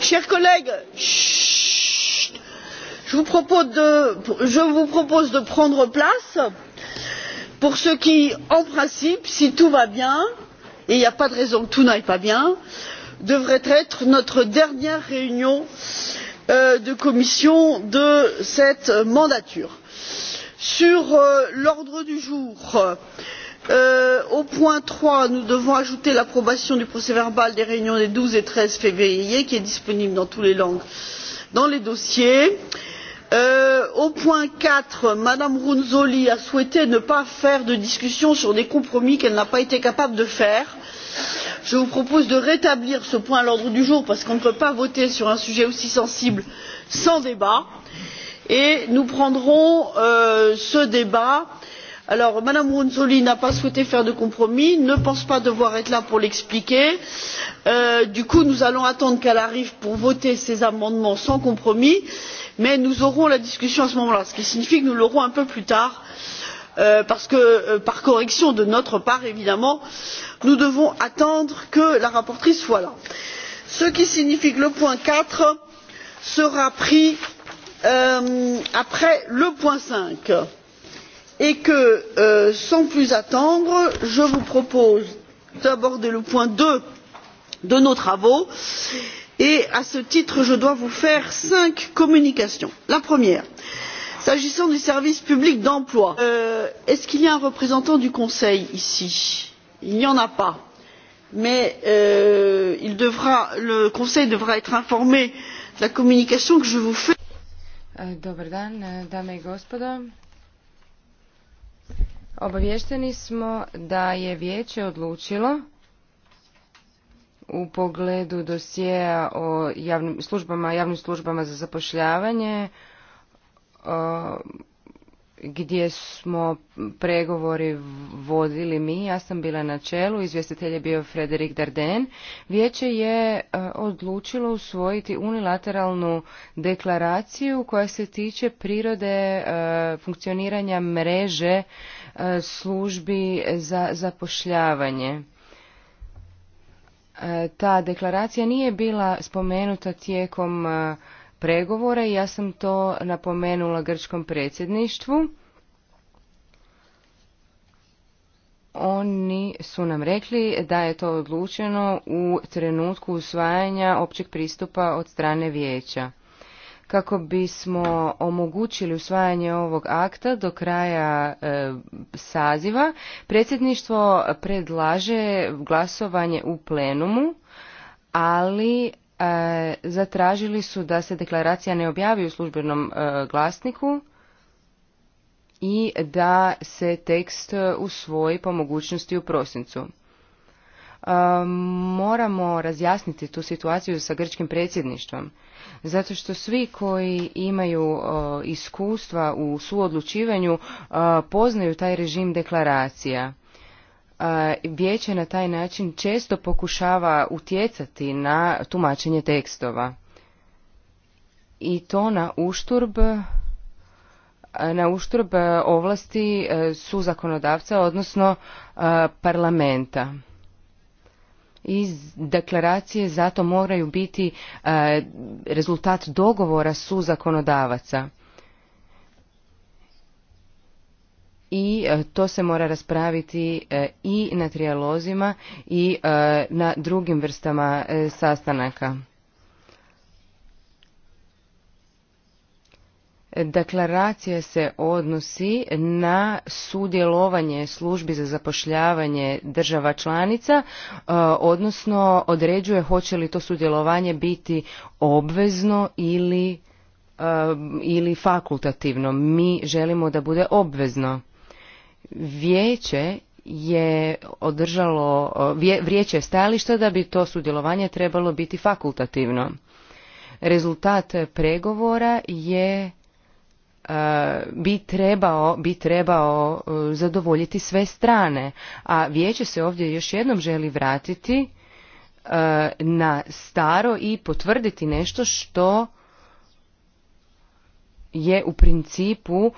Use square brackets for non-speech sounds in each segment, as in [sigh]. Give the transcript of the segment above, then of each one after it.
Chers collègues, je vous, propose de, je vous propose de prendre place pour ceux qui, en principe, si tout va bien et il n'y a pas de raison que tout n'aille pas bien, devrait être notre dernière réunion euh, de commission de cette mandature. Sur euh, l'ordre du jour, Euh, au point trois nous devons ajouter l'approbation du procès verbal des réunions des douze et treize février qui est disponible dans toutes les langues dans les dossiers. Euh, au point quatre mme ronzulli a souhaité ne pas faire de discussion sur des compromis qu'elle n'a pas été capable de faire. je vous propose de rétablir ce point à l'ordre du jour parce qu'on ne peut pas voter sur un sujet aussi sensible sans débat et nous prendrons euh, ce débat alors mme ronzulli n'a pas souhaité faire de compromis ne pense pas devoir être là pour l'expliquer euh, du coup nous allons attendre qu'elle arrive pour voter ces amendements sans compromis mais nous aurons la discussion à ce moment là ce qui signifie que nous l'aurons un peu plus tard euh, parce que euh, par correction de notre part évidemment nous devons attendre que la rapporteure soit là ce qui signifie que le point quatre sera pris après le point cinq et que euh, sans plus attendre je vous propose d'aborder le point deux de nos travaux et à ce titre je dois vous faire cinq communications. la première s'agissant du service public d'emploi euh, est ce qu'il y a un représentant du conseil ici? il n'y en a pas mais euh, le conseil devra être informé de la communication que je vous fais. Obavješteni smo da je vijeće odlučilo u pogledu dosjeja o javnim službama, javnim službama za zapošljavanje e, gdje smo pregovori vodili mi, ja sam bila na čelu, izvjestitelj je bio Frederik Darden. Vijeće je e, odlučilo usvojiti unilateralnu deklaraciju koja se tiče prirode e, funkcioniranja mreže službi za zapošljavanje. E, ta deklaracija nije bila spomenuta tijekom e, pregovora i ja sam to napomenula grčkom predsjedništvu. Oni su nam rekli da je to odlučeno u trenutku usvajanja općeg pristupa od strane vijeća kako bismo omogućili usvajanje ovog akta do kraja e, saziva predsjedništvo predlaže glasovanje u plenumu ali e, zatražili su da se deklaracija ne objavi u službenom e, glasniku i da se tekst usvoji po mogućnosti u prosincu moramo razjasniti tu situaciju sa grčkim predsjedništvom zato što svi koji imaju iskustva u suodlučivanju poznaju taj režim deklaracija vijeće na taj način često pokušava utjecati na tumačenje tekstova i to na ušturb na uštrb ovlasti e, su zakonodavca odnosno e, parlamenta iz deklaracije zato moraju biti e, rezultat dogovora su zakonodavaca. I e, to se mora raspraviti e, i na trijalozima i na drugim vrstama sastanaka. Deklaracija se odnosi na sudjelovanje službi za zapošljavanje država članica, e, odnosno određuje hoće li to sudjelovanje biti obvezno ili, e, ili fakultativno. Mi želimo da bude obvezno. Vijeće je održalo, vijeće stajališta da bi to sudjelovanje trebalo biti fakultativno. Rezultat pregovora je E, bi trebao, bi trebao e, zadovoljiti sve strane, a vijeće se ovdje još jednom želi vratiti e, na staro i potvrditi nešto što je u principu uh,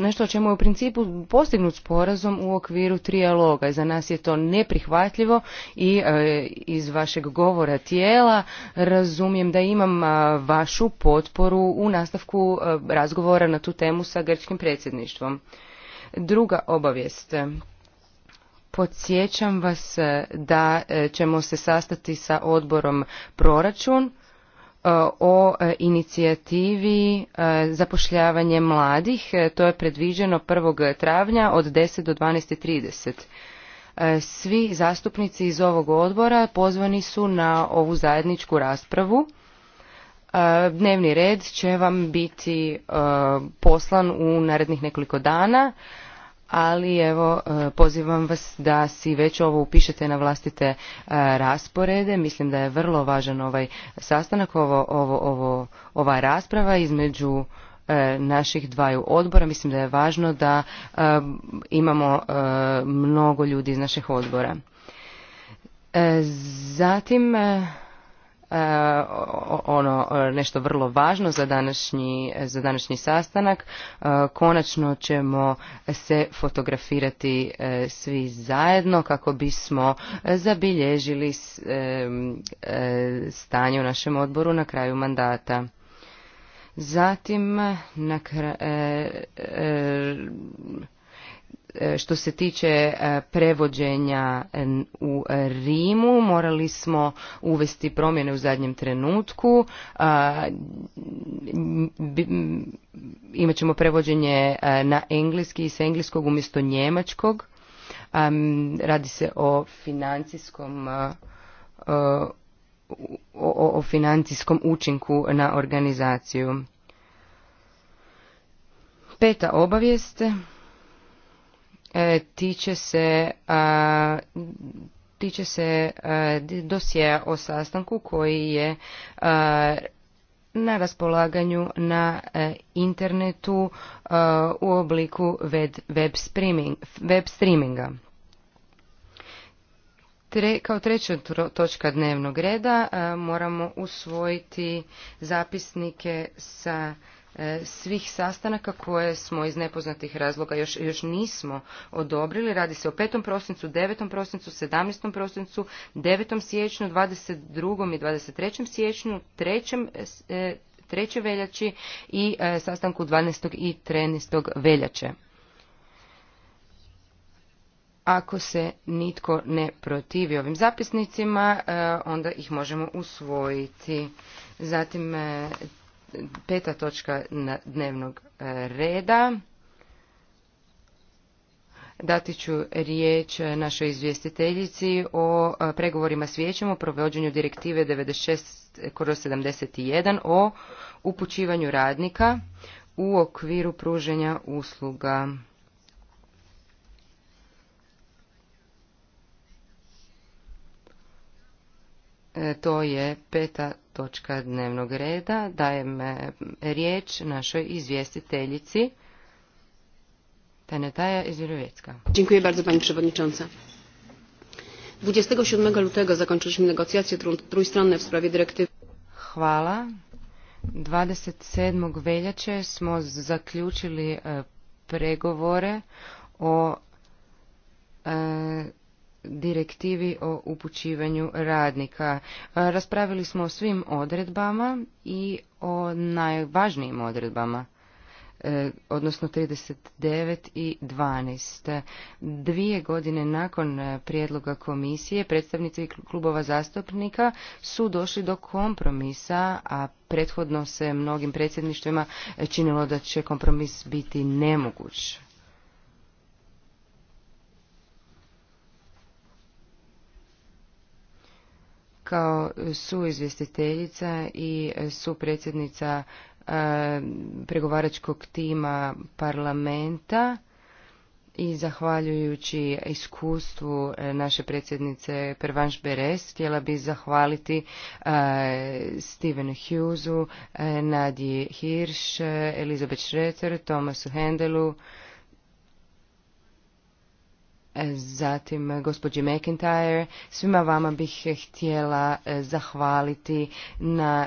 nešto o čemu je u principu postignut sporazum u okviru trijaloga za nas je to neprihvatljivo i uh, iz vašeg govora tijela razumijem da imam uh, vašu potporu u nastavku razgovora na tu temu sa grčkim predsjedništvom. Druga obavijest. Podsjećam vas da ćemo se sastati sa odborom proračun o e, inicijativi e, zapošljavanje mladih. E, to je predviđeno 1. travnja od 10 do 12.30. Svi zastupnici iz ovog odbora pozvani su na ovu zajedničku raspravu. Dnevni red će vam biti poslan u narednih nekoliko dana ali evo e, pozivam vas da si već ovo upišete na vlastite e, rasporede. Mislim da je vrlo važan ovaj sastanak, ovo, ovo, ova rasprava između e, naših dvaju odbora. Mislim da je važno da imamo mnogo ljudi iz naših odbora. Zatim E, ono e, nešto vrlo važno za današnji, e, za današnji sastanak. Konačno ćemo se fotografirati svi zajedno kako bismo zabilježili stanje u našem odboru na kraju mandata. Zatim na kraju E, što se tiče e, prevođenja u Rimu, morali smo uvesti promjene u zadnjem trenutku. Imaćemo prevođenje e, na engleski i s engleskog umjesto njemačkog. Radi se o financijskom o, o, financijskom učinku na organizaciju. Peta obavijest E, tiče se tiče se dosjea o sastanku koji je na raspolaganju na e, internetu u obliku web streaminga. kao treća točka dnevnog reda moramo usvojiti zapisnike sa E, svih sastanaka koje smo iz nepoznatih razloga još, još nismo odobrili. Radi se o 5. prosincu, 9. prosincu, 17. prosincu, 9. siječnju, 22. i 23. siječnju, 3. 3. E, veljači i e, sastanku 12. i 13. veljače. Ako se nitko ne protivi ovim zapisnicima, onda ih možemo usvojiti. Zatim peta točka dnevnog e, reda. Dati ću riječ našoj izvjestiteljici o e, pregovorima s vijećem o provođenju direktive 96/71 o upućivanju radnika u okviru pruženja usluga. E, to je peta točka dnevnog reda. Dajem e, riječ našoj izvjestiteljici. Tanetaja Izvjerovecka. Dziękuję bardzo Pani Przewodnicząca. 27 lutego zakończyliśmy negocjacje trójstronne w sprawie dyrektywy. Hvala. 27. veljače smo zaključili e, pregovore o e, direktivi o upućivanju radnika. E, raspravili smo o svim odredbama i o najvažnijim odredbama, e, odnosno 39 i 12. Dvije godine nakon e, prijedloga komisije predstavnici klubova zastupnika su došli do kompromisa, a prethodno se mnogim predsjedništvima činilo da će kompromis biti nemoguć. Kao izvjestiteljica i supredsjednica e, pregovaračkog tima parlamenta i zahvaljujući iskustvu e, naše predsjednice Pervanš Beres htjela bi zahvaliti uh, e, Stevenu Hughesu, uh, Nadji Hirsch, Elizabeth Schroeter, Thomasu Hendelu, zatim eh, gospođi McIntyre. Svima vama bih eh, htjela eh, zahvaliti na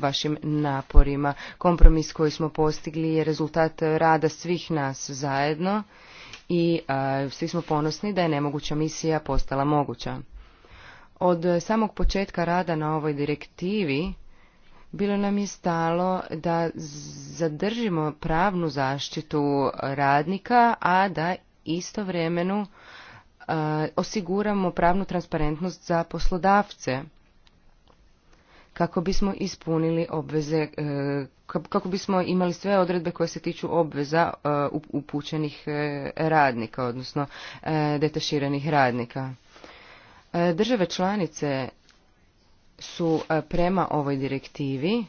vašim naporima. Kompromis koji smo postigli je rezultat rada svih nas zajedno i svi smo ponosni da je nemoguća misija postala moguća. Od samog početka rada na ovoj direktivi bilo nam je stalo da zadržimo pravnu zaštitu radnika, a da istovremeno e, osiguramo pravnu transparentnost za poslodavce kako bismo ispunili obveze, e, kako bismo imali sve odredbe koje se tiču obveza e, upućenih radnika, odnosno detaširanih radnika. Države članice su prema ovoj direktivi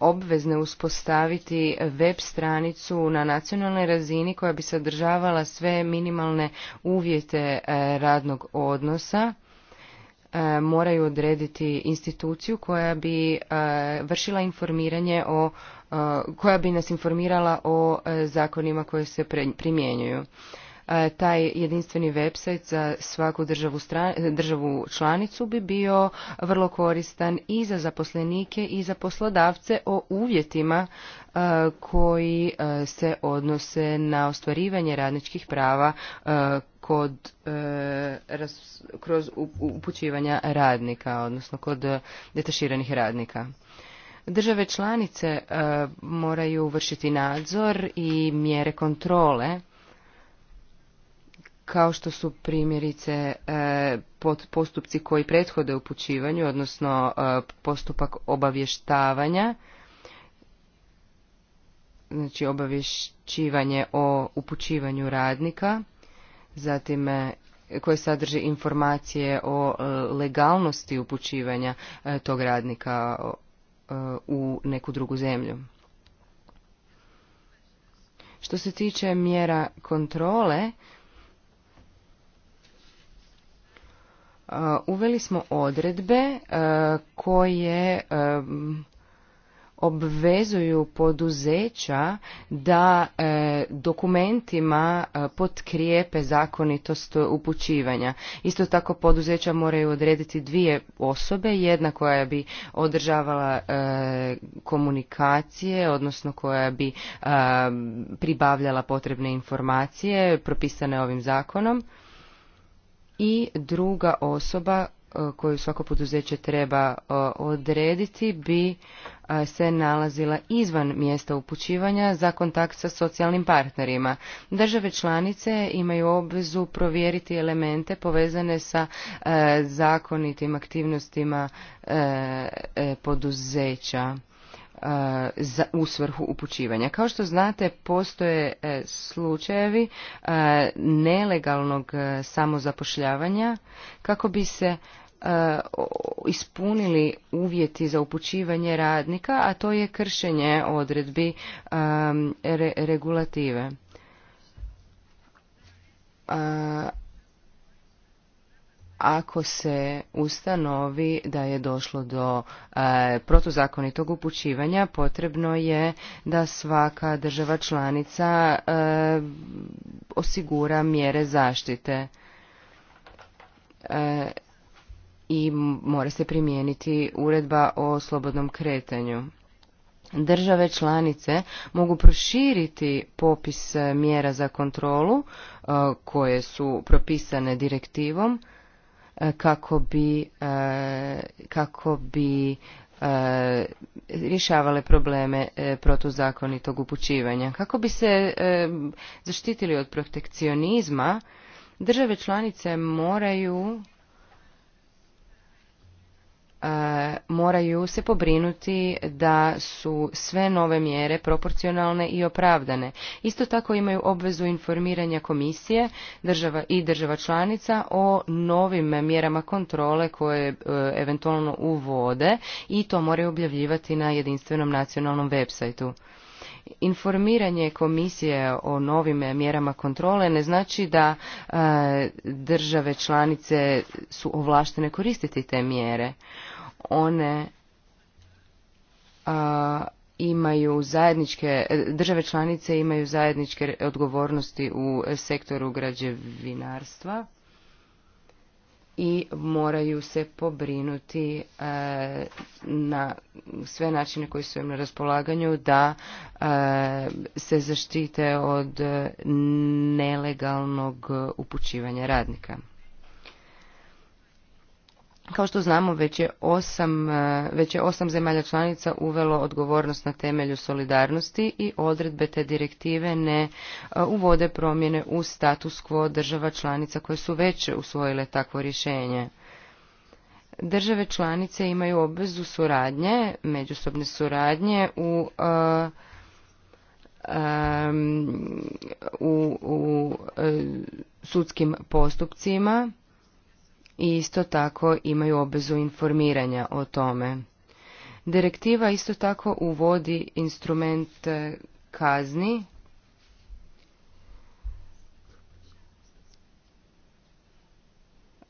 obvezne uspostaviti web stranicu na nacionalnoj razini koja bi sadržavala sve minimalne uvjete e, radnog odnosa e, moraju odrediti instituciju koja bi e, vršila informiranje o koja bi nas informirala o zakonima koje se primjenjuju E, taj jedinstveni website za svaku državu, članicu bi bio vrlo koristan i za zaposlenike i za poslodavce o uvjetima e, koji e, se odnose na ostvarivanje radničkih prava kod kroz upućivanja radnika odnosno kod detaširanih radnika države članice moraju vršiti nadzor i mjere kontrole kao što su primjerice e, postupci koji prethode upućivanju, odnosno e, postupak obavještavanja, znači obavješćivanje o upućivanju radnika, zatim e, koje sadrži informacije o legalnosti upućivanja tog radnika u neku drugu zemlju. Što se tiče mjera kontrole, Uh, uveli smo odredbe uh, koje um, obvezuju poduzeća da uh, dokumentima potkrijepe zakonitost upućivanja. Isto tako poduzeća moraju odrediti dvije osobe, jedna koja bi održavala komunikacije, odnosno koja bi pribavljala potrebne informacije propisane ovim zakonom i druga osoba e, koju svako poduzeće treba e, odrediti bi e, se nalazila izvan mjesta upućivanja za kontakt sa socijalnim partnerima. Države članice imaju obvezu provjeriti elemente povezane sa zakonitim aktivnostima poduzeća za, u svrhu upućivanja. Kao što znate, postoje e, slučajevi e, nelegalnog e, samozapošljavanja kako bi se ispunili uvjeti za upućivanje radnika, a to je kršenje odredbi regulative ako se ustanovi da je došlo do e, protuzakonitog upućivanja potrebno je da svaka država članica e, osigura mjere zaštite e, i mora se primijeniti uredba o slobodnom kretanju države članice mogu proširiti popis mjera za kontrolu koje su propisane direktivom E, kako bi, e, kako bi e, rješavale probleme protuzakonitog upućivanja. Kako bi se zaštitili od protekcionizma, države članice moraju E, moraju se pobrinuti da su sve nove mjere proporcionalne i opravdane. Isto tako imaju obvezu informiranja komisije država i država članica o novim mjerama kontrole koje e, eventualno uvode i to moraju objavljivati na jedinstvenom nacionalnom websajtu informiranje komisije o novim mjerama kontrole ne znači da e, države članice su ovlaštene koristiti te mjere one e, imaju zajedničke e, države članice imaju zajedničke odgovornosti u sektoru građevinarstva i moraju se pobrinuti e, na sve načine koji su im na raspolaganju da e, se zaštite od nelegalnog upućivanja radnika. Kao što znamo, već je, osam, e, već je osam zemalja članica uvelo odgovornost na temelju solidarnosti i odredbe te direktive ne e, uvode promjene u status quo država članica koje su već usvojile takvo rješenje. Države članice imaju obvezu suradnje, međusobne suradnje u e, u, u sudskim postupcima i isto tako imaju obvezu informiranja o tome. Direktiva isto tako uvodi instrument kazni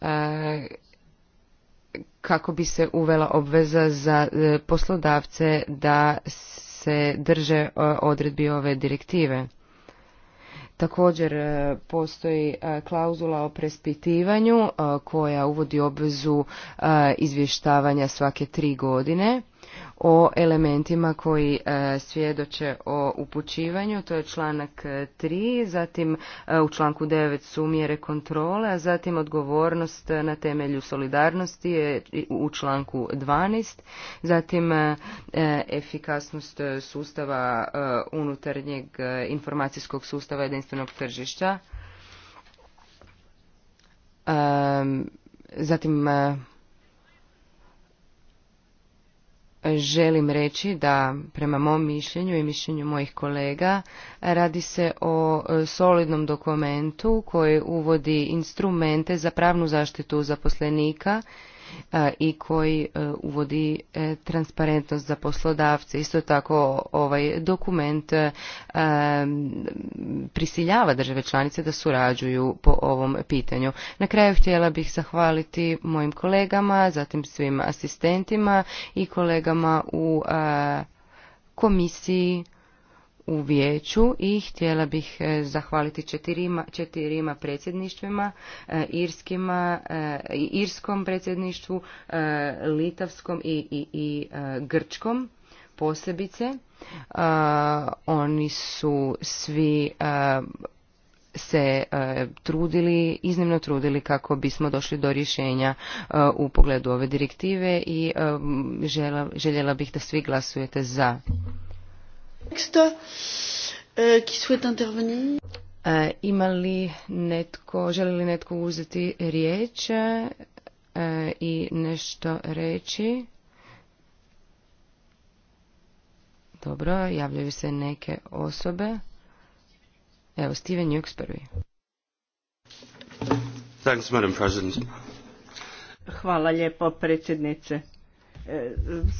e, kako bi se uvela obveza za e, poslodavce da se drže e, odredbi ove direktive. Također e, postoji e, klauzula o prespitivanju e, koja uvodi obvezu izvještavanja svake tri godine o elementima koji e, svjedoče o upućivanju, to je članak 3, e, zatim e, u članku 9 su mjere kontrole, a zatim odgovornost na temelju solidarnosti je u članku 12, zatim efikasnost sustava unutarnjeg informacijskog sustava jedinstvenog tržišta, zatim želim reći da prema mom mišljenju i mišljenju mojih kolega radi se o e, solidnom dokumentu koji uvodi instrumente za pravnu zaštitu zaposlenika i koji e, uvodi e, transparentnost za poslodavce. Isto tako ovaj dokument e, prisiljava države članice da surađuju po ovom pitanju. Na kraju htjela bih zahvaliti mojim kolegama, zatim svim asistentima i kolegama u komisiji u vijeću i htjela bih e, zahvaliti četirima, četirima predsjedništvima, e, irskima, e, irskom predsjedništvu, litavskom i, i, grčkom posebice. Oni su svi se trudili, iznimno trudili kako bismo došli do rješenja u pogledu ove direktive i e, željela bih da svi glasujete za. Euh, euh, ima li netko, želi li netko uzeti riječ euh, i nešto reći? Dobro, javljaju se neke osobe. Evo, Steven Jukes prvi. Hvala lijepo, predsjednice.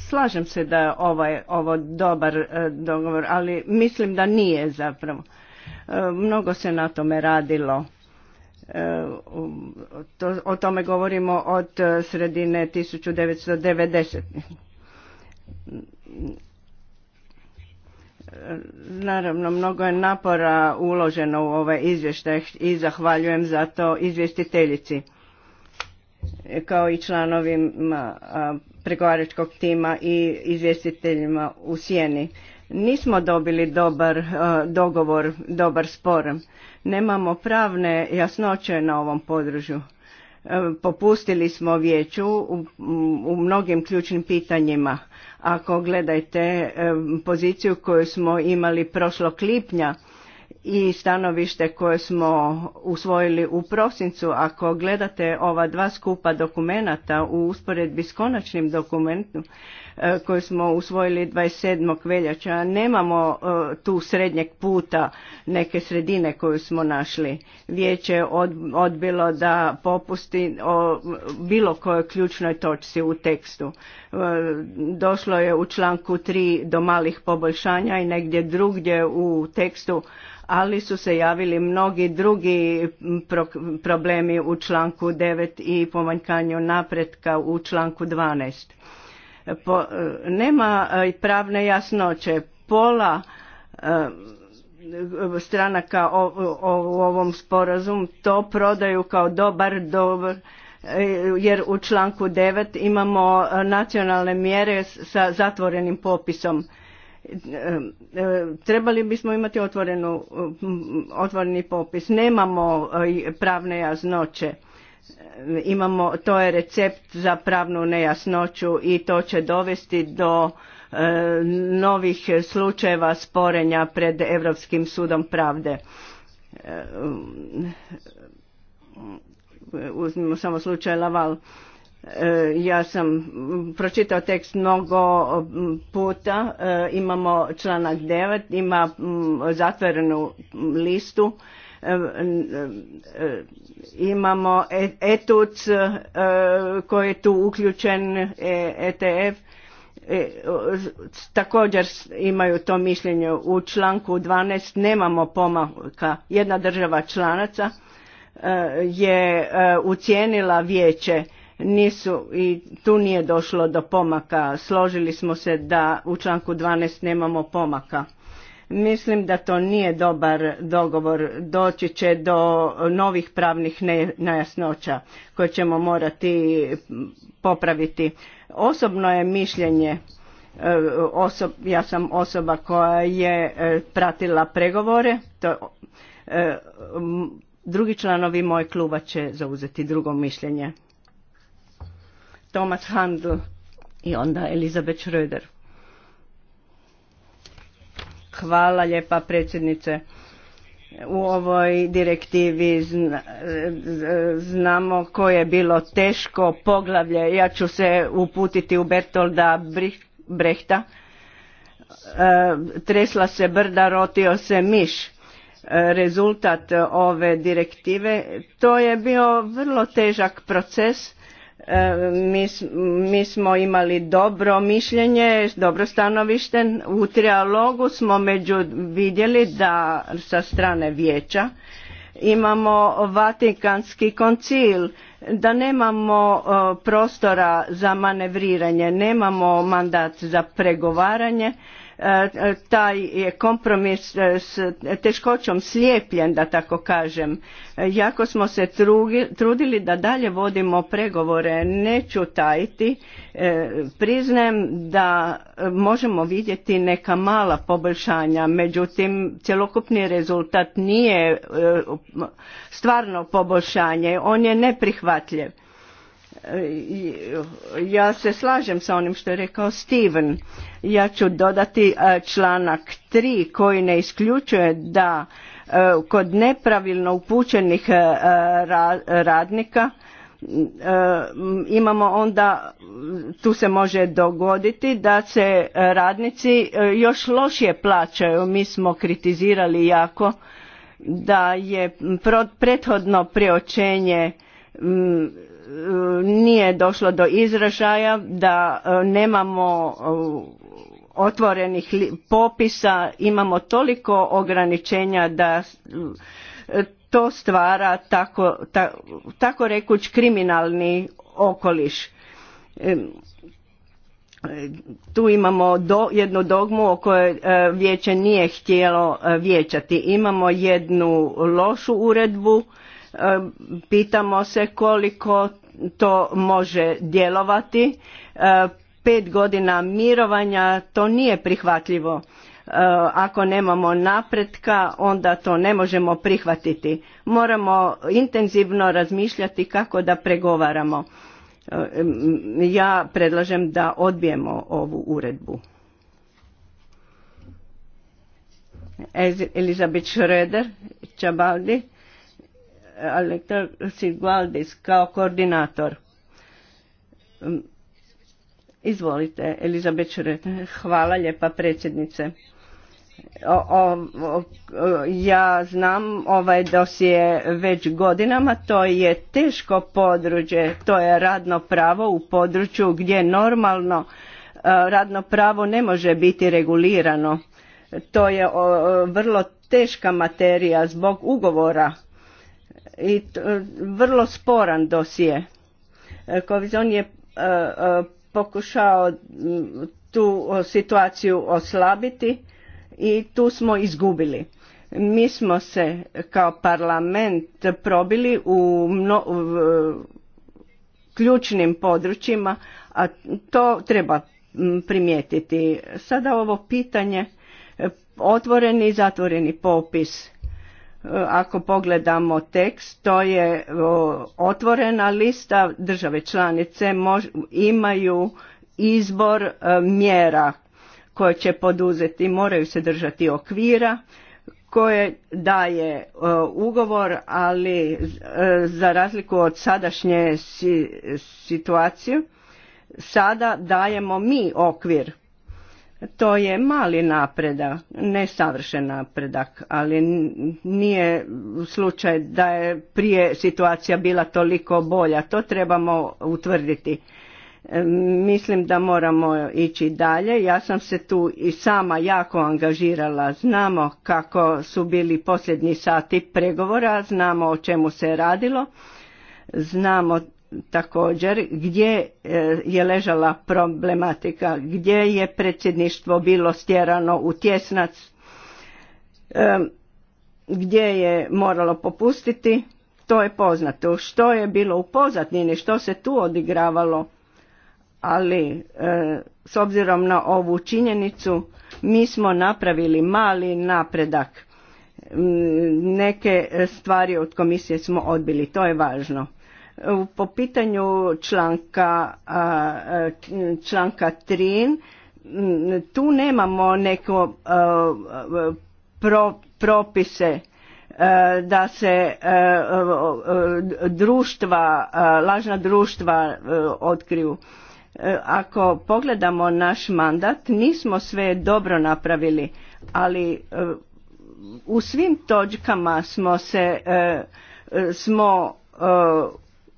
Slažem se da je ovaj, ovo dobar e, dogovor, ali mislim da nije zapravo. E, mnogo se na tome radilo. E, o tome govorimo od sredine 1990. Naravno, mnogo je napora uloženo u ovaj izvještaj i zahvaljujem za to izvjestiteljici kao i članovima pregovaračkog tima i izvjestiteljima u sjeni. Nismo dobili dobar e, dogovor, dobar spor. Nemamo pravne jasnoće na ovom području. E, popustili smo vijeću u, mnogim ključnim pitanjima. Ako gledajte e, poziciju koju smo imali prošlog lipnja, i stanovište koje smo usvojili u prosincu, ako gledate ova dva skupa dokumenata u usporedbi s konačnim dokumentom e, koji smo usvojili 27. veljača, nemamo e, tu srednjeg puta neke sredine koju smo našli. Vijeće je odbilo da popusti o bilo kojoj ključnoj točci u tekstu. E, došlo je u članku 3 do malih poboljšanja i negdje drugdje u tekstu ali su se javili mnogi drugi problemi u članku 9 i pomanjkanju napretka u članku 12. Po, e, nema e, pravne jasnoće. Pola e, stranaka u ovom sporazumu to prodaju kao dobar dobar jer u članku 9 imamo nacionalne mjere sa zatvorenim popisom trebali bismo imati otvoreni popis. Nemamo e, pravne jasnoće. Imamo, to je recept za pravnu nejasnoću i to će dovesti do e, novih slučajeva sporenja pred Europskim sudom pravde. E, uzmimo samo slučaj Laval E, ja sam pročitao tekst mnogo puta, e, imamo članak 9, ima zatvorenu listu, e, imamo ETUC koji je tu uključen, ETF, također imaju to mišljenje u članku 12 nemamo pomaka jedna država članica je ucijenila vijeće nisu i tu nije došlo do pomaka. Složili smo se da u članku 12 nemamo pomaka. Mislim da to nije dobar dogovor. Doći će do novih pravnih nejasnoća koje ćemo morati popraviti. Osobno je mišljenje e, ja sam osoba koja je e, pratila pregovore. To, e, drugi članovi moje kluba će zauzeti drugo mišljenje. Thomas Handel i onda Elizabeth Schröder. Hvala lijepa predsjednice. U ovoj direktivi znamo koje je bilo teško poglavlje. Ja ću se uputiti u Bertolda Brehta. E, tresla se brda, rotio se miš e, rezultat ove direktive. To je bio vrlo težak proces E, mi, mi smo imali dobro mišljenje, dobro stanovište. U trialogu smo među vidjeli da sa strane vijeća imamo Vatikanski koncil, da nemamo e, prostora za manevriranje, nemamo mandat za pregovaranje taj je kompromis e, s teškoćom slijepljen da tako kažem e, jako smo se trudili da dalje vodimo pregovore neću tajiti e, priznajem da možemo vidjeti neka mala poboljšanja međutim cjelokupni rezultat nije stvarno poboljšanje on je neprihvatljiv ja se slažem sa onim što je rekao Steven. Ja ću dodati e, članak 3 koji ne isključuje da e, kod nepravilno upućenih e, radnika imamo onda, tu se može dogoditi da se radnici još lošije plaćaju. Mi smo kritizirali jako da je prethodno priočenje nije došlo do izražaja da e, nemamo e, otvorenih popisa imamo toliko ograničenja da e, to stvara tako, tako rekuć kriminalni okoliš tu imamo do, jednu dogmu o kojoj vijeće nije htjelo vijećati imamo jednu lošu uredbu Pitamo se koliko to može djelovati. Pet godina mirovanja to nije prihvatljivo. Ako nemamo napretka, onda to ne možemo prihvatiti. Moramo intenzivno razmišljati kako da pregovaramo. Ja predlažem da odbijemo ovu uredbu. Elizabeth Schroeder, Čabaldi. Alektor Gvaldis kao koordinator. Mm, izvolite, Elizabeth Hvala lijepa predsjednice. ja znam ovaj dosije već godinama, to je teško područje, to je radno pravo u području gdje normalno e, radno pravo ne može biti regulirano. To je vrlo teška materija zbog ugovora i e, vrlo sporan dosije. Kovizon e, je e, pokušao tu situaciju oslabiti i tu smo izgubili. Mi smo se kao parlament probili u, mno, u ključnim područjima, a to treba primijetiti. Sada ovo pitanje otvoreni i zatvoreni popis ako pogledamo tekst, to je otvorena lista, države članice imaju izbor e, mjera koje će poduzeti, moraju se držati okvira koje daje e, ugovor, ali e, za razliku od sadašnje situacije, sada dajemo mi okvir to je mali napredak, ne savršen napredak, ali nije slučaj da je prije situacija bila toliko bolja. To trebamo utvrditi. E, mislim da moramo ići dalje. Ja sam se tu i sama jako angažirala. Znamo kako su bili posljednji sati pregovora, znamo o čemu se je radilo, znamo također gdje e, je ležala problematika, gdje je predsjedništvo bilo stjerano u tjesnac, e, gdje je moralo popustiti, to je poznato. Što je bilo u pozadnjini, što se tu odigravalo, ali e, s obzirom na ovu činjenicu mi smo napravili mali napredak. Neke stvari od komisije smo odbili, to je važno po pitanju članka, članka 3, tu nemamo neko propise da se društva, lažna društva otkriju. Ako pogledamo naš mandat, nismo sve dobro napravili, ali u svim točkama smo se smo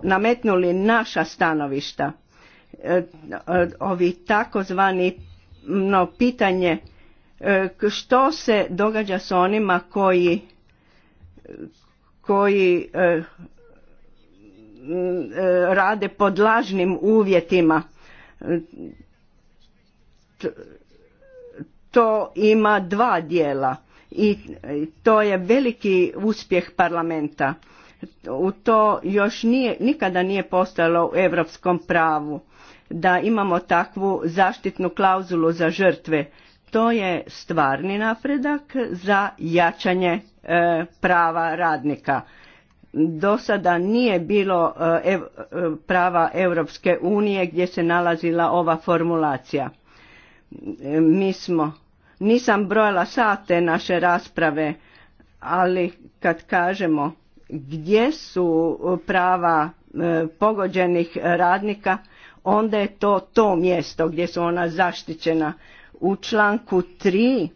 nametnuli naša stanovišta. E, ovi takozvani no, pitanje e, što se događa s onima koji koji e, rade pod lažnim uvjetima. To ima dva dijela i to je veliki uspjeh parlamenta. U to još nije, nikada nije postojalo u europskom pravu da imamo takvu zaštitnu klauzulu za žrtve. To je stvarni napredak za jačanje e, prava radnika. Do sada nije bilo e, e, prava Europske unije gdje se nalazila ova formulacija. mi smo, nisam brojala sate naše rasprave, ali kad kažemo gdje su e, prava e, pogođenih radnika, onda je to to mjesto gdje su ona zaštićena. U članku 3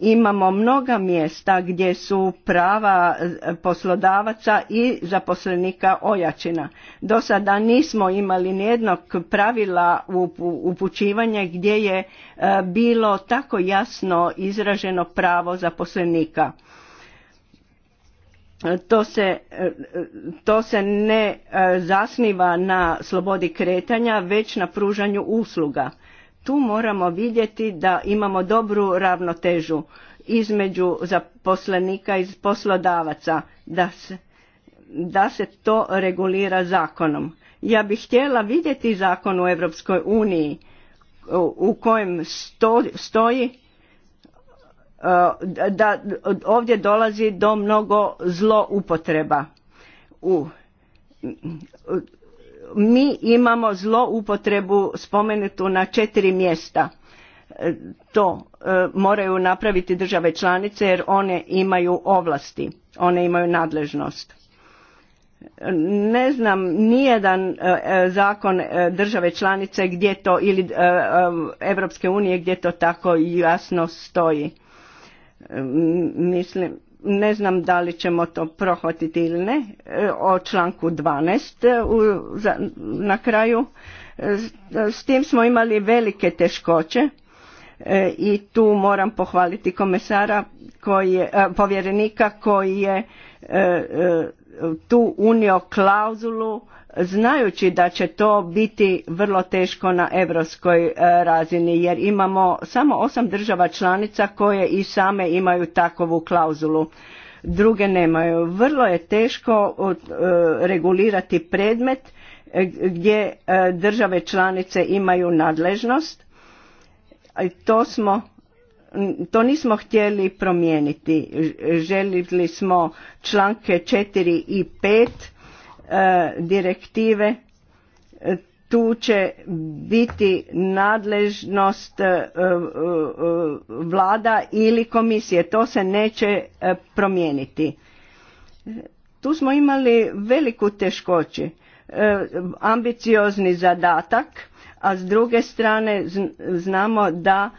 imamo mnoga mjesta gdje su prava e, poslodavaca i zaposlenika ojačena. Do sada nismo imali nijednog pravila upućivanja gdje je bilo tako jasno izraženo pravo zaposlenika to se, to se ne e, zasniva na slobodi kretanja već na pružanju usluga. Tu moramo vidjeti da imamo dobru ravnotežu između zaposlenika i poslodavaca da se, to regulira zakonom. Ja bih htjela vidjeti zakon u Europskoj uniji u kojem stoji da ovdje dolazi do mnogo zloupotreba. U, mi imamo zloupotrebu spomenutu na četiri mjesta. To e, moraju napraviti države članice jer one imaju ovlasti, one imaju nadležnost ne znam nijedan e, zakon e, države članice gdje to ili Europske unije gdje to tako jasno stoji. Mislim, ne znam da li ćemo to prohvatiti ili ne, e, o članku 12 e, u, na kraju. E, s tim smo imali velike teškoće i tu moram pohvaliti komesara koji je, povjerenika koji je tu unio klauzulu znajući da će to biti vrlo teško na europskoj e, razini jer imamo samo osam država članica koje i same imaju takovu klauzulu druge nemaju vrlo je teško e, regulirati predmet e, gdje države članice imaju nadležnost to smo to nismo htjeli promijeniti željeli smo članke 4 i pet E, direktive e, tu će biti nadležnost e, vlada ili komisije. To se neće promijeniti. Tu smo imali veliku teškoću. Ambiciozni zadatak, a s druge strane znamo da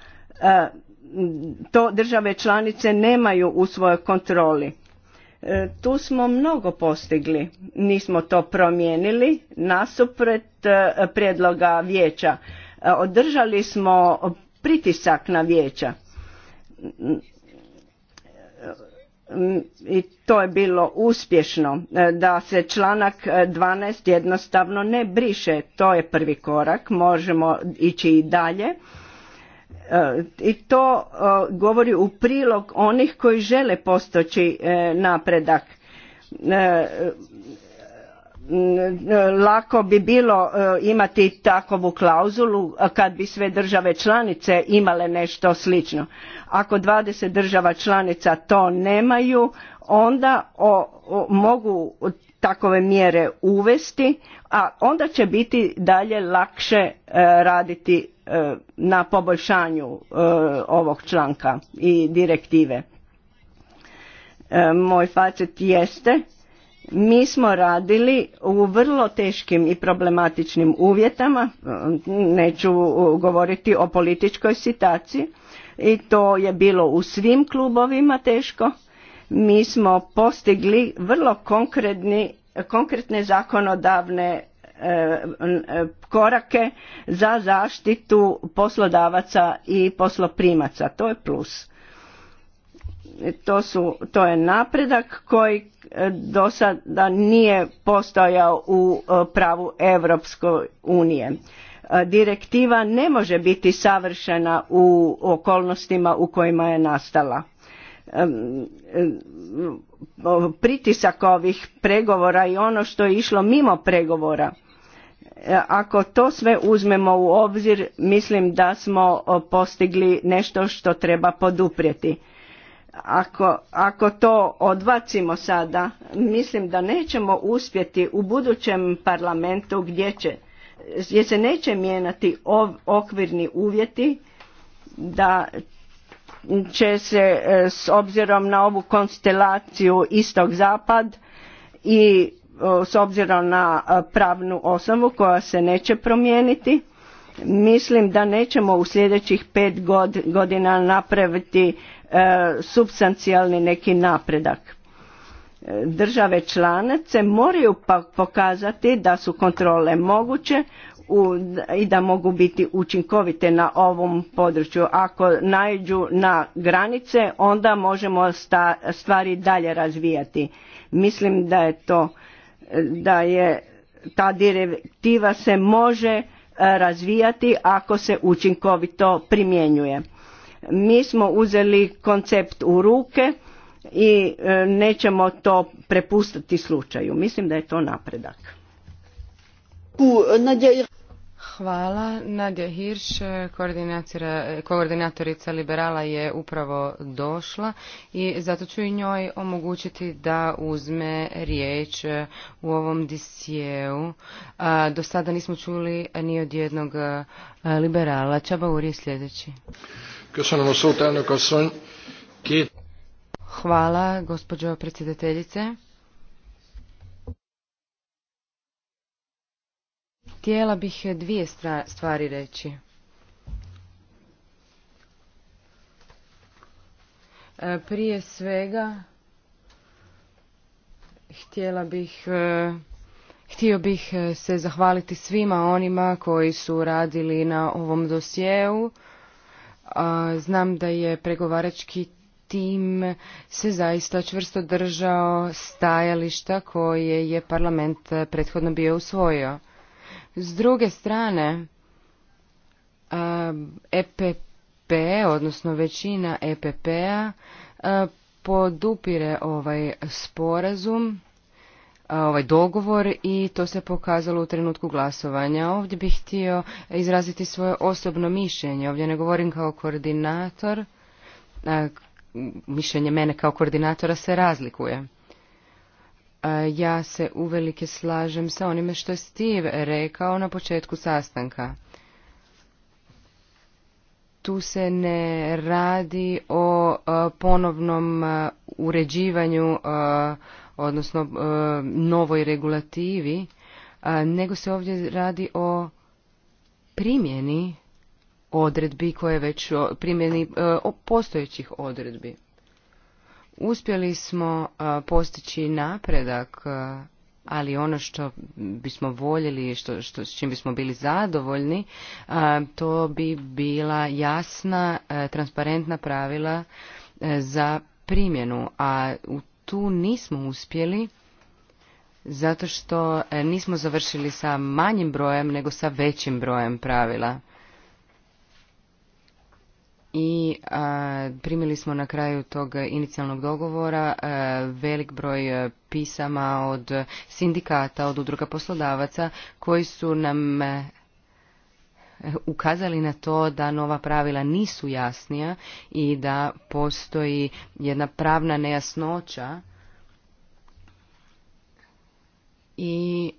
to države članice nemaju u svojoj kontroli E, tu smo mnogo postigli, nismo to promijenili nasupred prijedloga vijeća. E, održali smo pritisak na vijeća i to je bilo uspješno e, da se članak 12 jednostavno ne briše to je prvi korak možemo ići i dalje E, i to e, govori u prilog onih koji žele postoći e, napredak lako bi bilo imati takovu klauzulu kad bi sve države članice imale nešto slično. Ako 20 država članica to nemaju, onda mogu takove mjere uvesti, a onda će biti dalje lakše raditi Eh, na poboljšanju eh, ovog članka i direktive. Eh, moj facet jeste, mi smo radili u vrlo teškim i problematičnim uvjetama, neću govoriti o političkoj situaciji, i to je bilo u svim klubovima teško. Mi smo postigli vrlo konkretne zakonodavne E, e, korake za zaštitu poslodavaca i posloprimaca. To je plus. E, to, su, to je napredak koji do sada nije postojao u pravu Europske unije. Direktiva ne može biti savršena u okolnostima u kojima je nastala pritisak ovih pregovora i ono što je išlo mimo pregovora E, ako to sve uzmemo u obzir, mislim da smo postigli nešto što treba poduprijeti. Ako, ako to odbacimo sada, mislim da nećemo uspjeti u budućem parlamentu gdje će gdje se neće mijenjati okvirni uvjeti da će se e, s obzirom na ovu konstelaciju istog zapad i s obzirom na e, pravnu osnovu koja se neće promijeniti. Mislim da nećemo u sljedećih pet godina napraviti e, substancijalni neki napredak. E, države članice moraju pa, pokazati da su kontrole moguće i da mogu biti učinkovite na ovom području. Ako najđu na granice onda možemo stvari dalje razvijati. Mislim da je to da je ta direktiva se može e, razvijati ako se učinkovito primjenjuje. Mi smo uzeli koncept u ruke i e, nećemo to prepustiti slučaju. Mislim da je to napredak. Hvala. Nadja Hirš, koordinatorica liberala je upravo došla i zato ću i njoj omogućiti da uzme riječ u ovom disijeu. Do sada nismo čuli ni od jednog liberala. Čabaur je sljedeći. Hvala, gospođo predsjedateljice. Htjela bih dvije stvari reći. E, prije svega, htjela bih, e, htio bih e, se zahvaliti svima onima koji su radili na ovom dosjeu. Znam da je pregovarački tim se zaista čvrsto držao stajališta koje je parlament prethodno bio usvojio. S druge strane, EPP, odnosno većina EPP-a, podupire ovaj sporazum, ovaj dogovor i to se pokazalo u trenutku glasovanja. Ovdje bih htio izraziti svoje osobno mišljenje. Ovdje ne govorim kao koordinator, mišljenje mene kao koordinatora se razlikuje ja se uvelike slažem sa onime što je Steve rekao na početku sastanka. Tu se ne radi o ponovnom uređivanju, odnosno novoj regulativi, nego se ovdje radi o primjeni odredbi koje već primjeni postojećih odredbi. Uspjeli smo postići napredak, ali ono što bismo voljeli, i s čim bismo bili zadovoljni, to bi bila jasna, transparentna pravila za primjenu, a tu nismo uspjeli zato što e, nismo završili sa manjim brojem nego sa većim brojem pravila i primili smo na kraju tog inicijalnog dogovora velik broj pisama od sindikata, od udruga poslodavaca koji su nam e, ukazali na to da nova pravila nisu jasnija i da postoji jedna pravna nejasnoća i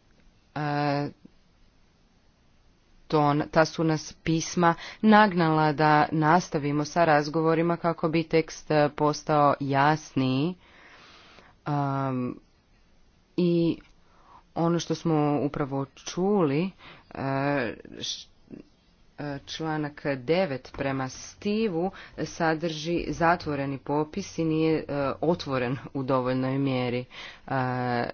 ton, ta su nas pisma nagnala da nastavimo sa razgovorima kako bi tekst e, postao jasniji um, i ono što smo upravo čuli, e, članak 9 prema Stivu sadrži zatvoreni popis i nije e, otvoren u dovoljnoj mjeri. E,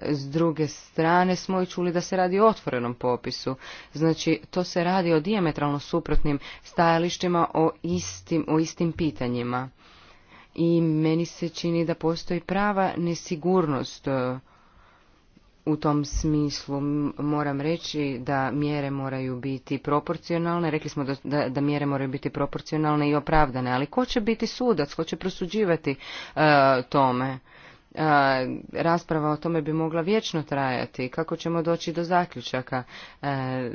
s druge strane smo i čuli da se radi o otvorenom popisu. Znači, to se radi o diametralno suprotnim stajalištima o istim, o istim pitanjima. I meni se čini da postoji prava nesigurnost e, u tom smislu moram reći da mjere moraju biti proporcionalne. Rekli smo da, da, mjere moraju biti proporcionalne i opravdane, ali ko će biti sudac, ko će prosuđivati e, tome? E, rasprava o tome bi mogla vječno trajati. Kako ćemo doći do zaključaka? E,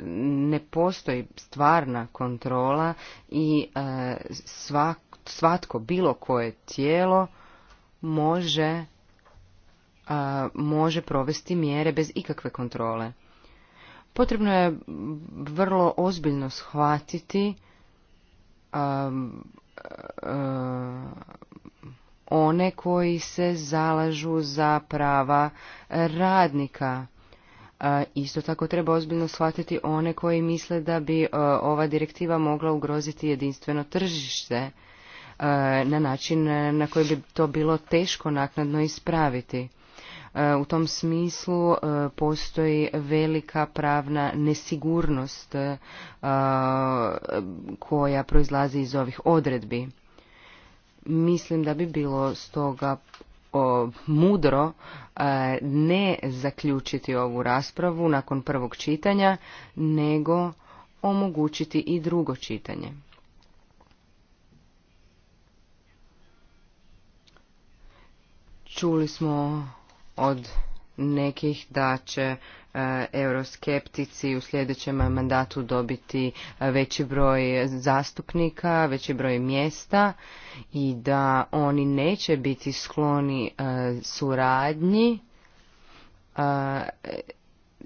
ne postoji stvarna kontrola i svatko, bilo koje tijelo može a, može provesti mjere bez ikakve kontrole. Potrebno je vrlo ozbiljno shvatiti a, one koji se zalažu za prava radnika. Isto tako treba ozbiljno shvatiti one koji misle da bi ova direktiva mogla ugroziti jedinstveno tržište na način na koji bi to bilo teško naknadno ispraviti. E, u tom smislu e, postoji velika pravna nesigurnost e, koja proizlazi iz ovih odredbi. Mislim da bi bilo stoga mudro ne zaključiti ovu raspravu nakon prvog čitanja, nego omogućiti i drugo čitanje. Čuli smo od nekih da će e, euroskeptici u sljedećem mandatu dobiti e, veći broj zastupnika, veći broj mjesta i da oni neće biti skloni e, suradnji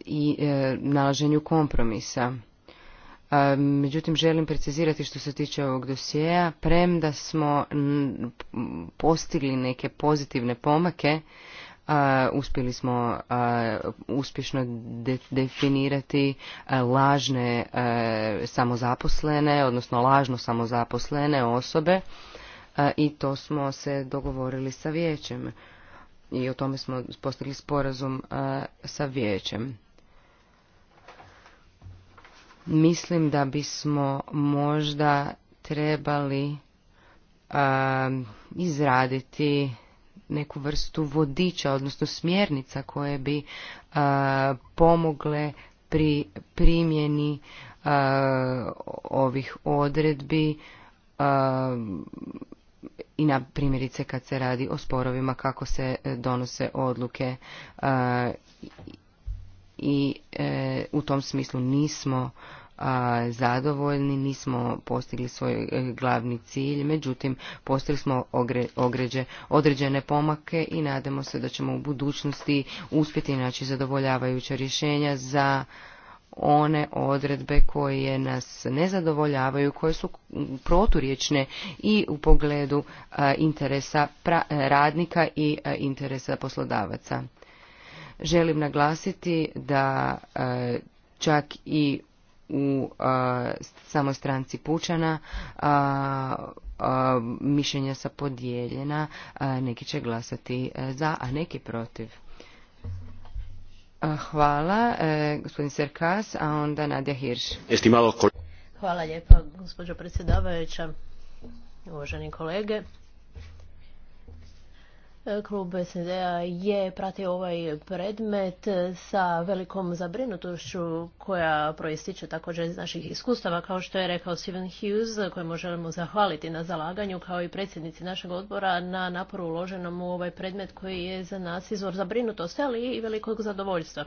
i nalaženju kompromisa. Međutim, želim precizirati što se tiče ovog dosjeja, premda smo postigli neke pozitivne pomake, uspjeli smo uspješno definirati lažne samozaposlene, odnosno lažno samozaposlene osobe i to smo se dogovorili sa vijećem i o tome smo postigli sporazum sa vijećem. Mislim da bismo možda trebali izraditi neku vrstu vodiča, odnosno smjernica koje bi e, pomogle pri primjeni e, ovih odredbi e, i na primjerice kad se radi o sporovima kako se donose odluke i u tom smislu nismo a, zadovoljni, nismo postigli svoj e, glavni cilj, međutim postigli smo ogređe, određene pomake i nadamo se da ćemo u budućnosti uspjeti naći zadovoljavajuća rješenja za one odredbe koje nas ne zadovoljavaju, koje su proturječne i u pogledu e, interesa e, radnika i interesa poslodavaca. Želim naglasiti da čak i u a, samoj stranci Pučana a, mišljenja sa podijeljena, neki će glasati e, za, a neki protiv. Hvala, e, gospodin Serkas, a onda Nadja Hirš. Hvala lijepa, gospođo predsjedavajuća, uvaženi kolege. Klub snd je pratio ovaj predmet sa velikom zabrinutošću koja proističe također iz naših iskustava, kao što je rekao Stephen Hughes, kojemu želimo zahvaliti na zalaganju, kao i predsjednici našeg odbora na naporu uloženom u ovaj predmet koji je za nas izvor zabrinutosti, ali i velikog zadovoljstva.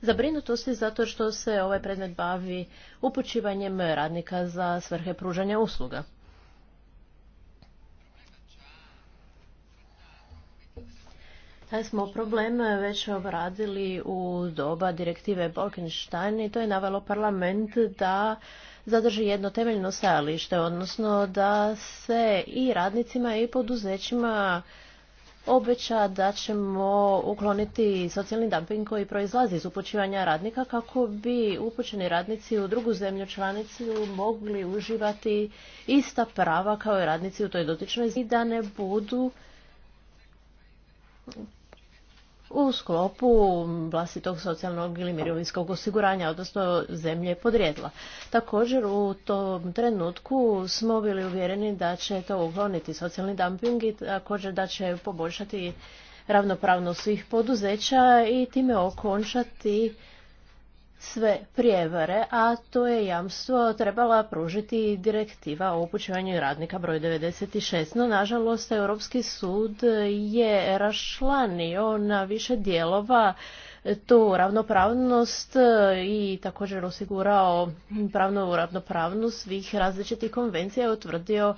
Zabrinutosti zato što se ovaj predmet bavi upućivanjem radnika za svrhe pružanja usluga. Taj smo problem već obradili u doba direktive Bolkenstein i to je navelo parlament da zadrži jedno temeljno stajalište, odnosno da se i radnicima i poduzećima obeća da ćemo ukloniti socijalni dumping koji proizlazi iz upućivanja radnika kako bi upućeni radnici u drugu zemlju članicu mogli uživati ista prava kao i radnici u toj dotičnoj i da ne budu u sklopu vlastitog socijalnog ili mirovinskog osiguranja, odnosno zemlje podrijedla. Također u tom trenutku smo bili uvjereni da će to ukloniti socijalni dumping i također da će poboljšati ravnopravnost svih poduzeća i time okončati sve prijevare, a to je jamstvo trebala pružiti direktiva o upućivanju radnika broj 96. No, nažalost, Europski sud je rašlanio na više dijelova tu ravnopravnost i također osigurao pravnu ravnopravnost svih različitih konvencija i utvrdio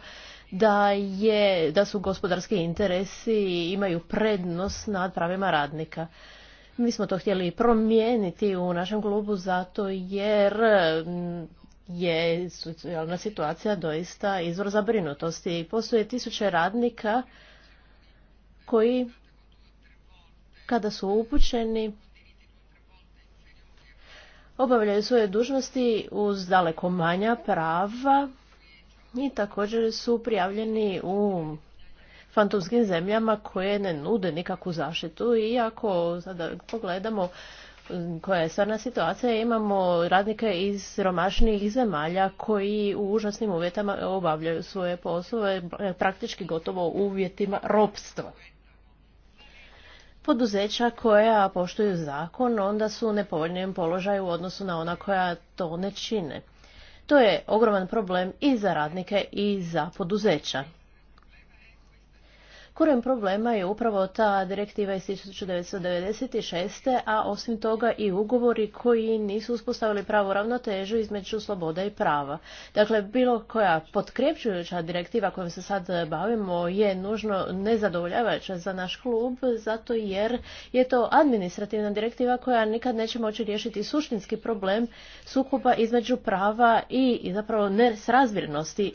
da, je, da su gospodarski interesi imaju prednost nad pravima radnika. Mi smo to htjeli promijeniti u našem klubu zato jer mm, je socijalna situacija doista izvor zabrinutosti. Postoje tisuće radnika koji kada su upućeni obavljaju svoje dužnosti uz daleko manja prava i također su prijavljeni u fantomskim zemljama koje ne nude nikakvu zaštitu i ako sada pogledamo koja je stvarna situacija, imamo radnike iz siromašnijih zemalja koji u užasnim uvjetama obavljaju svoje poslove, praktički gotovo u uvjetima ropstva. Poduzeća koja poštuju zakon onda su u nepovoljnijem položaju u odnosu na ona koja to ne čine. To je ogroman problem i za radnike i za poduzeća. Koren problema je upravo ta direktiva iz 1996. a osim toga i ugovori koji nisu uspostavili pravu ravnotežu između sloboda i prava. Dakle, bilo koja potkrepčujuća direktiva kojom se sad bavimo je nužno nezadovoljavajuća za naš klub, zato jer je to administrativna direktiva koja nikad neće moći riješiti suštinski problem sukoba između prava i zapravo nesrazmjernosti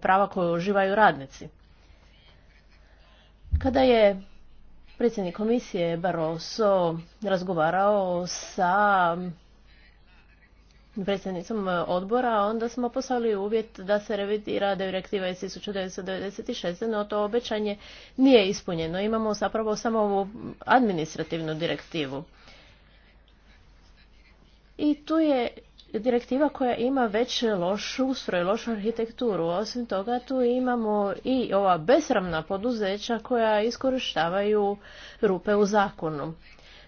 prava koje uživaju radnici. Kada je predsjednik komisije Barroso razgovarao sa predsjednicom odbora, onda smo poslali uvjet da se revidira direktiva iz 1996. No to obećanje nije ispunjeno. Imamo zapravo samo ovu administrativnu direktivu. I tu je direktiva koja ima već loš ustroj, lošu arhitekturu. Osim toga tu imamo i ova besramna poduzeća koja iskorištavaju rupe u zakonu.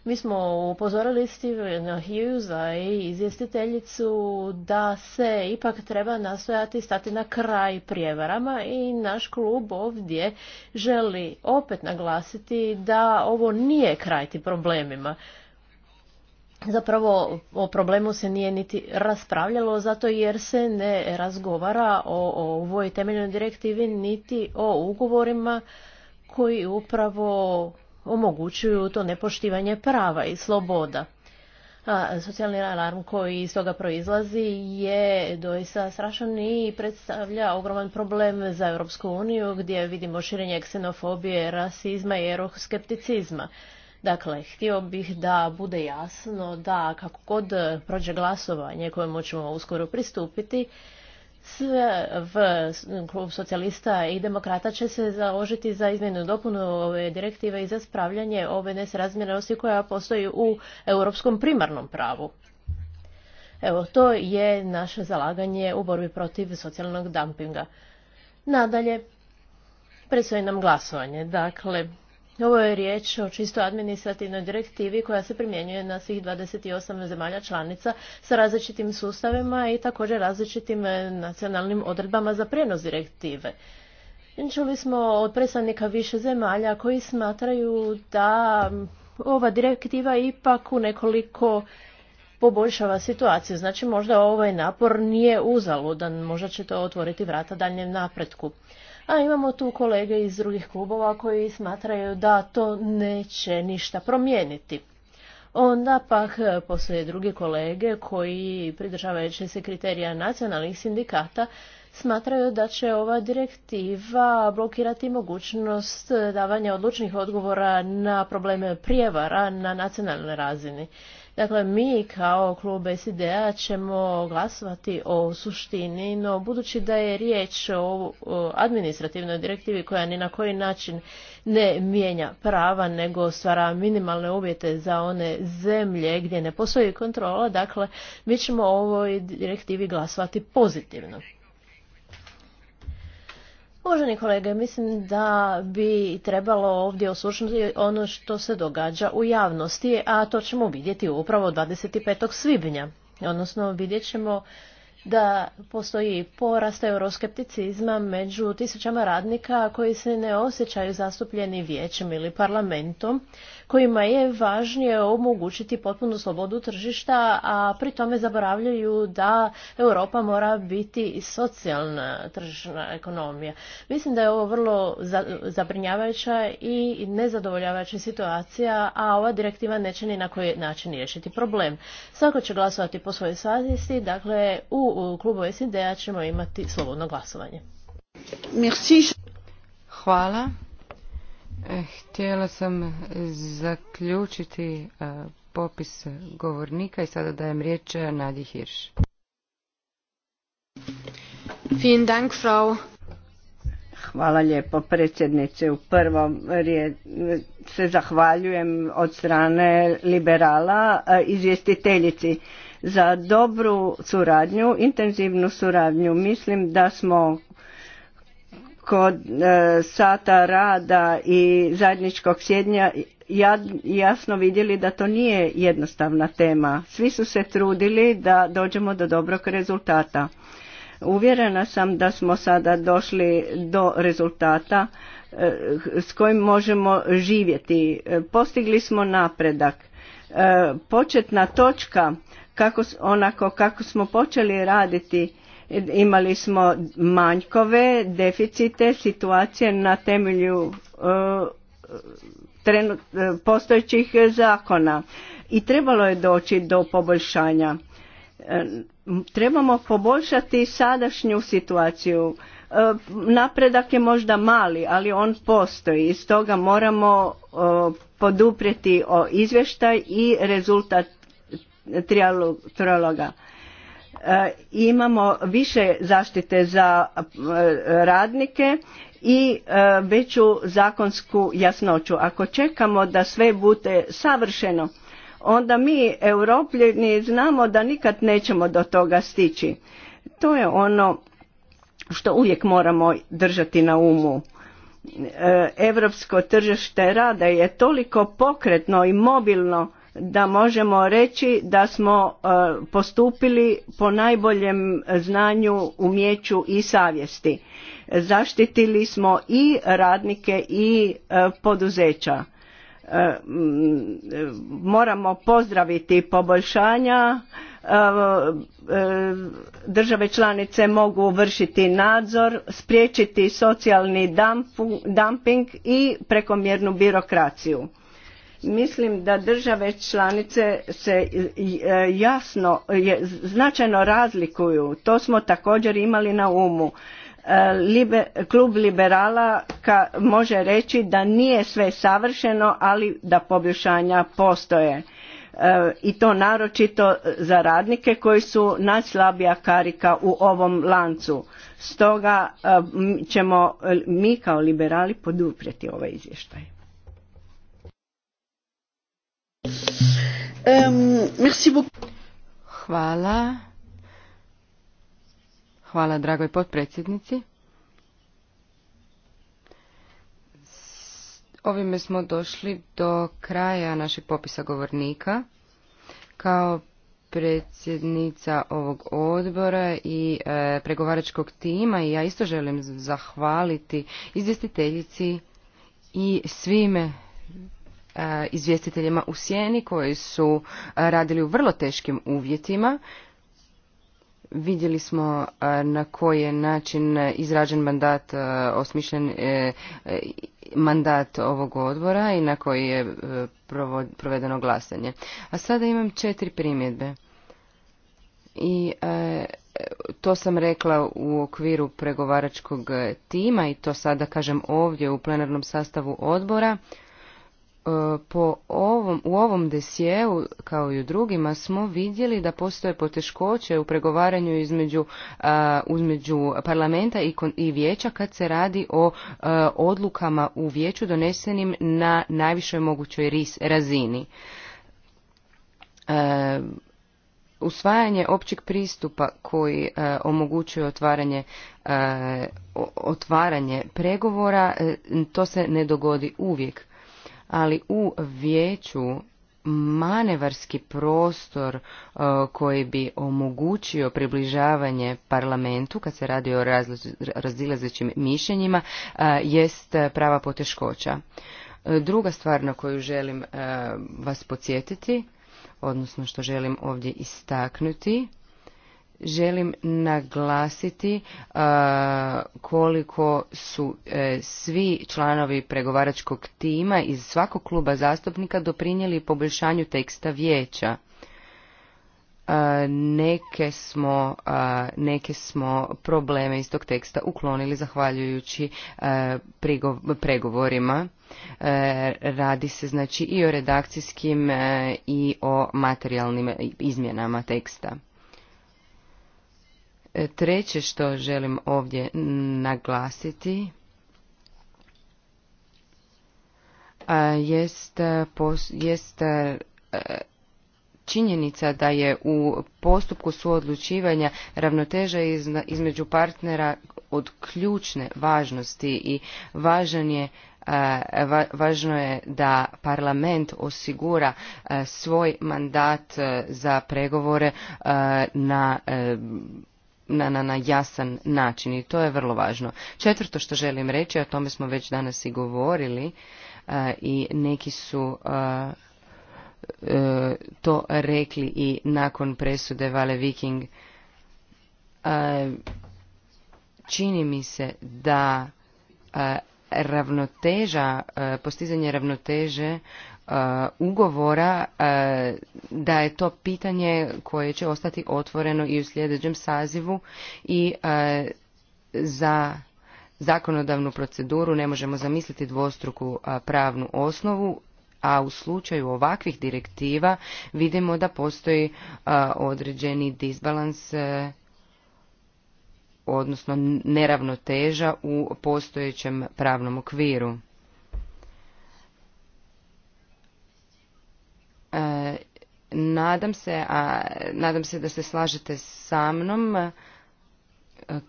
Mi smo upozorili Stevena Hughesa i izvjestiteljicu da se ipak treba nastojati stati na kraj prijevarama i naš klub ovdje želi opet naglasiti da ovo nije kraj ti problemima zapravo o problemu se nije niti raspravljalo zato jer se ne razgovara o, ovoj temeljnoj direktivi niti o ugovorima koji upravo omogućuju to nepoštivanje prava i sloboda. A, socijalni alarm koji iz toga proizlazi je doista strašan i predstavlja ogroman problem za Europsku uniju gdje vidimo širenje ksenofobije, rasizma i euroskepticizma. Dakle, htio bih da bude jasno da kako kod e, prođe glasovanje kojemu ćemo uskoro pristupiti, v klub socijalista i demokrata će se založiti za izmjenu dopunu ove direktive i za spravljanje ove nesrazmjernosti koja postoji u europskom primarnom pravu. Evo, to je naše zalaganje u borbi protiv socijalnog dumpinga. Nadalje, predstoji nam glasovanje. Dakle, ovo je riječ o čisto administrativnoj direktivi koja se primjenjuje na svih 28 zemalja članica sa različitim sustavima i također različitim e, nacionalnim odredbama za prijenos direktive. Čuli smo od predstavnika više zemalja koji smatraju da ova direktiva ipak u nekoliko poboljšava situaciju. Znači možda ovaj napor nije uzaludan, možda će to otvoriti vrata daljem napretku a imamo tu kolege iz drugih klubova koji smatraju da to neće ništa promijeniti. Onda pak e, postoje drugi kolege koji, pridržavajući se kriterija nacionalnih sindikata, smatraju da će ova direktiva blokirati mogućnost davanja odlučnih odgovora na probleme prijevara na nacionalnoj razini. Dakle, mi kao klub sid ćemo glasovati o suštini, no budući da je riječ o administrativnoj direktivi koja ni na koji način ne mijenja prava, nego stvara minimalne uvjete za one zemlje gdje ne postoji kontrola, dakle, mi ćemo o ovoj direktivi glasovati pozitivno. Uvaženi kolege, mislim da bi trebalo ovdje oslušati ono što se događa u javnosti, a to ćemo vidjeti upravo 25. svibnja. Odnosno vidjet ćemo da postoji porast euroskepticizma među tisućama radnika koji se ne osjećaju zastupljeni vijećem ili parlamentom, kojima je važnije omogućiti potpunu slobodu tržišta, a pri tome zaboravljaju da Europa mora biti i socijalna tržišna ekonomija. Mislim da je ovo vrlo zabrinjavajuća i nezadovoljavajuća situacija, a ova direktiva neće ni na koji način riješiti problem. Svako će glasovati po svojoj savjesti, dakle u klubu SID-a ćemo imati slobodno glasovanje. Hvala. E, htjela sam zaključiti e, popis govornika i sada dajem riječ e, Nadi Hirš. Hvala lijepo predsjednice. U prvom se zahvaljujem od strane liberala izvjestiteljici za dobru suradnju, intenzivnu suradnju. Mislim da smo kod e, sata rada i zajedničkog sjednja jasno vidjeli da to nije jednostavna tema. Svi su se trudili da dođemo do dobrog rezultata. Uvjerena sam da smo sada došli do rezultata e, s kojim možemo živjeti. E, postigli smo napredak. Početna točka, kako, onako kako smo počeli raditi, Imali smo manjkove, deficite, situacije na temelju e, e, postojećih zakona i trebalo je doći do poboljšanja. E, trebamo poboljšati sadašnju situaciju. Napredak je možda mali, ali on postoji i stoga moramo poduprijeti o izvještaj i rezultat trijaloga. E, imamo više zaštite za e, radnike i e, veću zakonsku jasnoću. Ako čekamo da sve bude savršeno, onda mi europljeni znamo da nikad nećemo do toga stići. To je ono što uvijek moramo držati na umu. Europsko tržište rada je toliko pokretno i mobilno da možemo reći da smo e, postupili po najboljem znanju, umjeću i savjesti. Zaštitili smo i radnike i e, poduzeća. E, moramo pozdraviti poboljšanja, države članice mogu vršiti nadzor, spriječiti socijalni dumping i prekomjernu birokraciju Mislim da države članice se e, jasno, značajno razlikuju. To smo također imali na umu. E, klub liberala ka, može reći da nije sve savršeno, ali da poboljšanja postoje. E, I to naročito za radnike koji su najslabija karika u ovom lancu. Stoga ćemo mi kao liberali poduprijeti ovaj izvještaj. Hvala. Hvala dragoj potpredsjednici. Ovime smo došli do kraja našeg popisa govornika. Kao predsjednica ovog odbora i e, pregovaračkog tima i ja isto želim zahvaliti izvjestiteljici i svime E, izvjestiteljima u sjeni koji su e, radili u vrlo teškim uvjetima. Vidjeli smo e, na koji je način izrađen mandat, osmišljen mandat ovog odbora i na koji je provedeno glasanje. A sada imam četiri primjedbe. I to sam rekla u okviru pregovaračkog tima i to sada kažem ovdje u plenarnom sastavu odbora. E, po ovom, u ovom desjeu kao i u drugima, smo vidjeli da postoje poteškoće u pregovaranju između, između e, parlamenta i, i vijeća kad se radi o e, odlukama u vijeću donesenim na najvišoj mogućoj razini. Usvajanje općeg pristupa koji e, omogućuje otvaranje, otvaranje pregovora, to se ne dogodi uvijek ali u vijeću manevarski prostor e, koji bi omogućio približavanje parlamentu kad se radi o razilazećim mišljenjima e, jest prava poteškoća. E, druga stvar na koju želim vas podsjetiti, odnosno što želim ovdje istaknuti, želim naglasiti e, koliko su e, svi članovi pregovaračkog tima iz svakog kluba zastupnika doprinijeli poboljšanju teksta vijeća e, neke smo, neke smo probleme iz tog teksta uklonili zahvaljujući pregovorima. Radi se znači i o redakcijskim i o materijalnim izmjenama teksta. Treće što želim ovdje naglasiti jest, činjenica da je u postupku suodlučivanja ravnoteža između partnera od ključne važnosti i važan je važno je da parlament osigura svoj mandat za pregovore na na, na, na jasan način i to je vrlo važno. Četvrto što želim reći, o tome smo već danas i govorili e, i neki su e, e, to rekli i nakon presude Vale Viking. Čini mi se da ravnoteža, postizanje ravnoteže E, ugovora e, da je to pitanje koje će ostati otvoreno i u sljedećem sazivu i e, za zakonodavnu proceduru ne možemo zamisliti dvostruku pravnu osnovu a u slučaju ovakvih direktiva vidimo da postoji određeni disbalans odnosno neravnoteža u postojećem pravnom okviru Nadam se, a nadam se da se slažete sa mnom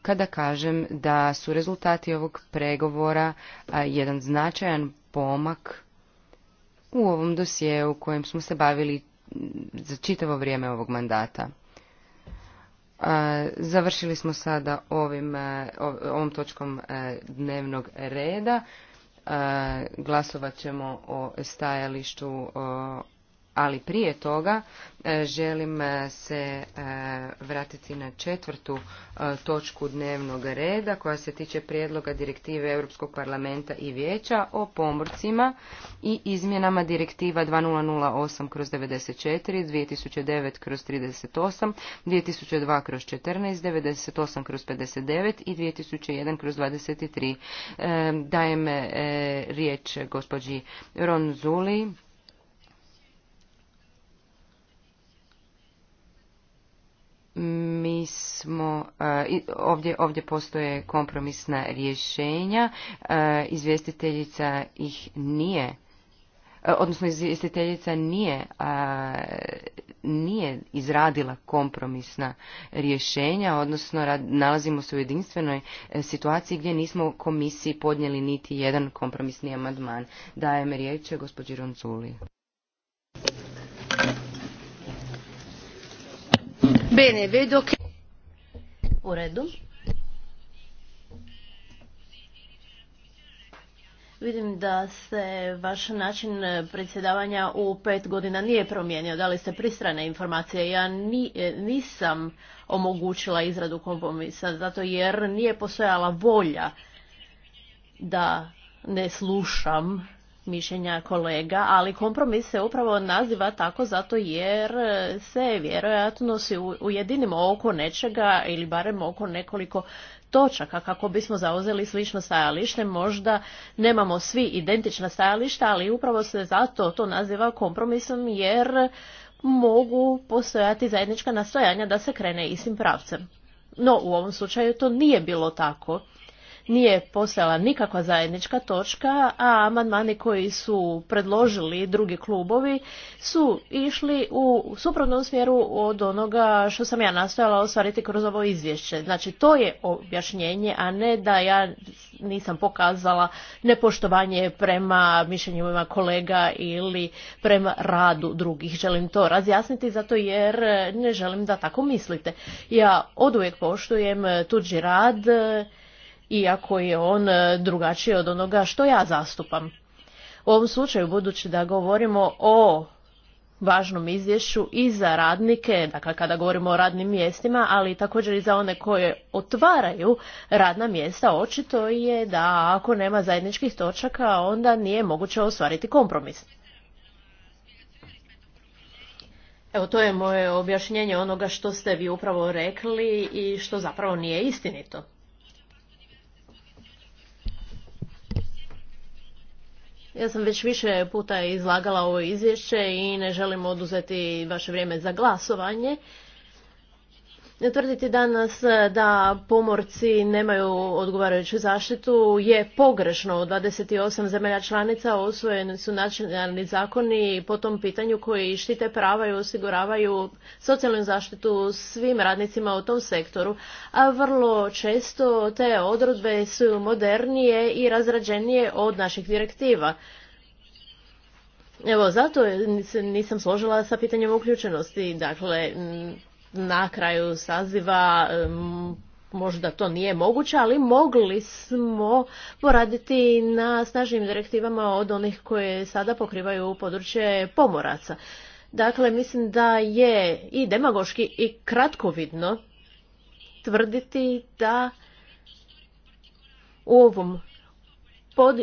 kada kažem da su rezultati ovog pregovora jedan značajan pomak u ovom dosjeu kojem smo se bavili za čitavo vrijeme ovog mandata. Završili smo sada ovim, ovom točkom dnevnog reda. Glasovat ćemo o stajalištu ali prije toga e, želim e, se e, vratiti na četvrtu točku dnevnog reda koja se tiče prijedloga direktive Europskog parlamenta i vijeća o pomorcima i izmjenama direktiva 2008 kroz 94, 2009 kroz 38, 2002 kroz 14, 98 kroz 59 i 2001 kroz 23. Dajem riječ gospođi Ron Zuli mi smo, e, ovdje, ovdje postoje kompromisna rješenja, e, izvjestiteljica ih nije e, odnosno izvjestiteljica nije, nije izradila kompromisna rješenja, odnosno nalazimo se u jedinstvenoj situaciji gdje nismo komisiji podnijeli niti jedan kompromisni amandman. Dajem riječ gospođi Ronculi. Bene, vedo che... U redu. Vidim da se vaš način e, predsjedavanja u pet godina nije promijenio. Dali ste pristrane informacije. Ja e, nisam omogućila izradu kompromisa zato jer nije postojala volja da ne slušam mišljenja kolega, ali kompromis se upravo naziva tako zato jer se vjerojatno si ujedinimo oko nečega ili barem oko nekoliko točaka kako bismo zauzeli slično stajalište. Možda nemamo svi identična stajališta, ali upravo se zato to naziva kompromisom jer mogu postojati zajednička nastojanja da se krene istim pravcem. No, u ovom slučaju to nije bilo tako nije postojala nikakva zajednička točka, a amandmani koji su predložili drugi klubovi su išli u suprotnom smjeru od onoga što sam ja nastojala ostvariti kroz ovo izvješće. Znači to je objašnjenje, a ne da ja nisam pokazala nepoštovanje prema mišljenjima kolega ili prema radu drugih. Želim to razjasniti zato jer ne želim da tako mislite. Ja oduvijek poštujem tuđi rad, iako je on e, drugačiji od onoga što ja zastupam. U ovom slučaju, budući da govorimo o važnom izvješću i za radnike, dakle kada govorimo o radnim mjestima, ali također i za one koje otvaraju radna mjesta, očito je da ako nema zajedničkih točaka, onda nije moguće ostvariti kompromis. Evo, to je moje objašnjenje onoga što ste vi upravo rekli i što zapravo nije istinito. Ja sam već više puta izlagala ovo izvješće i ne želim oduzeti vaše vrijeme za glasovanje. Tvrditi danas e, da pomorci nemaju odgovarajuću zaštitu je pogrešno. U 28 zemalja članica osvojeni su nacionalni zakoni po tom pitanju koji štite prava i osiguravaju socijalnu zaštitu svim radnicima u tom sektoru. A vrlo često te odrodbe su modernije i razrađenije od naših direktiva. Evo, zato nisam složila sa pitanjem uključenosti. Dakle, na kraju saziva možda to nije moguće, ali mogli smo poraditi na snažnim direktivama od onih koje sada pokrivaju područje pomoraca. Dakle, mislim da je i demagoški i kratkovidno tvrditi da u ovom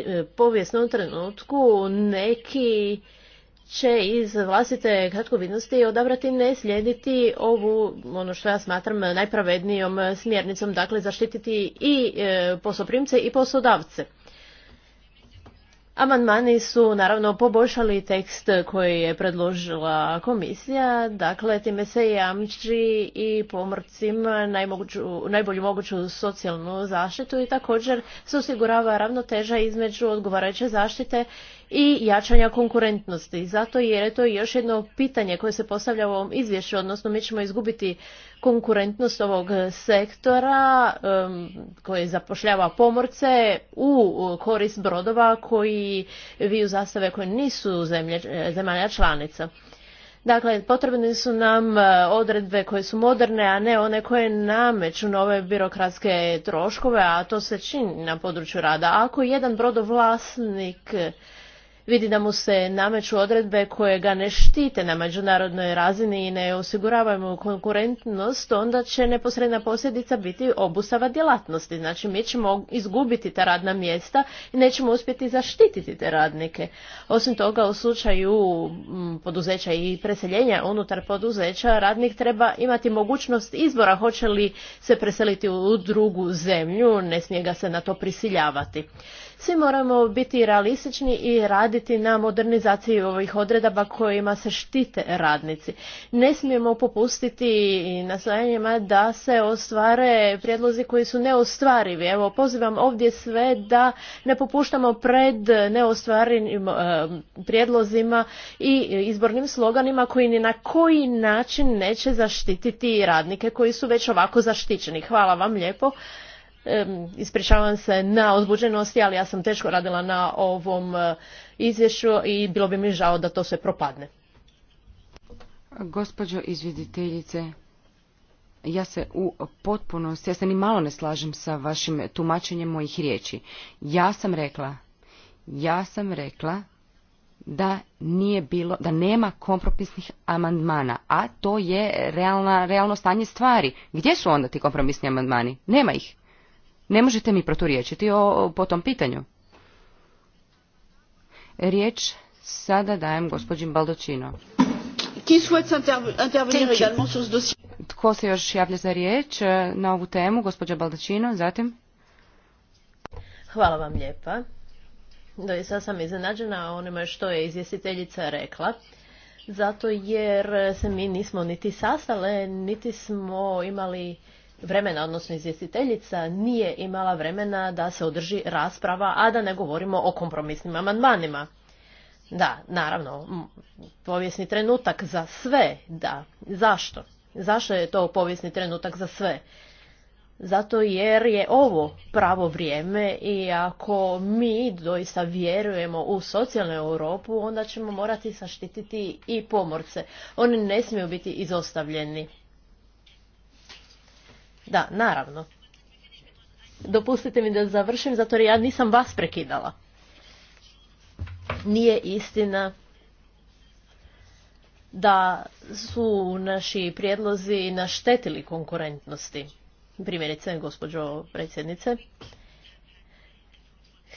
e, povijesnom trenutku neki će iz vlastite kratkovidnosti odabrati ne slijediti ovu, ono što ja smatram, najpravednijom smjernicom, dakle zaštititi i e, posoprimce i poslodavce. Amandmani su naravno poboljšali tekst koji je predložila komisija, dakle time se jamči i pomorcima najbolju moguću socijalnu zaštitu i također se osigurava ravnoteža između odgovarajuće zaštite i jačanja konkurentnosti. Zato jer je to još jedno pitanje koje se postavlja u ovom izvješću, odnosno mi ćemo izgubiti konkurentnost ovog sektora koji zapošljava pomorce u korist brodova koji viju zastave koje nisu zemalja članica. Dakle, potrebne su nam e, odredbe koje su moderne, a ne one koje nameću nove birokratske troškove, a to se čini na području rada. Ako jedan brodovlasnik Vidi da mu se nameću odredbe koje ga ne štite na međunarodnoj razini i ne osiguravaju mu konkurentnost, onda će neposredna posljedica biti obustava djelatnosti. Znači mi ćemo izgubiti ta radna mjesta i nećemo uspjeti zaštititi te radnike. Osim toga u slučaju mm, poduzeća i preseljenja unutar poduzeća radnik treba imati mogućnost izbora hoće li se preseliti u drugu zemlju, ne smije ga se na to prisiljavati. Svi moramo biti realistični i raditi na modernizaciji ovih odredaba kojima se štite radnici. Ne smijemo popustiti naslajanjima da se ostvare prijedlozi koji su neostvarivi. Evo, pozivam ovdje sve da ne popuštamo pred neostvarivim e, prijedlozima i izbornim sloganima koji ni na koji način neće zaštititi radnike koji su već ovako zaštićeni. Hvala vam lijepo. Ispričavam se na odbuđenosti ali ja sam teško radila na ovom e, izvješću i bilo bi mi žao da to sve propadne. Gospođo izviditeljice ja se u potpunosti, ja se ni malo ne slažem sa vašim tumačenjem mojih riječi. Ja sam rekla, ja sam rekla da nije bilo, da nema kompromisnih amandmana, a to je realno stanje stvari. Gdje su onda ti kompromisni amandmani? Nema ih. Ne možete mi proturiječiti o, po tom pitanju. Riječ sada dajem gospođim Baldočino. Tko se još javlja za riječ e, na ovu temu? Gospođa Baldočino, zatim. Hvala vam lijepa. Doista sam iznenađena onima što je izvjestiteljica rekla zato jer se mi nismo niti sastale, niti smo imali vremena, odnosno izvjestiteljica nije imala vremena da se održi rasprava, a da ne govorimo o kompromisnim amandmanima. Da, naravno, povijesni trenutak za sve, da. Zašto? Zašto je to povijesni trenutak za sve? Zato jer je ovo pravo vrijeme i ako mi doista vjerujemo u socijalnu Europu, onda ćemo morati saštititi i pomorce. Oni ne smiju biti izostavljeni. Da, naravno. Dopustite mi da završim, zato jer ja nisam vas prekidala. Nije istina da su naši prijedlozi naštetili konkurentnosti. Primjerice, gospođo predsjednice,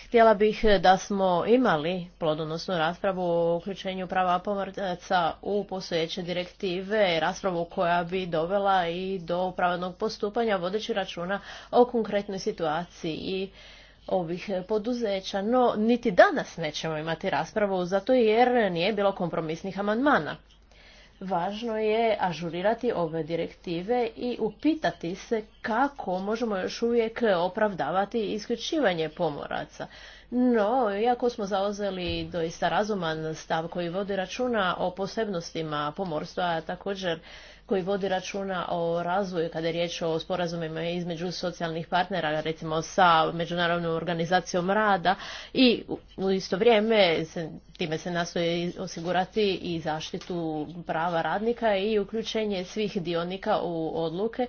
Htjela bih eh, da smo imali plodonosnu raspravu o uključenju prava pomoraca u postojeće direktive, raspravu koja bi dovela i do pravodnog postupanja vodeći računa o konkretnoj situaciji i ovih poduzeća, no niti danas nećemo imati raspravu zato jer nije bilo kompromisnih amandmana važno je ažurirati ove direktive i upitati se kako možemo još uvijek opravdavati isključivanje pomoraca. No, iako smo zauzeli doista razuman stav koji vodi računa o posebnostima pomorstva, a također koji vodi računa o razvoju kada je riječ o sporazumima između socijalnih partnera, recimo sa Međunarodnom organizacijom rada i u isto vrijeme se, time se nastoji osigurati i zaštitu prava radnika i uključenje svih dionika u odluke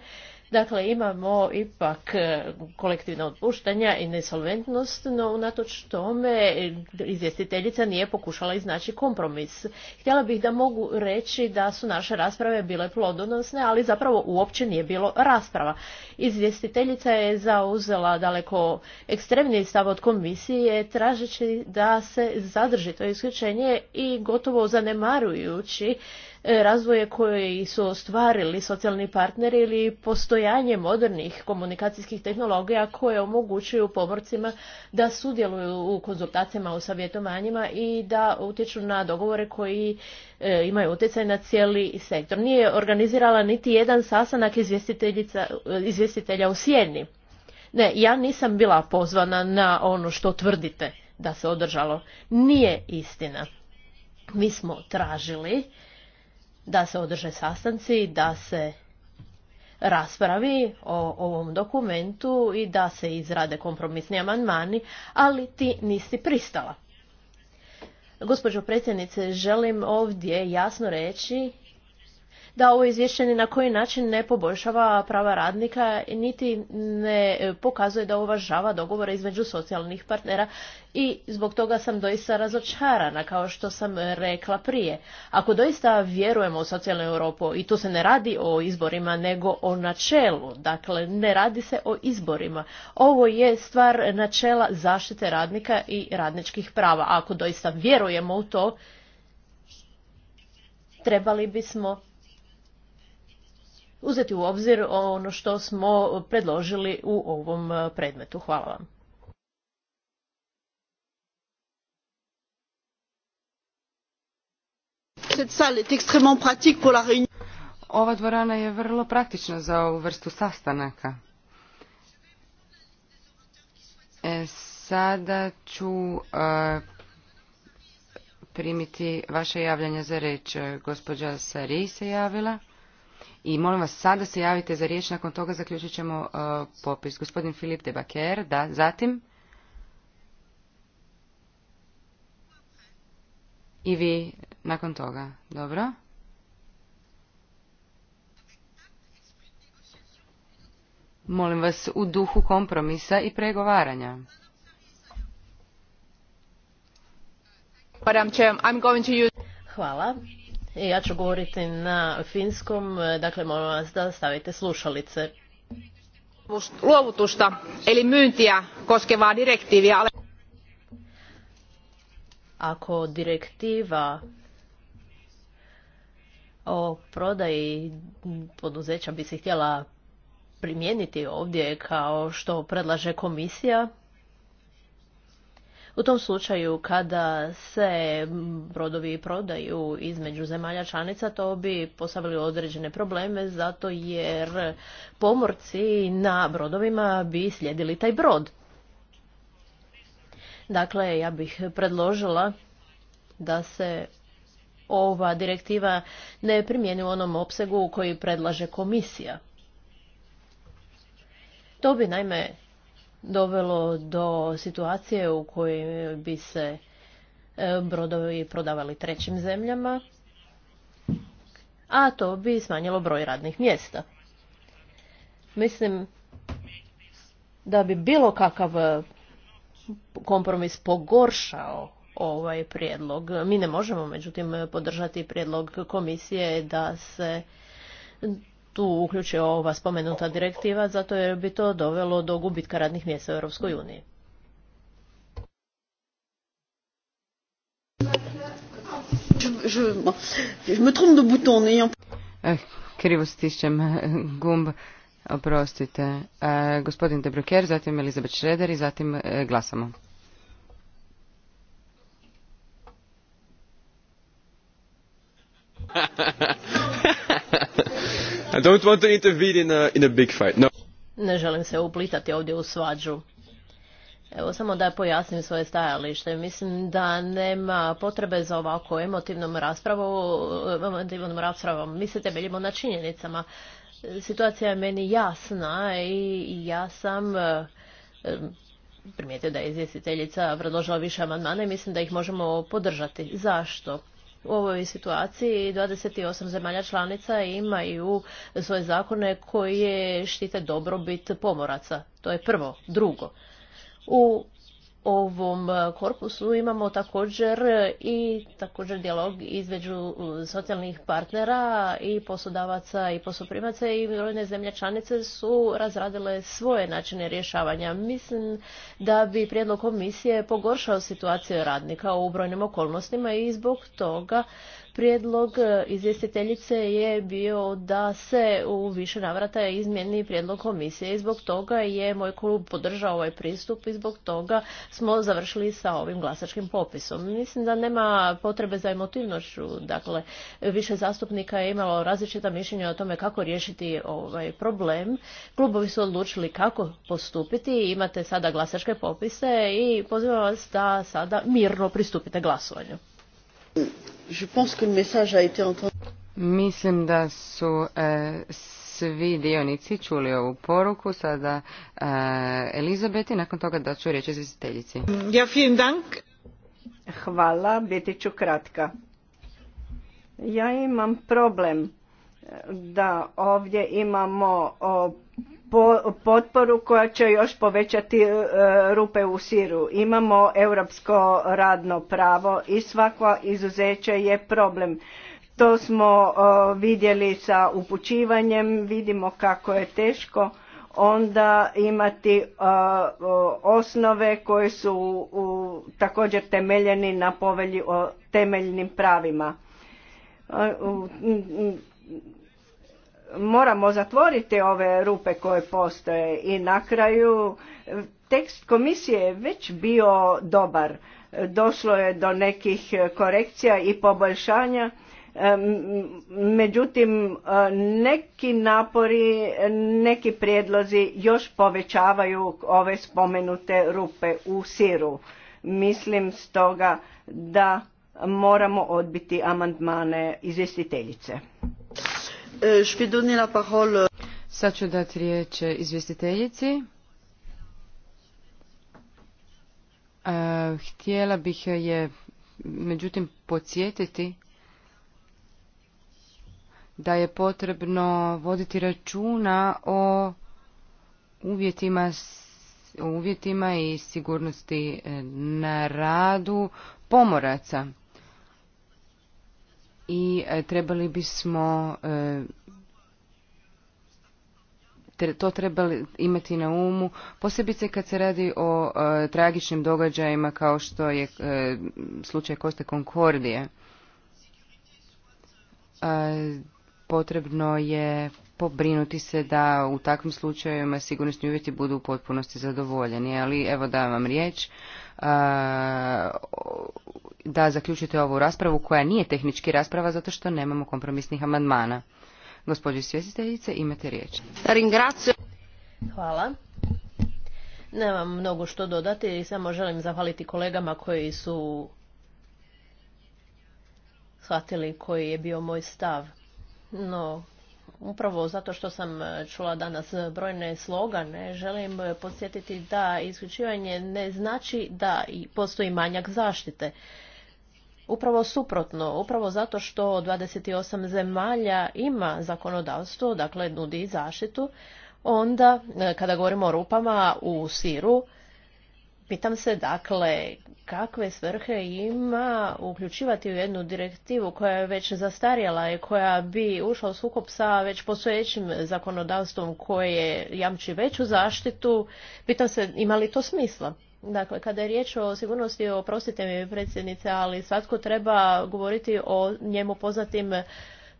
Dakle, imamo ipak e, kolektivna otpuštanja i nesolventnost, no unatoč tome e, izvjestiteljica nije pokušala iznaći kompromis. Htjela bih da mogu reći da su naše rasprave bile plodonosne, ali zapravo uopće nije bilo rasprava. Izvjestiteljica je zauzela daleko ekstremni stav od komisije, tražeći da se zadrži to isključenje i gotovo zanemarujući E, razvoje koje su ostvarili socijalni partneri ili postojanje modernih komunikacijskih tehnologija koje omogućuju povorcima da sudjeluju u konzultacijama, u savjetovanjima i da utječu na dogovore koji e, imaju utjecaj na cijeli sektor. Nije organizirala niti jedan sastanak izvjestitelja u Sjedni. Ne, ja nisam bila pozvana na ono što tvrdite da se održalo. Nije istina. Mi smo tražili da se održe sastanci, da se raspravi o ovom dokumentu i da se izrade kompromisni amandmani, ali ti nisi pristala. Gospođo predsjednice, želim ovdje jasno reći da ovo izvješće ni na koji način ne poboljšava prava radnika niti ne pokazuje da uvažava dogovore između socijalnih partnera i zbog toga sam doista razočarana kao što sam rekla prije. Ako doista vjerujemo u socijalnu Europu i tu se ne radi o izborima nego o načelu, dakle ne radi se o izborima. Ovo je stvar načela zaštite radnika i radničkih prava. Ako doista vjerujemo u to, trebali bismo uzeti u obzir ono što smo predložili u ovom e, predmetu. Hvala vam. Ova dvorana je vrlo praktična za ovu vrstu sastanaka. E, sada ću e, primiti vaše javljanje za reč. Gospođa Sari se javila. I molim vas, sada se javite za riječ, nakon toga zaključit ćemo uh, popis. Gospodin Filip de Baker, da, zatim. I vi nakon toga, dobro. Molim vas u duhu kompromisa i pregovaranja. Hvala. Ja ću govoriti na finskom, e, dakle molim vas da stavite slušalice. Luovutusta, eli myyntiä koskevaa direktiiviä. Ako direktiva o prodaji poduzeća bi se htjela primijeniti ovdje kao što predlaže komisija, u tom slučaju kada se brodovi prodaju između zemalja članica, to bi postavilo određene probleme zato jer pomorci na brodovima bi slijedili taj brod. Dakle, ja bih predložila da se ova direktiva ne primijeni u onom opsegu koji predlaže komisija. To bi naime dovelo do situacije u kojoj bi se e, brodovi prodavali trećim zemljama, a to bi smanjilo broj radnih mjesta. Mislim da bi bilo kakav kompromis pogoršao ovaj prijedlog. Mi ne možemo međutim podržati prijedlog komisije da se tu uključi ova spomenuta direktiva, zato jer bi to dovelo do gubitka radnih mjesta u Europskoj uniji. Eh, krivo stišćem [laughs] gumb, oprostite. Eh, gospodin Debruker, zatim Elizabeth Šreder i zatim eh, glasamo. [laughs] I don't want to in a, in a big fight. Ne želim se uplitati ovdje u svađu. Evo samo da pojasnim svoje stajalište. Mislim da nema potrebe za ovako emotivnom raspravom. Emotivnom raspravom. Mi se temeljimo na činjenicama. Situacija je meni jasna i ja sam e, e, primijetio da je izvjestiteljica predložila više amandmana i mislim da ih možemo podržati. Zašto? u ovoj situaciji 28 zemalja članica imaju svoje zakone koje štite dobrobit pomoraca. To je prvo. Drugo, u ovom e, korpusu imamo također e, i također dijalog između e, socijalnih partnera i poslodavaca i posloprimaca i brojne zemlje članice su razradile svoje načine rješavanja. Mislim da bi prijedlog komisije pogoršao situaciju radnika u brojnim okolnostima i zbog toga Prijedlog e, izvjestiteljice je bio da se u više navrata izmjeni prijedlog komisije i zbog toga je moj klub podržao ovaj pristup i zbog toga smo završili sa ovim glasačkim popisom. Mislim da nema potrebe za emotivnošću, dakle više zastupnika je imalo različita mišljenja o tome kako riješiti ovaj problem. Klubovi su odlučili kako postupiti, imate sada glasačke popise i pozivam vas da sada mirno pristupite glasovanju. Mislim da su e, svi dionici čuli ovu poruku. Sada e, Elizabeti, nakon toga da ću riječ izvjestiteljici. Ja, Hvala, biti ću kratka. Ja imam problem e, da ovdje imamo potporu koja će još povećati e, rupe u siru. Imamo europsko radno pravo i svako izuzeće je problem. To smo e, vidjeli sa upućivanjem, vidimo kako je teško onda imati e, osnove koje su također temeljeni na povelji o temeljnim pravima moramo zatvoriti ove rupe koje postoje i na kraju tekst komisije je već bio dobar. Došlo je do nekih korekcija i poboljšanja, međutim neki napori, neki prijedlozi još povećavaju ove spomenute rupe u siru. Mislim stoga da moramo odbiti amandmane izvjestiteljice. Euh, euh, Sad ću dati riječ izvjestiteljici. Htjela bih je međutim podsjetiti da je potrebno voditi računa o uvjetima o uvjetima i sigurnosti e, na radu pomoraca i e, trebali bismo e, to trebali imati na umu, posebice kad se radi o e, tragičnim događajima kao što je slučaj Koste Konkordije. potrebno je pobrinuti se da u takvim slučajevima sigurnosni uvjeti budu u potpunosti zadovoljeni. Ali evo dajem vam riječ da zaključite ovu raspravu koja nije tehnički rasprava zato što nemamo kompromisnih amandmana. Gospođo svjesiteljice, imate riječ. Hvala. Nemam mnogo što dodati, samo želim zahvaliti kolegama koji su shvatili koji je bio moj stav. No, Upravo zato što sam e, čula danas brojne slogane, želim e, podsjetiti da isključivanje ne znači da postoji manjak zaštite. Upravo suprotno, upravo zato što 28 zemalja ima zakonodavstvo, dakle nudi zaštitu, onda e, kada govorimo o rupama u siru, Pitam se dakle kakve svrhe ima uključivati u jednu direktivu koja je već zastarjela i koja bi ušla u sukob sa već postojećim zakonodavstvom koje jamči veću zaštitu. Pitam se ima li to smisla? Dakle, kada je riječ o sigurnosti, oprostite mi predsjednice, ali svatko treba govoriti o njemu poznatim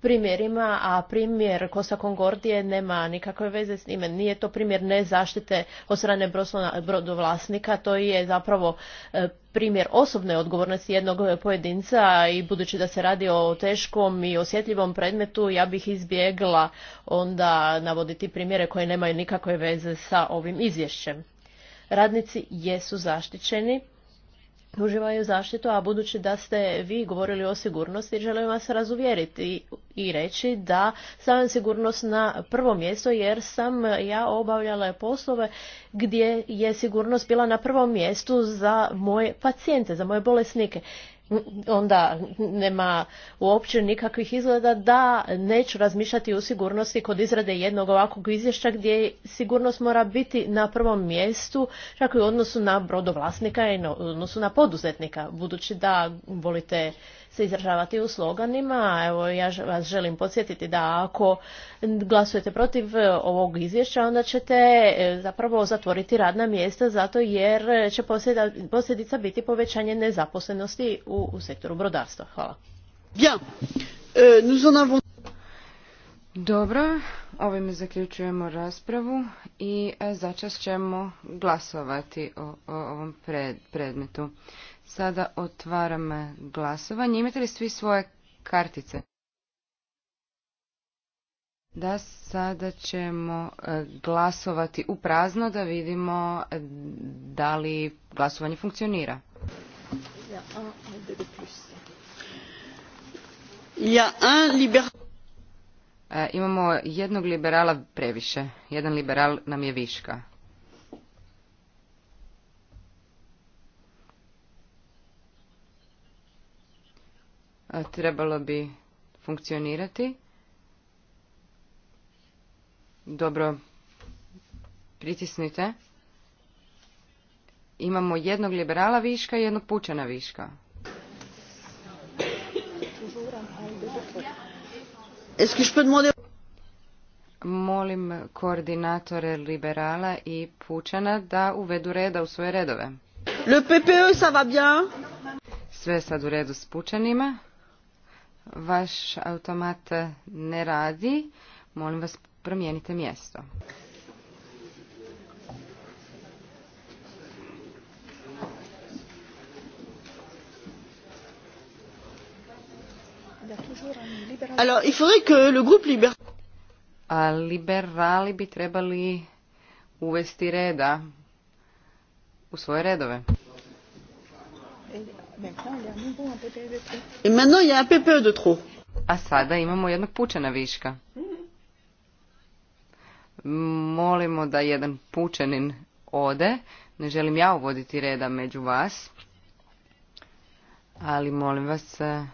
primjerima, a primjer Kosa Kongordije nema nikakve veze s njime. Nije to primjer nezaštite od strane brodovlasnika, to je zapravo e, primjer osobne odgovornosti jednog pojedinca i budući da se radi o teškom i osjetljivom predmetu, ja bih izbjegla onda navoditi primjere koje nemaju nikakve veze sa ovim izvješćem. Radnici jesu zaštićeni uživaju zaštitu, a budući da ste vi govorili o sigurnosti, želim vas razuvjeriti i reći da sam sigurnost na prvo mjesto jer sam ja obavljala poslove gdje je sigurnost bila na prvom mjestu za moje pacijente, za moje bolesnike onda nema uopće nikakvih izgleda da neću razmišljati o sigurnosti kod izrade jednog ovakvog izvješća gdje sigurnost mora biti na prvom mjestu čak i u odnosu na brodovlasnika i u odnosu na poduzetnika budući da volite se izražavati u sloganima. Evo, ja vas želim podsjetiti da ako glasujete protiv e, ovog izvješća, onda ćete e, zapravo zatvoriti radna mjesta zato jer će posljedica biti povećanje nezaposlenosti u, u sektoru brodarstva. Hvala. Ja. E, Dobro, ovime zaključujemo raspravu i začas ćemo glasovati o, ovom predmetu. Sada otvaram glasovanje. Imate li svi svoje kartice? Da, sada ćemo e, glasovati u prazno da vidimo e, da li glasovanje funkcionira. E, imamo jednog liberala previše. Jedan liberal nam je viška. trebalo bi funkcionirati. Dobro, pritisnite. Imamo jednog liberala viška i jednog pučana viška. Molim koordinatore liberala i pučana da uvedu reda u svoje redove. Le PPE, va bien? Sve sad u redu s pučanima. Vaš automat ne radi. Molim vas promijenite mjesto. Alors, il faudrait le A liberali bi trebali uvesti reda u svoje redove. I meno ja a A sada imamo jednog pučena viška. Molimo da jedan pučenin ode. Ne želim ja uvoditi reda među vas. Ali molim vas e,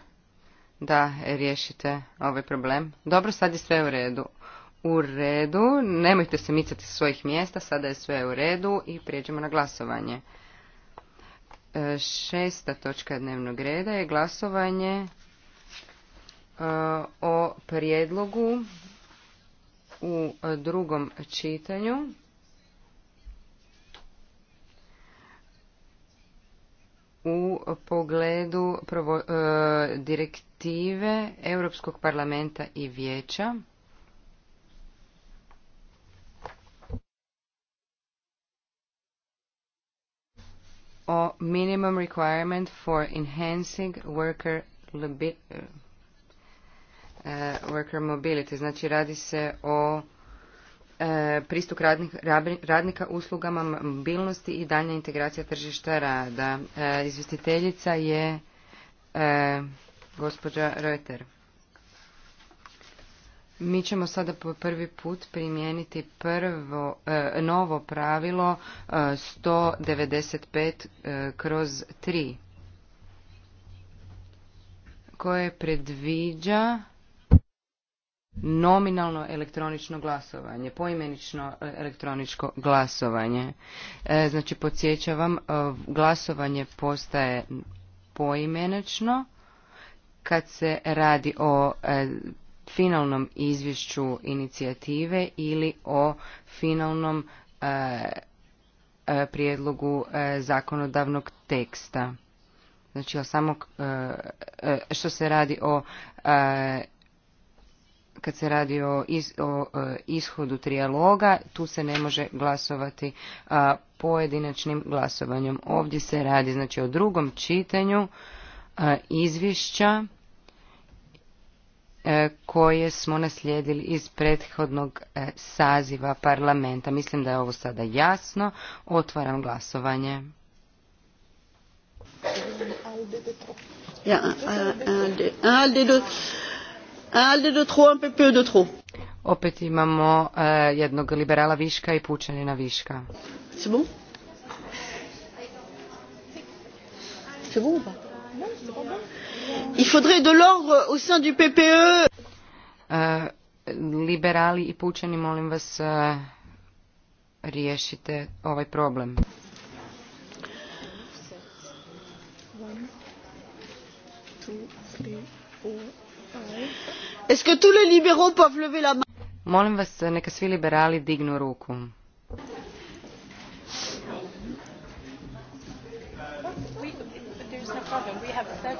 da riješite ovaj problem. Dobro, sad je sve u redu. U redu, nemojte se micati svojih mjesta, sada je sve u redu i prijeđemo na glasovanje. Šesta točka dnevnog reda je glasovanje e, o prijedlogu u drugom čitanju. u pogledu e, direktive Europskog parlamenta i vijeća o minimum requirement for enhancing worker eh, worker mobility. Znači radi se o eh, pristup radnika uslugama mobilnosti i daljnja integracija tržišta rada. Eh, Izvestiteljica je gospođa Reuter. Mi ćemo sada po prvi put primijeniti prvo e, novo pravilo e, 195 e, kroz 3 koje predviđa nominalno elektronično glasovanje, poimenično e, elektroničko glasovanje. E, znači, podsjećavam, glasovanje postaje poimenično kad se radi o finalnom izvješću inicijative ili o finalnom e, e, prijedlogu e, zakonodavnog teksta. Znači o samog, što se radi o kad se radi o, ishodu trijaloga, tu se ne može glasovati pojedinačnim glasovanjem. Ovdje se radi znači o drugom čitanju izvješća E, koje smo naslijedili iz prethodnog e, saziva parlamenta. Mislim da je ovo sada jasno. Otvaram glasovanje. Opet imamo e, jednog liberala viška i pučanina viška. C'est bon il faudrait de l'ordre au sein du ppe eh, liberali i pučani molim vas eh, riješite ovaj problem est ce que tous les libéraux peuvent lever la main molim vas neka svi liberali dignu ruku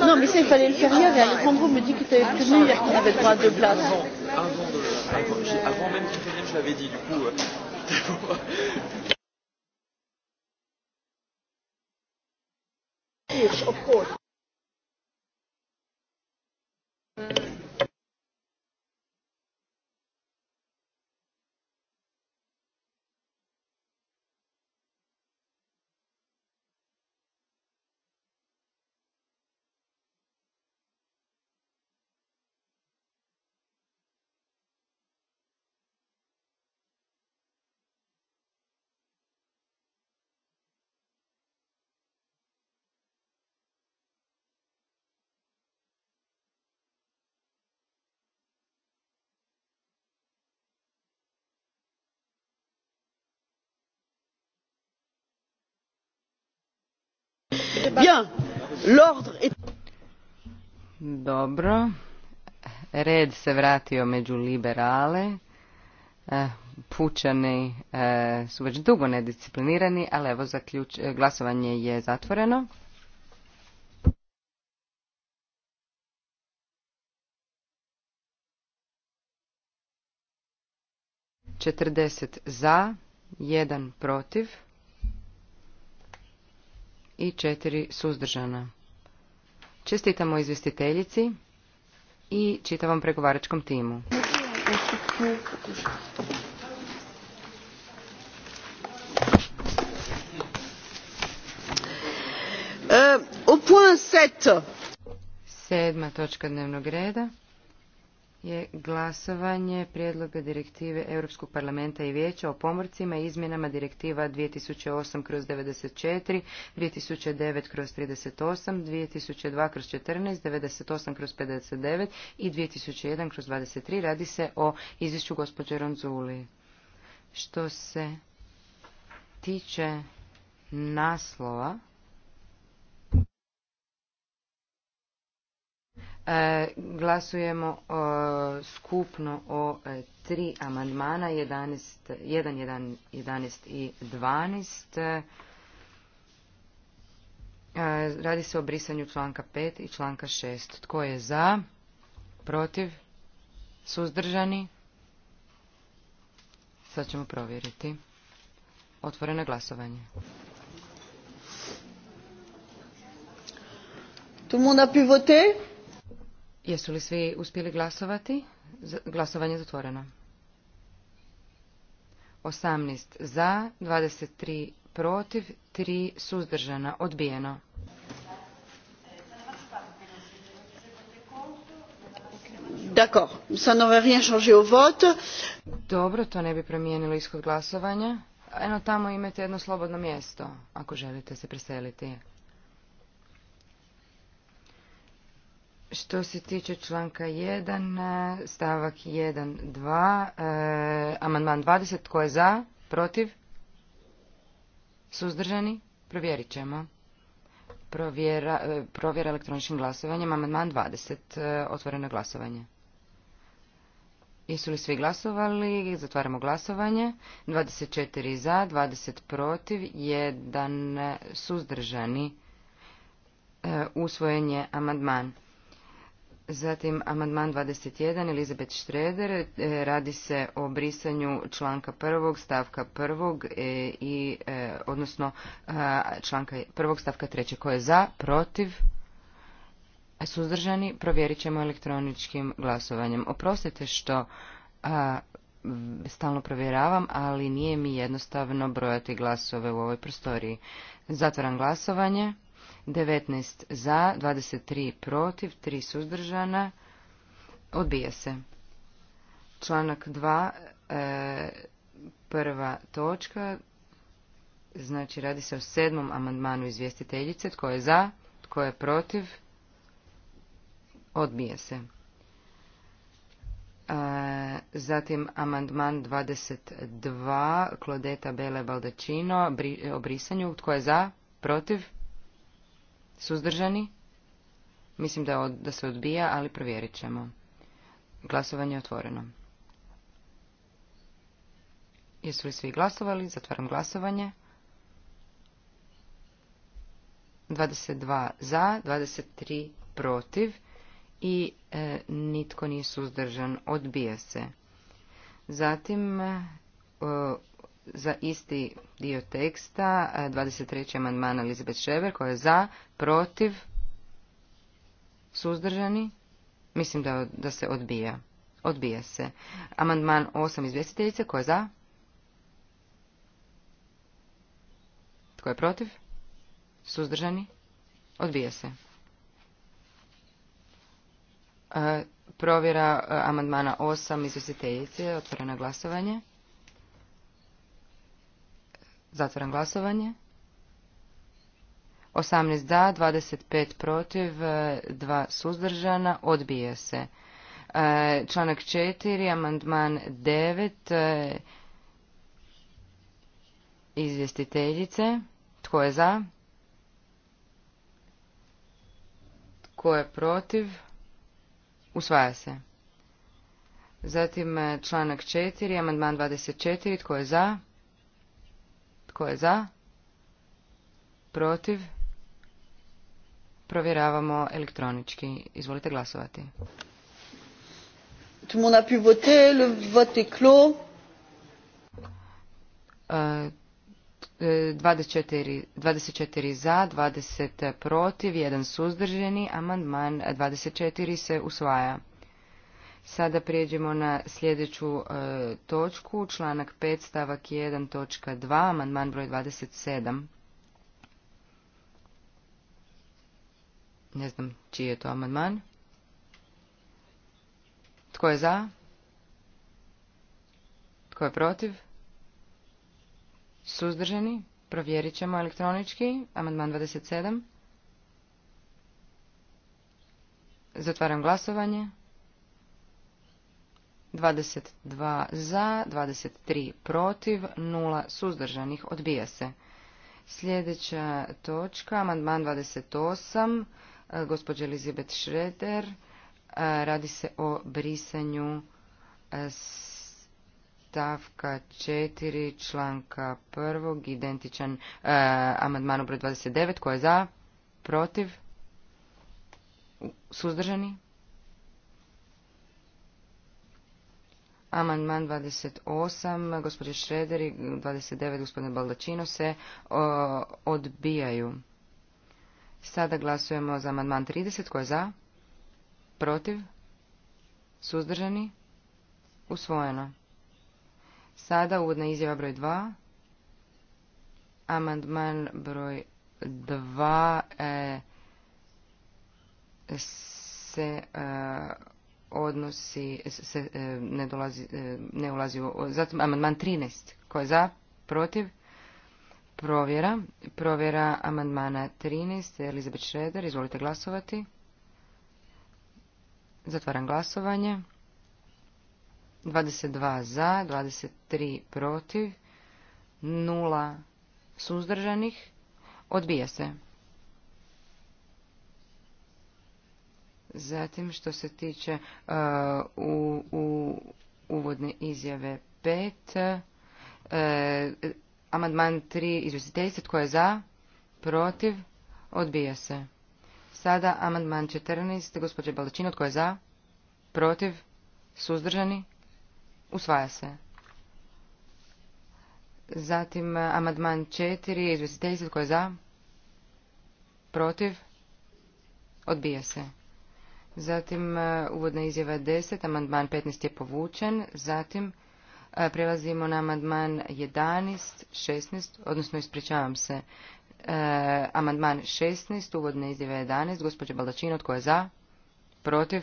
Non, mais ça, il fallait le faire hier. Et Alejandro me dit qu'il t'avait prévenu ah, hier qu'on avait le droit de place. Avant, avant, de, avant, avant même qu'il vienne, je l'avais dit. Du coup, euh, [laughs] of course. Dobro, red se vratio među liberale. Eh, pučani eh, su već dugo nedisciplinirani, ali evo eh, glasovanje je zatvoreno. Četrdeset za, jedan protiv i četiri suzdržana. Čestitamo izvjestiteljici i čitavom pregovaračkom timu. Euh, Sedma točka dnevnog reda je glasovanje prijedloga direktive Europskog parlamenta i vijeća o pomorcima i izmjenama direktiva 2008 kroz 94, 2009 kroz 38, 2002 kroz 14, 98 kroz 59 i 2001 kroz 23. Radi se o izvješću gospođe Ronzuli. Što se tiče naslova, E, glasujemo e, skupno o e, tri amandmana, 11, 1, 11 i 12. Radi se o brisanju članka 5 i članka 6. Tko je za? Protiv? Suzdržani? Sad ćemo provjeriti. Otvoreno glasovanje. Tout le monde a pu voter Jesu li svi uspjeli glasovati? Glasovanje je zatvoreno. 18 za, 23 protiv, 3 suzdržana, odbijeno. D'accord, ça n'aurait rien changé au vote. Dobro, to ne bi promijenilo ishod glasovanja. Eno tamo imate jedno slobodno mjesto, ako želite se preseliti. Što se tiče članka 1, stavak 1, 2, e, amandman 20, tko je za, protiv, suzdržani, provjerit ćemo. Provjera, e, provjera elektroničnim glasovanjem, amandman 20, e, otvoreno glasovanje. Jesu li svi glasovali? Zatvaramo glasovanje. 24 za, 20 protiv, 1 suzdržani. E, usvojen je amandman. Zatim amandman 21 Elizabeth Štreder e, radi se o brisanju članka prvog stavka prvog e, i e, odnosno članka prvog stavka trećeg koje je za, protiv, suzdržani, provjerit ćemo elektroničkim glasovanjem. Oprostite što stalno provjeravam, ali nije mi jednostavno brojati glasove u ovoj prostoriji. Zatvaram glasovanje. 19 za, 23 protiv, 3 suzdržana. Odbija se. Članak 2, e, prva točka, znači radi se o sedmom amandmanu izvjestiteljice. Tko je za, tko je protiv, odbija se. E, zatim amandman 22, Klodeta Bele Baldačino, o brisanju. Tko je za, protiv, Suzdržani? Mislim da, da se odbija, ali provjerit ćemo. Glasovanje je otvoreno. Jesu li svi glasovali? Zatvaram glasovanje. 22 za, 23 protiv i e, nitko nije suzdržan. Odbija se. Zatim e, za isti dio teksta, 23. E, amandman Elizabeth Šever, koja je za, protiv, suzdržani, mislim da, da se odbija. Odbija se. Amandman 8 izvjestiteljice, koja je za? Tko je protiv? Suzdržani? Odbija se. E, provjera e, amandmana 8 izvjestiteljice, otvorena glasovanje. Zatvoram glasovanje. 18 da, 25 protiv, 2 e, suzdržana, odbije se. E, članak 4, amandman 9, e, izvjestiteljice. Tko je za? Tko je protiv? Usvaja se. Zatim članak 4, amandman 24, tko je za? Tko je za? Protiv? Provjeravamo elektronički. Izvolite glasovati. Tout le monde a pu voter, le vote est clos. 24, e, 24 e, za, 20 protiv, 1 suzdržani, amandman 24 se usvaja. Sada prijeđemo na sljedeću e, točku, članak 5 stavak 1 točka 2, amandman broj 27. Ne znam čiji je to amandman. Tko je za? Tko je protiv? Suzdržani? Provjerit ćemo elektronički. Amandman 27. Zatvaram glasovanje. 22 za, 23 protiv, 0 suzdržanih, odbija se. Sljedeća točka, amandman 28, e, gospođa Elizabeth Schroeder, e, radi se o brisanju e, stavka 4 članka 1. identičan amandman amandmanu broj 29 koji je za, protiv, suzdržani, Amandman 28, gospođe Šreder i 29, gospodine Baldačino se odbijaju. Sada glasujemo za amandman 30. koje je za? Protiv? Suzdržani? Usvojeno. Sada uvodna izjava broj 2. Amandman broj 2 e, se e, odnosi se e, ne, dolazi, e, ne ulazi u... Zatim amandman 13. Ko je za? Protiv? Provjera. Provjera amandmana 13. Elizabeth Šreder. Izvolite glasovati. Zatvaram glasovanje. 22 za, 23 protiv, 0 suzdržanih. Odbija se. Zatim što se tiče e, u, uvodne izjave 5, uh, e, amandman 3 izvjestiteljice, tko je za, protiv, odbija se. Sada amandman 14, gospođe Balačino, tko je za, protiv, suzdržani, usvaja se. Zatim e, amandman 4, izvjestiteljice, tko je za, protiv, odbija se. Zatim e, uvodna izjava 10, amandman 15 je povučen. Zatim e, prelazimo na amandman 11, 16, odnosno ispričavam se. E, amandman 16, uvodna izjava 11, gospođa Baldačin, tko je za? Protiv?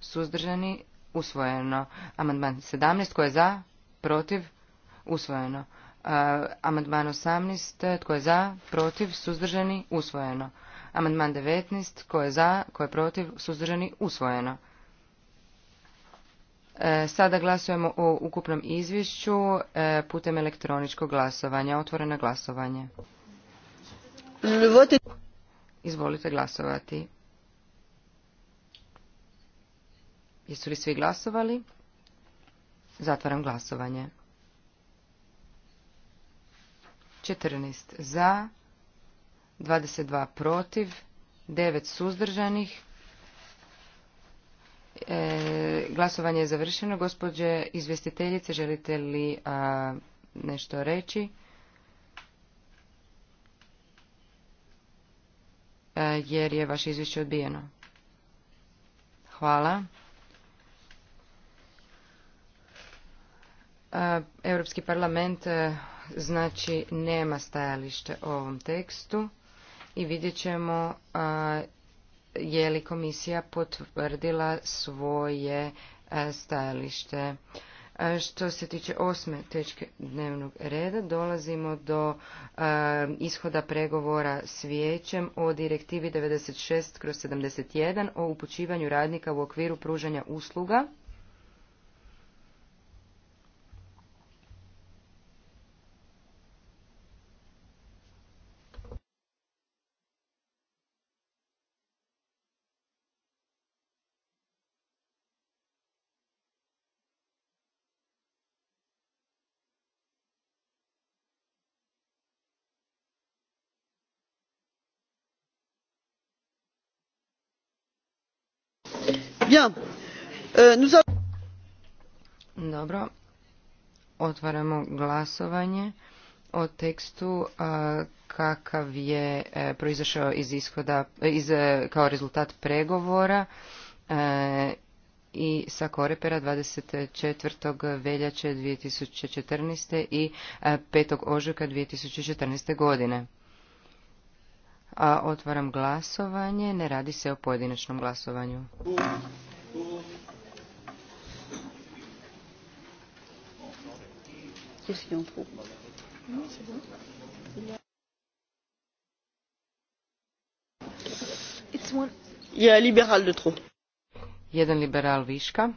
Suzdržani? Usvojeno. Amandman 17, tko je za? Protiv? Usvojeno. amandman 18, tko je za? Protiv? Suzdržani? Usvojeno. Amandman 19. Ko je za, ko je protiv, suzdržani, usvojeno. E, sada glasujemo o ukupnom izvješću e, putem elektroničkog glasovanja. Otvoreno glasovanje. Izvolite glasovati. Jesu li svi glasovali? Zatvaram glasovanje. 14 za, 22 protiv, 9 suzdržanih. E, glasovanje je završeno. Gospođe izvjestiteljice, želite li nešto reći? E, jer je vaše izvješće odbijeno. Hvala. E, Europski parlament znači nema stajalište o ovom tekstu i vidjet ćemo je li komisija potvrdila svoje stajalište. Što se tiče osme tečke dnevnog reda, dolazimo do ishoda pregovora s vijećem o direktivi 96/71 o upućivanju radnika u okviru pružanja usluga. Euh, Dobro. Otvaramo glasovanje o tekstu kakav je e, proizašao iz ishoda e, kao rezultat pregovora e, i sa Korepera 24. veljače 2014. i 5. ožujka 2014. godine. A otvaram glasovanje, ne radi se o pojedinačnom glasovanju. Jedan liberal viška.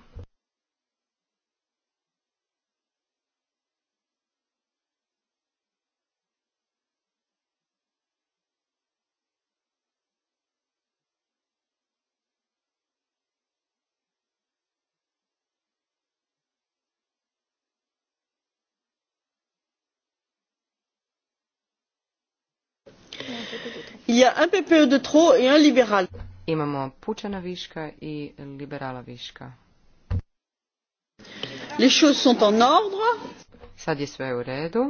il y a un PPE de trop et un libéral. Imamo pučana viška i liberala viška. Les choses sont en ordre. Sad je sve u redu.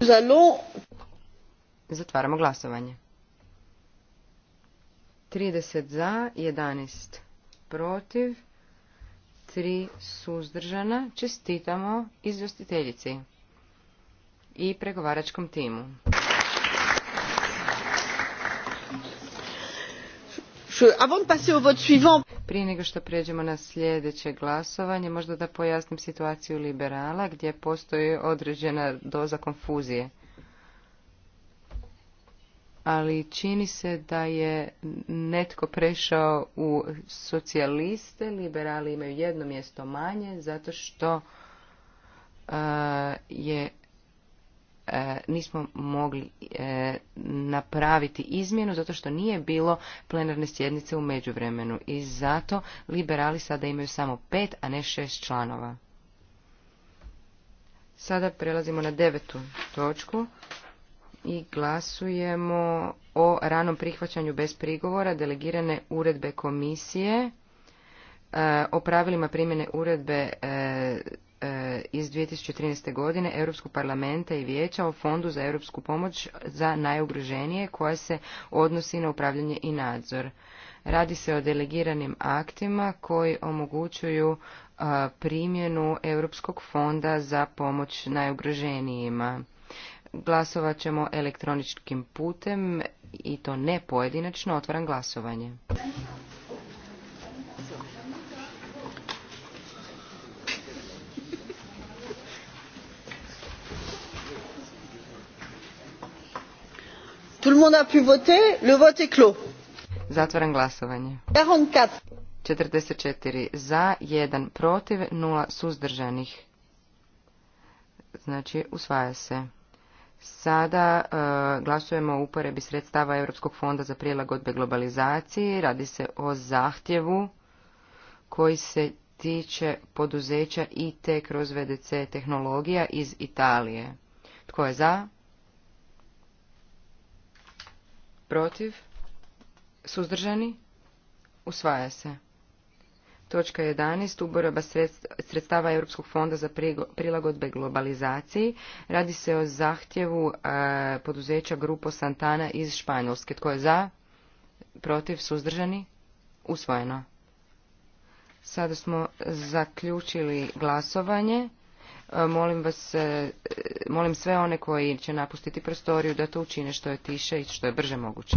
Nous allons... Zatvaramo glasovanje. 30 za, 11 protiv tri suzdržana. Čestitamo izvjestiteljici i pregovaračkom timu. Prije nego što pređemo na sljedeće glasovanje, možda da pojasnim situaciju liberala gdje postoji određena doza konfuzije ali čini se da je netko prešao u socijaliste, liberali imaju jedno mjesto manje, zato što e, je e, nismo mogli e, napraviti izmjenu zato što nije bilo plenarne sjednice u međuvremenu i zato liberali sada imaju samo pet, a ne šest članova. Sada prelazimo na devetu točku i glasujemo o ranom prihvaćanju bez prigovora delegirane uredbe komisije e, o pravilima primjene uredbe e, e, iz 2013. godine Europskog parlamenta i vijeća o Fondu za europsku pomoć za najugroženije koja se odnosi na upravljanje i nadzor. Radi se o delegiranim aktima koji omogućuju primjenu Europskog fonda za pomoć najugroženijima. Glasovat ćemo elektroničkim putem i to ne pojedinačno. Otvaram glasovanje. Tout le monde a pu voter, le vote est clos. Zatvaram glasovanje. 44. 44 za, 1 protiv, 0 suzdržanih. Znači, usvaja se. Sada e, glasujemo o uporebi sredstava Europskog fonda za prilagodbe globalizaciji. Radi se o zahtjevu koji se tiče poduzeća IT kroz VDC tehnologija iz Italije. Tko je za? Protiv? Suzdržani? Usvaja se. Točka 11. Uboraba sredstava Europskog fonda za prilagodbe globalizaciji. Radi se o zahtjevu e, poduzeća Grupo Santana iz Španjolske. Tko je za? Protiv? Suzdržani? Usvojeno. Sada smo zaključili glasovanje. E, molim, vas, e, molim sve one koji će napustiti prostoriju da to učine što je tiše i što je brže moguće.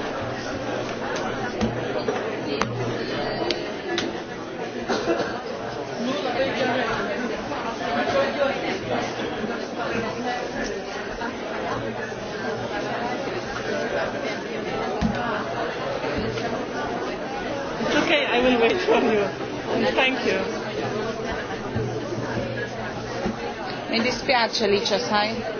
It's okay, I will wait for you. thank you. Mi dispiace Licia, sai?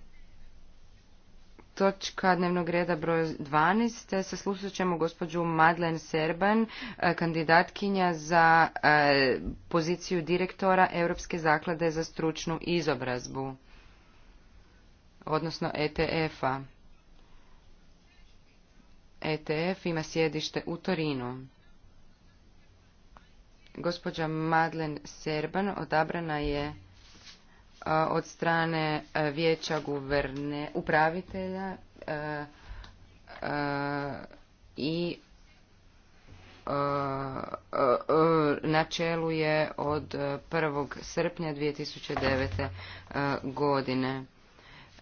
točka dnevnog reda broj 12. Saslušat ćemo gospođu Madlen Serban, e, kandidatkinja za e, poziciju direktora Europske zaklade za stručnu izobrazbu, odnosno ETF-a. ETF ima sjedište u Torinu. Gospođa Madlen Serban odabrana je od strane e, vijeća guverne, upravitelja e, e, i na čelu je od 1. srpnja 2009. godine.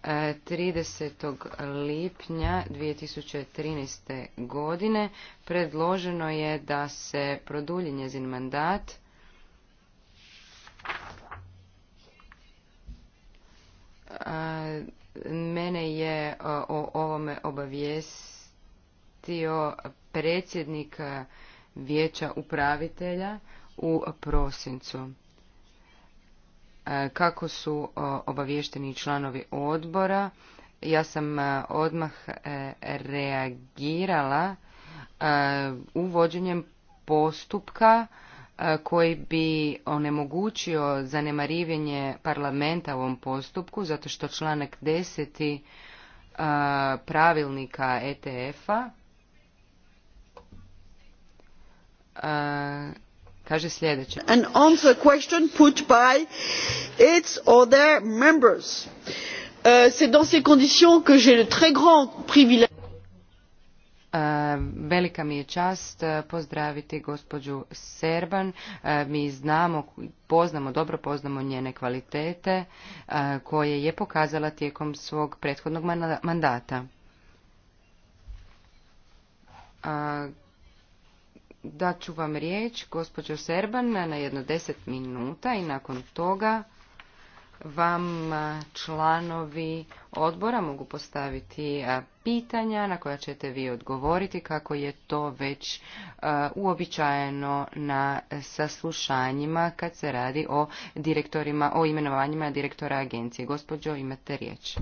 30. lipnja 2013. godine predloženo je da se produlji njezin mandat Mene je o ovome obavijestio predsjednik vijeća upravitelja u prosincu. Kako su obavješteni članovi odbora, ja sam odmah e, reagirala uvođenjem postupka koji bi onemogućio zanemarivanje parlamenta u ovom postupku, zato što članak 10. pravilnika ETF-a kaže sljedeće. An answer question put by its or their members. Uh, c'est dans ces conditions que j'ai le très grand privilège Velika mi je čast e, pozdraviti gospođu Serban. E, mi znamo, poznamo, dobro poznamo njene kvalitete e, koje je pokazala tijekom svog prethodnog mandata. Daću vam riječ, gospođo Serban, na jedno deset minuta i nakon toga vam članovi odbora mogu postaviti pitanja na koja ćete vi odgovoriti kako je to već uobičajeno na saslušanjima kad se radi o direktorima, o imenovanjima direktora agencije. Gospođo, imate riječ.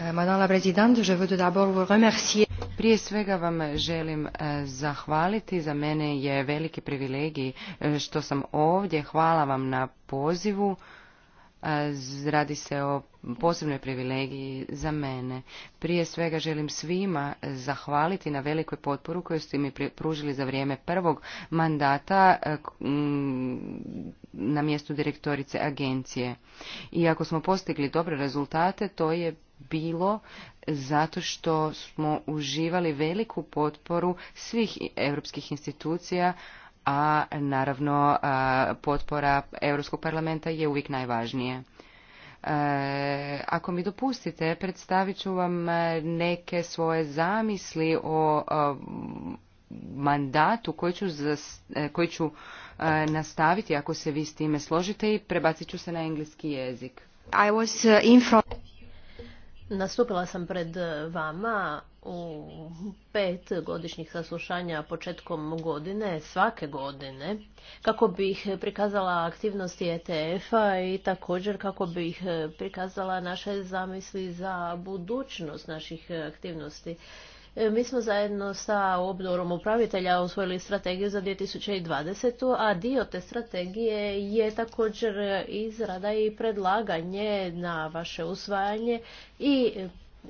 Euh, Madame la Présidente, je veux d'abord vous remercier. Prije svega vam želim e, zahvaliti. Za mene je veliki privilegij e, što sam ovdje. Hvala vam na pozivu. E, radi se o posebnoj privilegiji za mene. Prije svega želim svima zahvaliti na velikoj potporu koju ste mi pružili za vrijeme prvog mandata na mjestu direktorice agencije. Iako smo postigli dobre rezultate, to je bilo zato što smo uživali veliku potporu svih europskih institucija, a naravno potpora Europskog parlamenta je uvijek najvažnije. E, ako mi dopustite, predstavit ću vam e, neke svoje zamisli o e, mandatu koji ću, koji ću nastaviti ako se vi s time složite i prebacit ću se na engleski jezik. I was uh, in front... Nastupila sam pred eh, vama u pet godišnjih saslušanja početkom godine, svake godine, kako bih prikazala aktivnosti ETF-a i također kako bih eh, prikazala naše zamisli za budućnost naših eh, aktivnosti. E, mi smo zajedno sa obdorom upravitelja osvojili strategiju za 2020. a dio te strategije je također izrada i predlaganje na vaše usvajanje i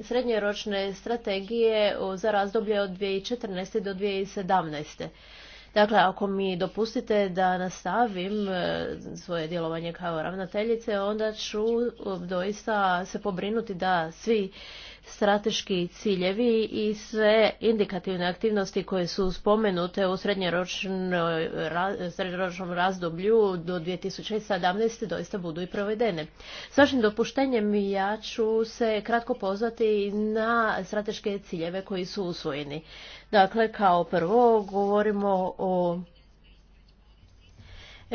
srednjeročne strategije za razdoblje od 2014. do 2017. Dakle, ako mi dopustite da nastavim e, svoje djelovanje kao ravnateljice, onda ću e, doista se pobrinuti da svi strateški ciljevi i sve indikativne aktivnosti koje su spomenute u srednjoročnom razdoblju do 2017. doista budu i provedene. S vašim dopuštenjem ja ću se kratko pozvati na strateške ciljeve koji su usvojeni. Dakle, kao prvo govorimo o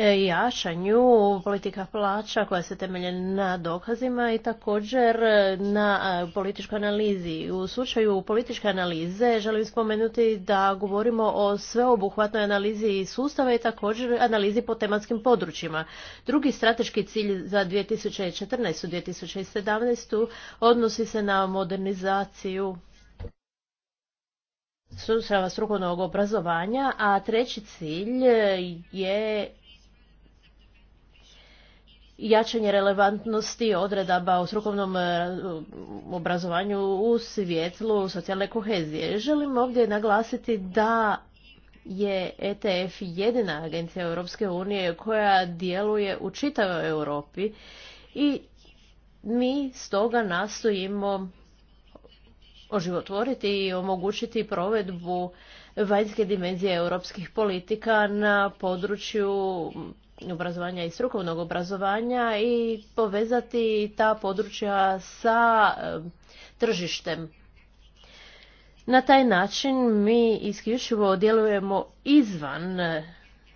E, jačanju politika plaća koja se temelje na dokazima i također e, na e, političkoj analizi. U slučaju političke analize želim spomenuti da govorimo o sveobuhvatnoj analizi sustava i također analizi po tematskim područjima. Drugi strateški cilj za 2014-2017 odnosi se na modernizaciju sustava strukovnog obrazovanja, a treći cilj je jačanje relevantnosti odredaba o strukovnom e, obrazovanju u svjetlu socijalne kohezije. Želim ovdje naglasiti da je ETF jedina agencija Europske unije koja djeluje u čitavoj Europi i mi stoga nastojimo oživotvoriti i omogućiti provedbu vanjske dimenzije europskih politika na području obrazovanja i strukovnog obrazovanja i povezati ta područja sa tržištem. Na taj način mi isključivo djelujemo izvan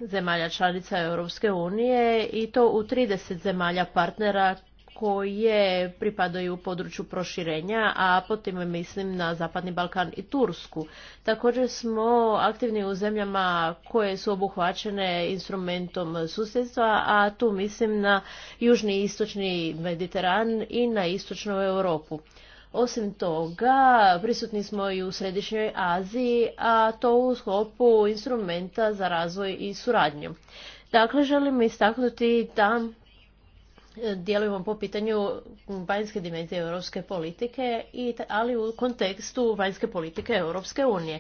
zemalja članica Europske unije i to u 30 zemalja partnera koje pripadaju području proširenja, a potim mislim na Zapadni Balkan i Tursku. Također smo aktivni u zemljama koje su obuhvaćene instrumentom susjedstva, a tu mislim na južni i istočni Mediteran i na istočnu Europu. Osim toga, prisutni smo i u Središnjoj Aziji, a to u sklopu instrumenta za razvoj i suradnju. Dakle, želim istaknuti da djelujemo po pitanju vanjske dimenzije europske politike, ali u kontekstu vanjske politike Europske unije.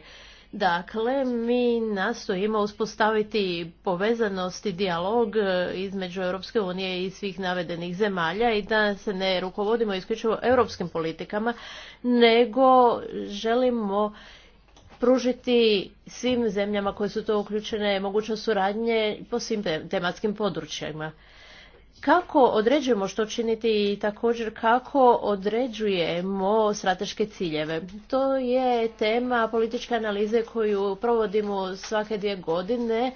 Dakle, mi nastojimo uspostaviti povezanost i dijalog e, između Europske unije i svih navedenih zemalja i da se ne rukovodimo isključivo europskim politikama, nego želimo pružiti svim zemljama koje su to uključene mogućnost suradnje po svim tematskim područjima kako određujemo što činiti i također kako određujemo strateške ciljeve. To je tema političke analize koju provodimo svake dvije godine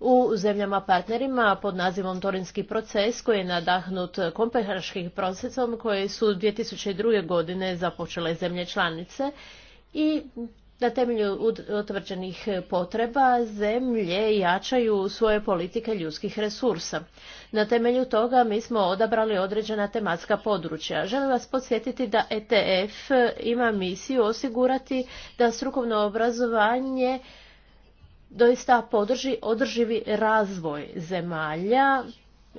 u zemljama partnerima pod nazivom Torinski proces koji je nadahnut kompehaškim procesom koji su 2002. godine započele zemlje članice i na temelju utvrđenih e, potreba zemlje jačaju svoje politike ljudskih resursa. Na temelju toga mi smo odabrali određena tematska područja. Želim vas podsjetiti da ETF e, ima misiju osigurati da strukovno obrazovanje doista podrži održivi razvoj zemalja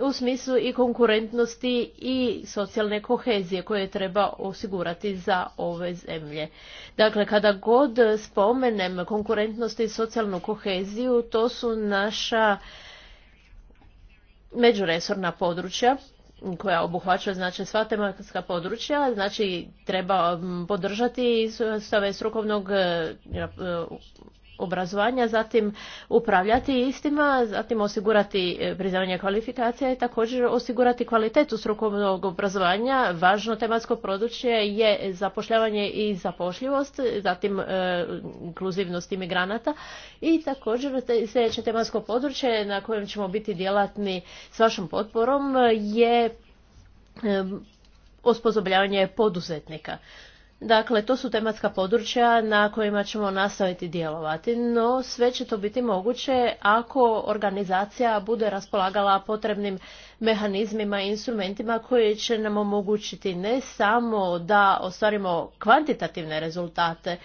u smislu i konkurentnosti i socijalne kohezije koje treba osigurati za ove zemlje. Dakle, kada god spomenem konkurentnost i socijalnu koheziju, to su naša međuresorna područja koja obuhvaća znači sva tematska područja, znači treba podržati sustave strukovnog obrazovanja, zatim upravljati istima, zatim osigurati e, priznavanje kvalifikacija i također osigurati kvalitetu strukovnog obrazovanja. Važno tematsko područje je zapošljavanje i zapošljivost, zatim e, inkluzivnost imigranata i također sljedeće tematsko područje na kojem ćemo biti djelatni s vašom potporom je e, osposobljavanje poduzetnika. Dakle, to su tematska područja na kojima ćemo nastaviti djelovati, no sve će to biti moguće ako organizacija bude raspolagala potrebnim mehanizmima i instrumentima koji će nam omogućiti ne samo da ostvarimo kvantitativne rezultate,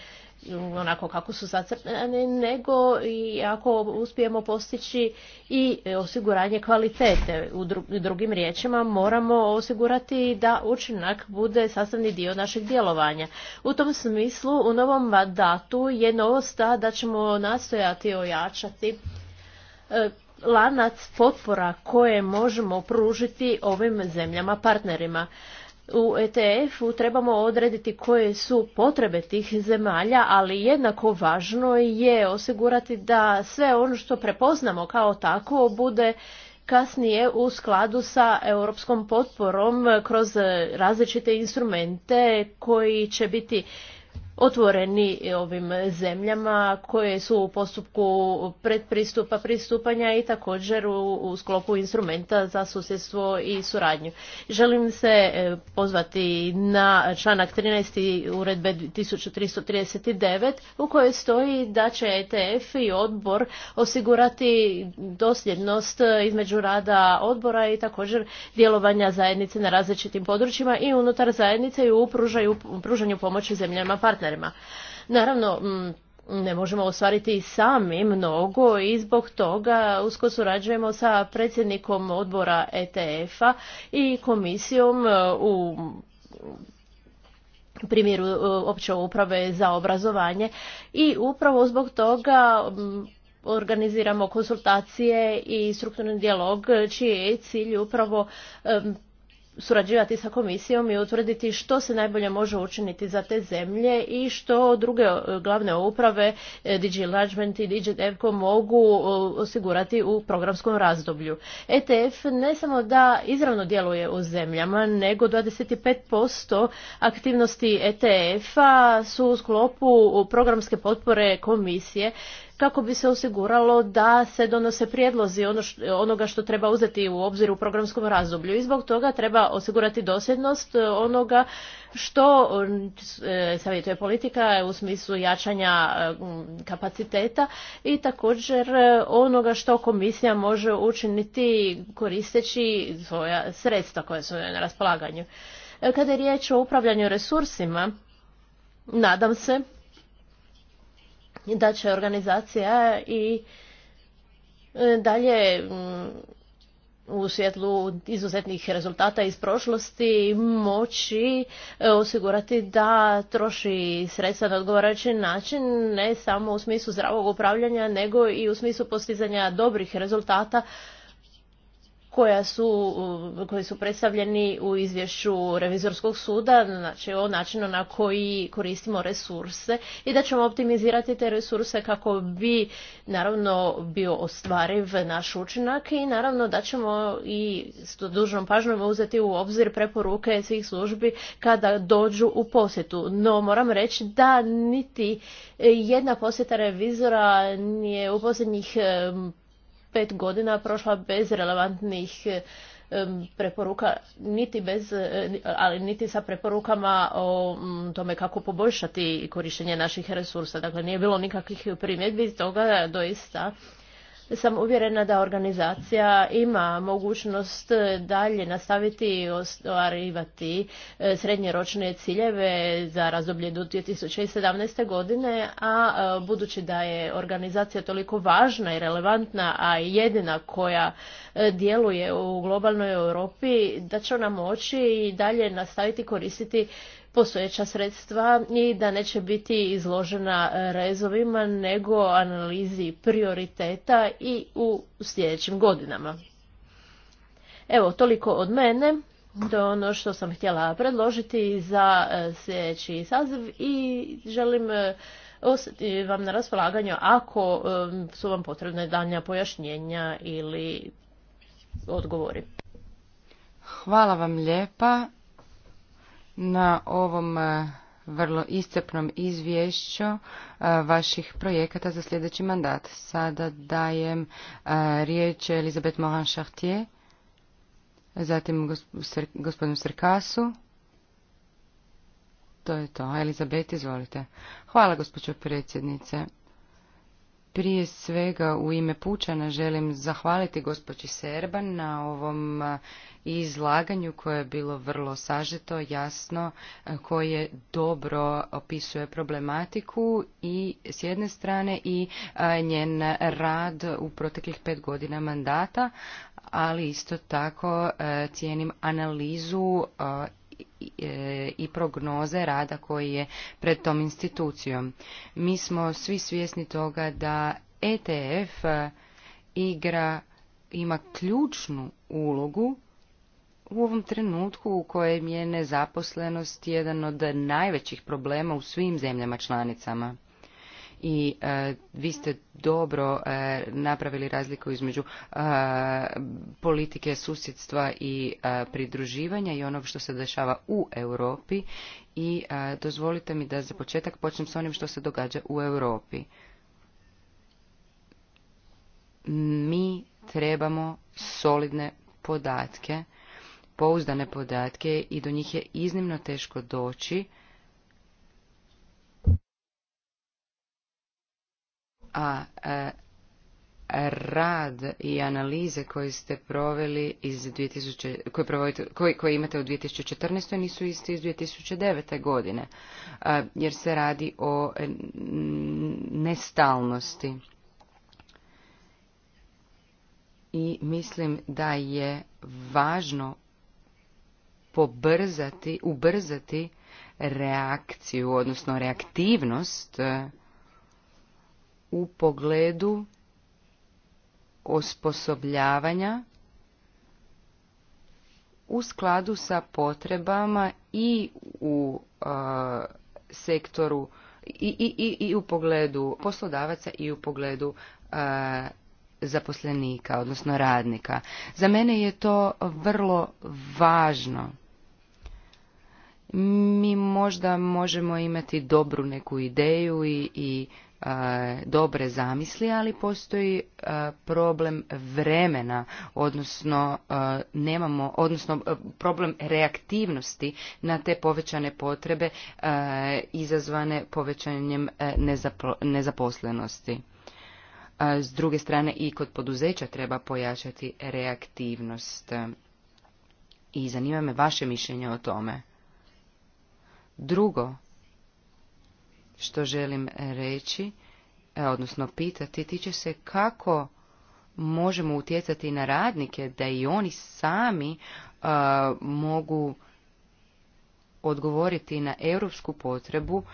onako kako su zacrtane, nego i ako uspijemo postići i osiguranje kvalitete. U drugim riječima moramo osigurati da učinak bude sastavni dio našeg djelovanja. U tom smislu u novom datu je novost da ćemo nastojati ojačati e, lanac potpora koje možemo pružiti ovim zemljama partnerima u ETF-u trebamo odrediti koje su potrebe tih zemalja, ali jednako važno je osigurati da sve ono što prepoznamo kao tako bude kasnije u skladu sa europskom potporom kroz različite instrumente koji će biti otvoreni ovim zemljama koje su u postupku predpristupa pristupanja i također u, sklopu instrumenta za susjedstvo i suradnju. Želim se e, pozvati na članak 13. uredbe 1339 u kojoj stoji da će ETF i odbor osigurati dosljednost između rada odbora i također djelovanja zajednice na različitim područjima i unutar zajednice i u pružanju pomoći zemljama partnera. Naravno, mm, ne možemo ostvariti sami mnogo i zbog toga usko surađujemo sa predsjednikom odbora ETF-a i komisijom e, u primjeru e, opće uprave za obrazovanje i upravo zbog toga mm, organiziramo konsultacije i strukturni dijalog čiji je cilj upravo e, surađivati sa komisijom i utvrditi što se najbolje može učiniti za te zemlje i što druge e, glavne uprave e, DG i Digit mogu e, osigurati u programskom razdoblju. ETF ne samo da izravno djeluje u zemljama, nego 25% aktivnosti ETF-a su u sklopu programske potpore komisije kako bi se osiguralo da se donose prijedlozi ono onoga što treba uzeti u obzir u programskom razdoblju. I zbog toga treba osigurati dosljednost e, onoga što mm, e, savjetuje politika e, u smislu jačanja mm, kapaciteta i također onoga što komisija može učiniti koristeći svoja sredstva koja su na raspolaganju. Kada je riječ o upravljanju resursima, nadam se da će organizacija i e, dalje mm, u svjetlu izuzetnih rezultata iz prošlosti moći e, osigurati da troši sredstva na odgovarajući način, ne samo u smislu zdravog upravljanja, nego i u smislu postizanja dobrih rezultata koja su, koji su predstavljeni u izvješću revizorskog suda, znači o načinu na koji koristimo resurse i da ćemo optimizirati te resurse kako bi naravno bio ostvariv naš učinak i naravno da ćemo i s dužnom pažnjom uzeti u obzir preporuke svih službi kada dođu u posjetu. No moram reći da niti jedna posjeta revizora nije u posljednjih pet godina prošla bez relevantnih preporuka, niti bez, e, ali niti sa preporukama o mm, tome kako poboljšati korištenje naših resursa. Dakle, nije bilo nikakvih primjedbi toga doista sam uvjerena da organizacija ima mogućnost dalje nastaviti i ostvarivati e, srednjeročne ciljeve za razdoblje do 2017. godine, a e, budući da je organizacija toliko važna i relevantna, a jedina koja e, djeluje u globalnoj Europi, da će ona moći i dalje nastaviti koristiti postojeća sredstva i da neće biti izložena e, rezovima nego analizi prioriteta i u sljedećim godinama. Evo, toliko od mene. To je ono što sam htjela predložiti za e, sljedeći saziv i želim e, ostati vam na raspolaganju ako su vam potrebne danja pojašnjenja ili odgovori. Hvala vam lijepa na ovom e, vrlo iscrpnom izvješću e, vaših projekata za sljedeći mandat. Sada dajem e, riječ Elizabeth Morin-Chartier, zatim gospodinu Srkasu. To je to. Elizabeth, izvolite. Hvala, gospođo predsjednice. Prije svega u ime Pučana želim zahvaliti gospođi Serban na ovom izlaganju koje je bilo vrlo sažeto, jasno, koje dobro opisuje problematiku i s jedne strane i njen rad u proteklih pet godina mandata, ali isto tako cijenim analizu E, i prognoze rada koji je pred tom institucijom. Mi smo svi svjesni toga da ETF e, igra ima ključnu ulogu u ovom trenutku u kojem je nezaposlenost jedan od najvećih problema u svim zemljama članicama i e, vi ste dobro e, napravili razliku između e, politike susjedstva i pridruživanja i onog što se dešava u Europi i dozvolite mi da za početak počnem s onim što se događa u Europi. Mi trebamo solidne podatke, pouzdane podatke i do njih je iznimno teško doći a e, rad i analize koje ste proveli iz 2000, koje, provodite, koje, koje imate u 2014. nisu iste iz 2009. godine, jer se radi o e, nestalnosti. I mislim da je važno pobrzati, ubrzati reakciju, odnosno reaktivnost u pogledu osposobljavanja u skladu sa potrebama i u sektoru i, i, i u pogledu poslodavaca i u pogledu zaposlenika odnosno radnika za mene je to vrlo važno mi možda možemo imati dobru neku ideju i, i dobre zamisli, ali postoji problem vremena, odnosno nemamo, odnosno problem reaktivnosti na te povećane potrebe izazvane povećanjem nezaposlenosti. S druge strane i kod poduzeća treba pojačati reaktivnost. I zanima me vaše mišljenje o tome. Drugo, što želim reći, e, odnosno pitati, tiče se kako možemo utjecati na radnike da i oni sami e, mogu odgovoriti na europsku potrebu e,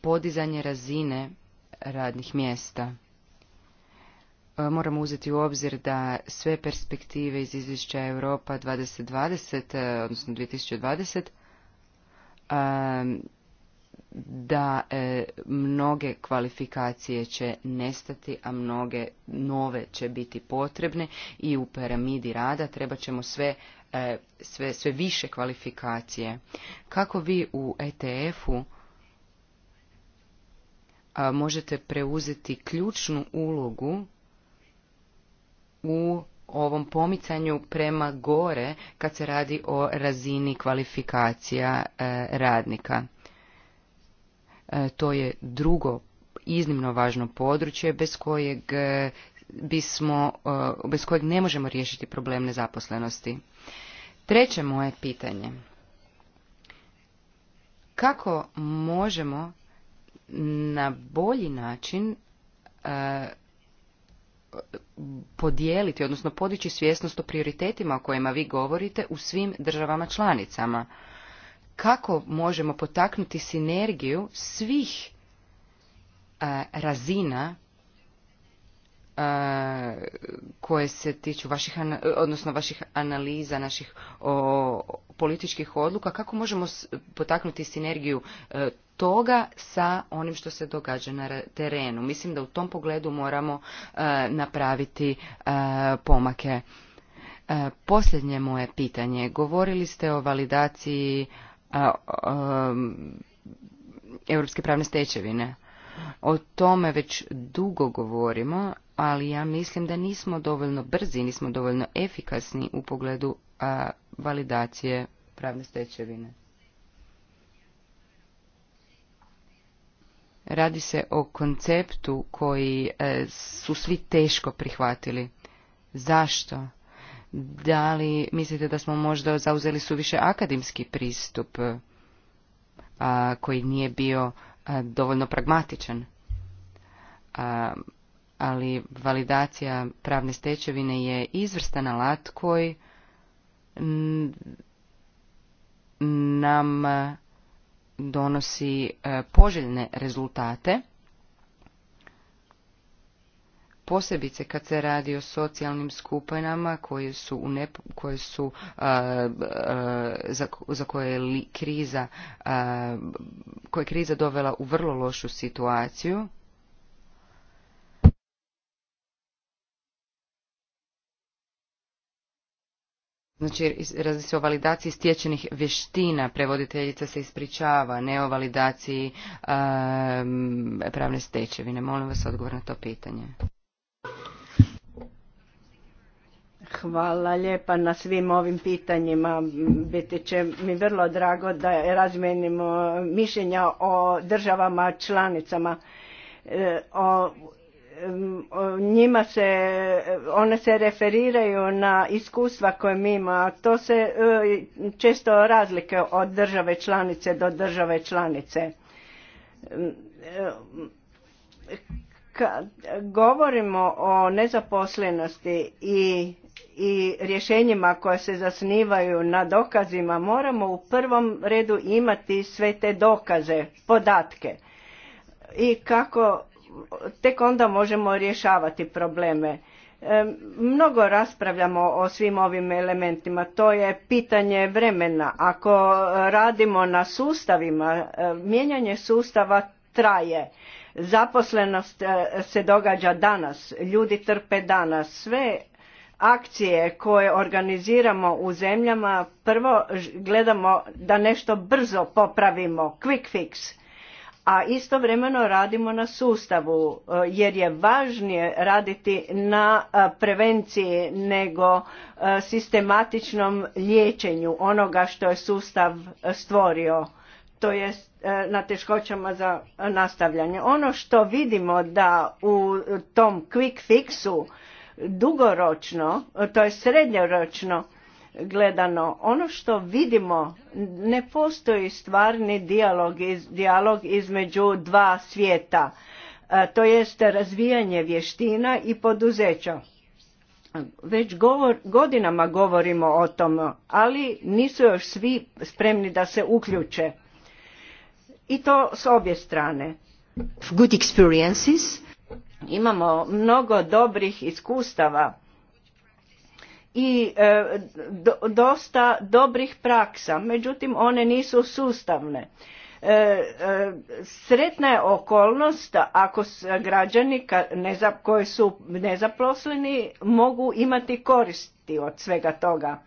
podizanje razine radnih mjesta. moramo uzeti u obzir da sve perspektive iz izvješća Europa 2020, odnosno 2020, da e, mnoge kvalifikacije će nestati, a mnoge nove će biti potrebne i u piramidi rada trebat ćemo sve, e, sve, sve više kvalifikacije. Kako vi u ETF-u možete preuzeti ključnu ulogu u ovom pomicanju prema gore kad se radi o razini kvalifikacija e, radnika. E, to je drugo iznimno važno područje bez kojeg e, bismo, e, bez kojeg ne možemo riješiti problem nezaposlenosti. Treće moje pitanje. Kako možemo na bolji način podijeliti, odnosno podići svjesnost o prioritetima o kojima vi govorite u svim državama članicama? kako možemo potaknuti sinergiju svih e, razina e, koje se tiču vaših, odnosno vaših analiza, naših političkih odluka, kako možemo potaknuti sinergiju e, toga sa onim što se događa na terenu. Mislim da u tom pogledu moramo napraviti pomake. Posljednje moje pitanje. Govorili ste o validaciji europske pravne stečevine. O tome već dugo govorimo, ali ja mislim da nismo dovoljno brzi, nismo dovoljno efikasni u pogledu validacije pravne stečevine. Radi se o konceptu koji e, su svi teško prihvatili. Zašto? da li mislite da smo možda zauzeli suviše akademski pristup a, koji nije bio dovoljno pragmatičan a, ali validacija pravne stečevine je izvrstan alat koji nam donosi poželjne rezultate posebice kad se radi o socijalnim skupinama koje su, u koje su za, za koje je li, kriza koje je kriza dovela u vrlo lošu situaciju Znači, radi se o validaciji stječenih vještina, prevoditeljica se ispričava, ne o validaciji um, pravne stečevine. Molim vas odgovor na to pitanje. Hvala lijepa na svim ovim pitanjima. Biti će mi vrlo drago da razmenimo mišljenja o državama članicama. E, o, njima se, one se referiraju na iskustva koje mi ima. To se e, često razlike od države članice do države članice. E, Kad govorimo o nezaposlenosti i i rješenjima koja se zasnivaju na dokazima moramo u prvom redu imati sve te dokaze, podatke i kako tek onda možemo rješavati probleme. E, mnogo raspravljamo o svim ovim elementima, to je pitanje vremena. Ako radimo na sustavima, e, mijenjanje sustava traje. Zaposlenost e, se događa danas, ljudi trpe danas, sve akcije koje organiziramo u zemljama, prvo gledamo da nešto brzo popravimo, quick fix, a istovremeno radimo na sustavu e, jer je važnije raditi na e, prevenciji nego e, sistematičnom liječenju onoga što je sustav stvorio to je na teškoćama za nastavljanje. Ono što vidimo da u tom quick fixu Dugoročno, to je srednjoročno gledano, ono što vidimo, ne postoji stvarni dijalog, između dva svijeta, to jest razvijanje vještina i poduzeća. Već godinama govorimo o tom, ali nisu još svi spremni da se uključe. I to s obje strane. Good experiences Imamo mnogo dobrih iskustava i e, dosta dobrih praksa, međutim one nisu sustavne. E, e, sretna je okolnost ako građani koji su nezaposleni mogu imati koristi od svega toga.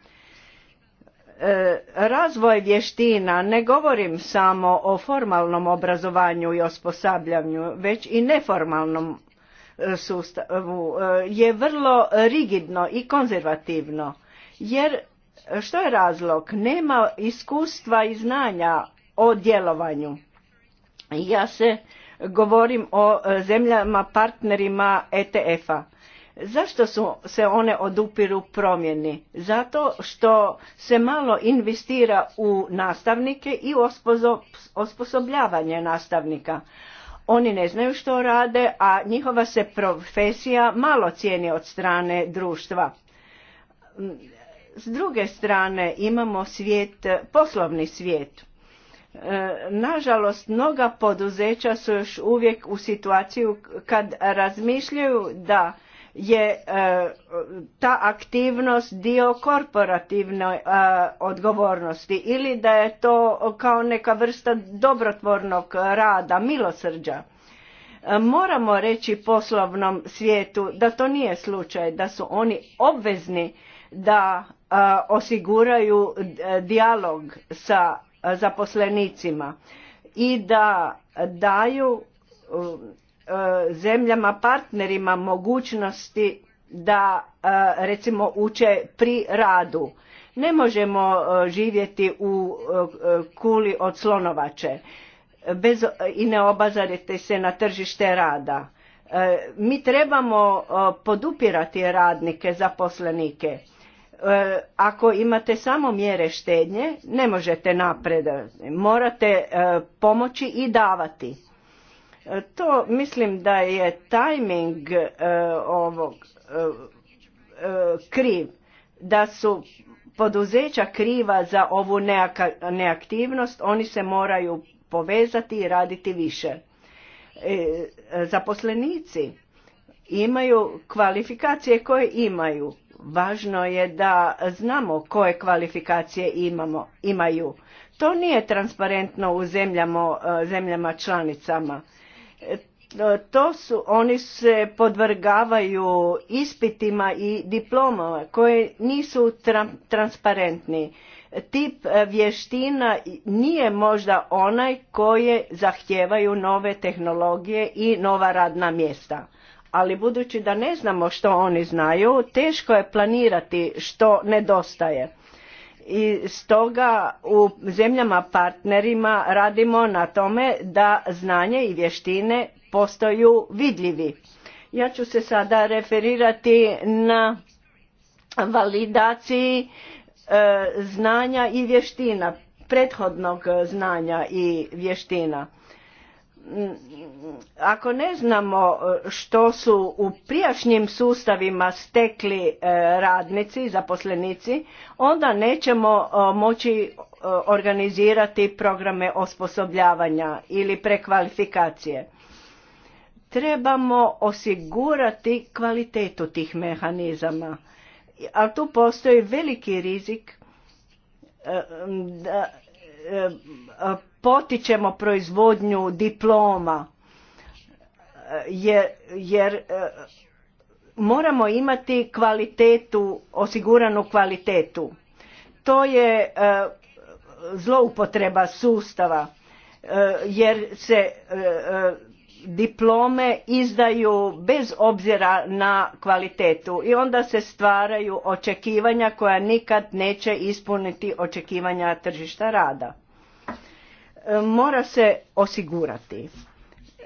Razvoj vještina ne govorim samo o formalnom obrazovanju i osposabljanju, već i neformalnom E, sustavu e, je vrlo rigidno i konzervativno. Jer e, što je razlog? Nema iskustva i znanja o djelovanju. Ja se govorim o zemljama partnerima ETF-a. Zašto su se one odupiru promjeni? Zato što se malo investira u nastavnike i osposobljavanje nastavnika. Oni ne znaju što rade, a njihova se profesija malo cijeni od strane društva. Mm, S druge strane imamo svijet, poslovni svijet. E, nažalost, mnoga poduzeća su još uvijek u situaciju kad razmišljaju da je e, ta aktivnost dio korporativne e, odgovornosti ili da je to kao neka vrsta dobrotvornog rada, milosrđa. E, moramo reći poslovnom svijetu da to nije slučaj, da su oni obvezni da osiguraju dijalog sa zaposlenicima i da daju E, zemljama partnerima mogućnosti da e, recimo uče pri radu. Ne možemo e, živjeti u kuli od slonovače bez, i ne obazarite se na tržište rada. Mi trebamo podupirati radnike, zaposlenike. Ako imate samo mjere štednje, ne možete napredati. Morate pomoći i davati to mislim da je tajming e, ovog e, e, kriv, da su poduzeća kriva za ovu neaktivnost, oni se moraju povezati i raditi više. Zaposlenici imaju kvalifikacije koje imaju. Važno je da znamo koje kvalifikacije imamo, imaju. To nije transparentno u zemljama, zemljama članicama to su, oni se podvrgavaju ispitima i diplomama koje nisu transparentni. Tip e, vještina nije možda onaj koje zahtijevaju nove tehnologije i nova radna mjesta. Ali budući da ne znamo što oni znaju, teško je planirati što nedostaje i stoga u zemljama partnerima radimo na tome da znanje i vještine postaju vidljivi. Ja ću se sada referirati na validaciji e, znanja i vještina, prethodnog znanja i vještina ako ne znamo e, što su u prijašnjim sustavima stekli e, radnici, zaposlenici, onda nećemo e, moći organizirati programe osposobljavanja ili prekvalifikacije. Trebamo osigurati kvalitetu tih mehanizama, a tu postoji veliki rizik da potičemo proizvodnju diploma e, jer, jer moramo imati kvalitetu, osiguranu kvalitetu. To je e, zloupotreba sustava e, jer se diplome izdaju bez obzira na kvalitetu i onda se stvaraju očekivanja koja nikad neće ispuniti očekivanja tržišta rada mora se osigurati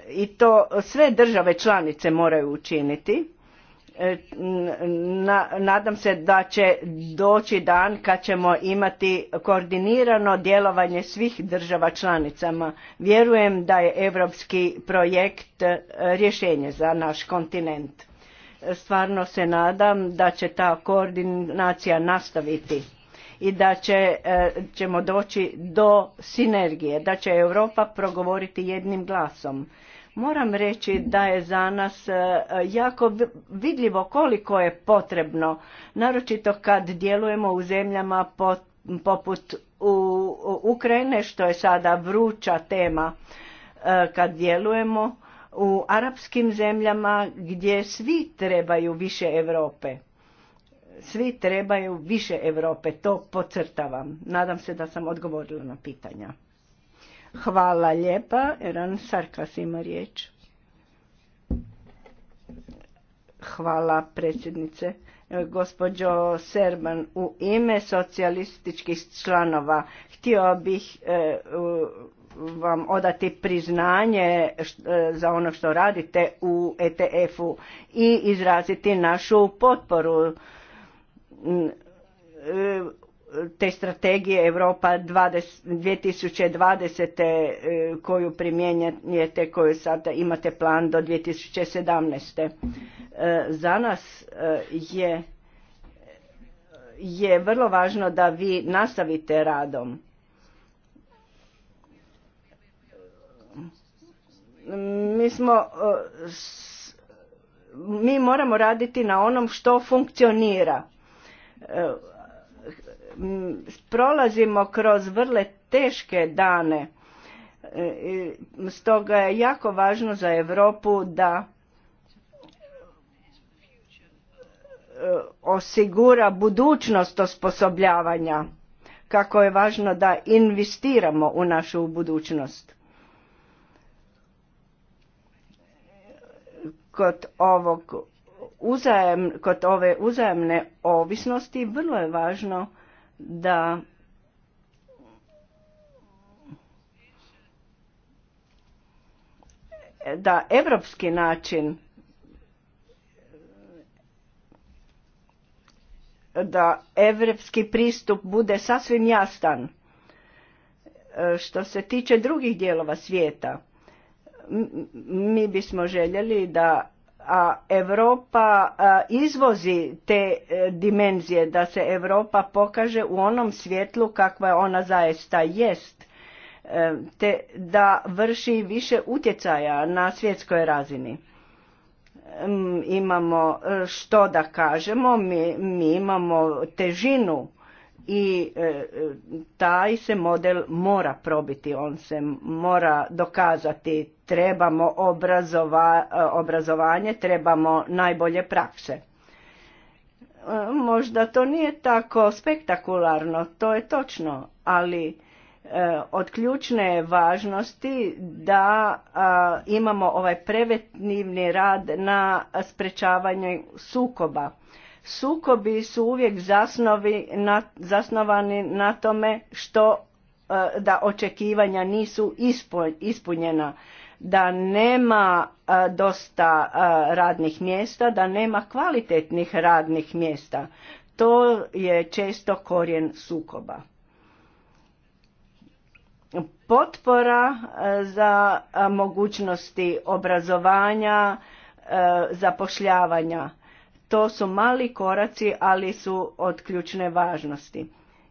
i to sve države članice moraju učiniti. E, nadam se da će doći dan kad ćemo imati koordinirano djelovanje svih država članicama. Vjerujem da je europski projekt e, rješenje za naš kontinent. E, stvarno se nadam da će ta koordinacija nastaviti i da će, e, ćemo doći do sinergije, da će Europa progovoriti jednim glasom. Moram reći da je za nas e, jako vidljivo koliko je potrebno, naročito kad djelujemo u zemljama poput u Ukrajine, što je sada vruća tema e, kad djelujemo u arapskim zemljama gdje svi trebaju više Europe svi trebaju više Europe, to podcrtavam. Nadam se da sam odgovorila na pitanja. Hvala lijepa. Eran Sarkas ima riječ. Hvala predsjednice. E, gospođo Serban, u ime socijalističkih članova htio bih e, vam odati priznanje e, za ono što radite u ETF-u i izraziti našu potporu E, te strategije Europa 2020. E, koju primjenjujete, koju sada imate plan do 2017. E, za nas je, je vrlo važno da vi nastavite radom. Mi smo mi moramo raditi na onom što funkcionira prolazimo kroz vrlo teške dane. E, stoga je jako važno za Europu da e, osigura budućnost osposobljavanja, kako je važno da investiramo u našu budućnost. Kod ovog uzajem, kod ove uzajemne ovisnosti vrlo je važno da da evropski način da evropski pristup bude sasvim jasan e, što se tiče drugih dijelova svijeta mi bismo željeli da a Europa izvozi te e, dimenzije da se Europa pokaže u onom svjetlu kakva ona zaista jest e, te da vrši više utjecaja na svjetskoj razini mm, imamo e, što da kažemo mi, mi imamo težinu i e, taj se model mora probiti, on se mora dokazati, trebamo e, obrazovanje, trebamo najbolje prakse. E, možda to nije tako spektakularno, to je točno, ali od ključne je važnosti da imamo ovaj preventivni rad na sprečavanju sukoba Sukobi su uvijek zasnovi na, zasnovani na tome što e, da očekivanja nisu ispunjena, da nema e, dosta e, radnih mjesta, da nema kvalitetnih radnih mjesta. To je često korijen sukoba. Potpora za mogućnosti obrazovanja, zapošljavanja to su mali koraci, ali su od ključne važnosti.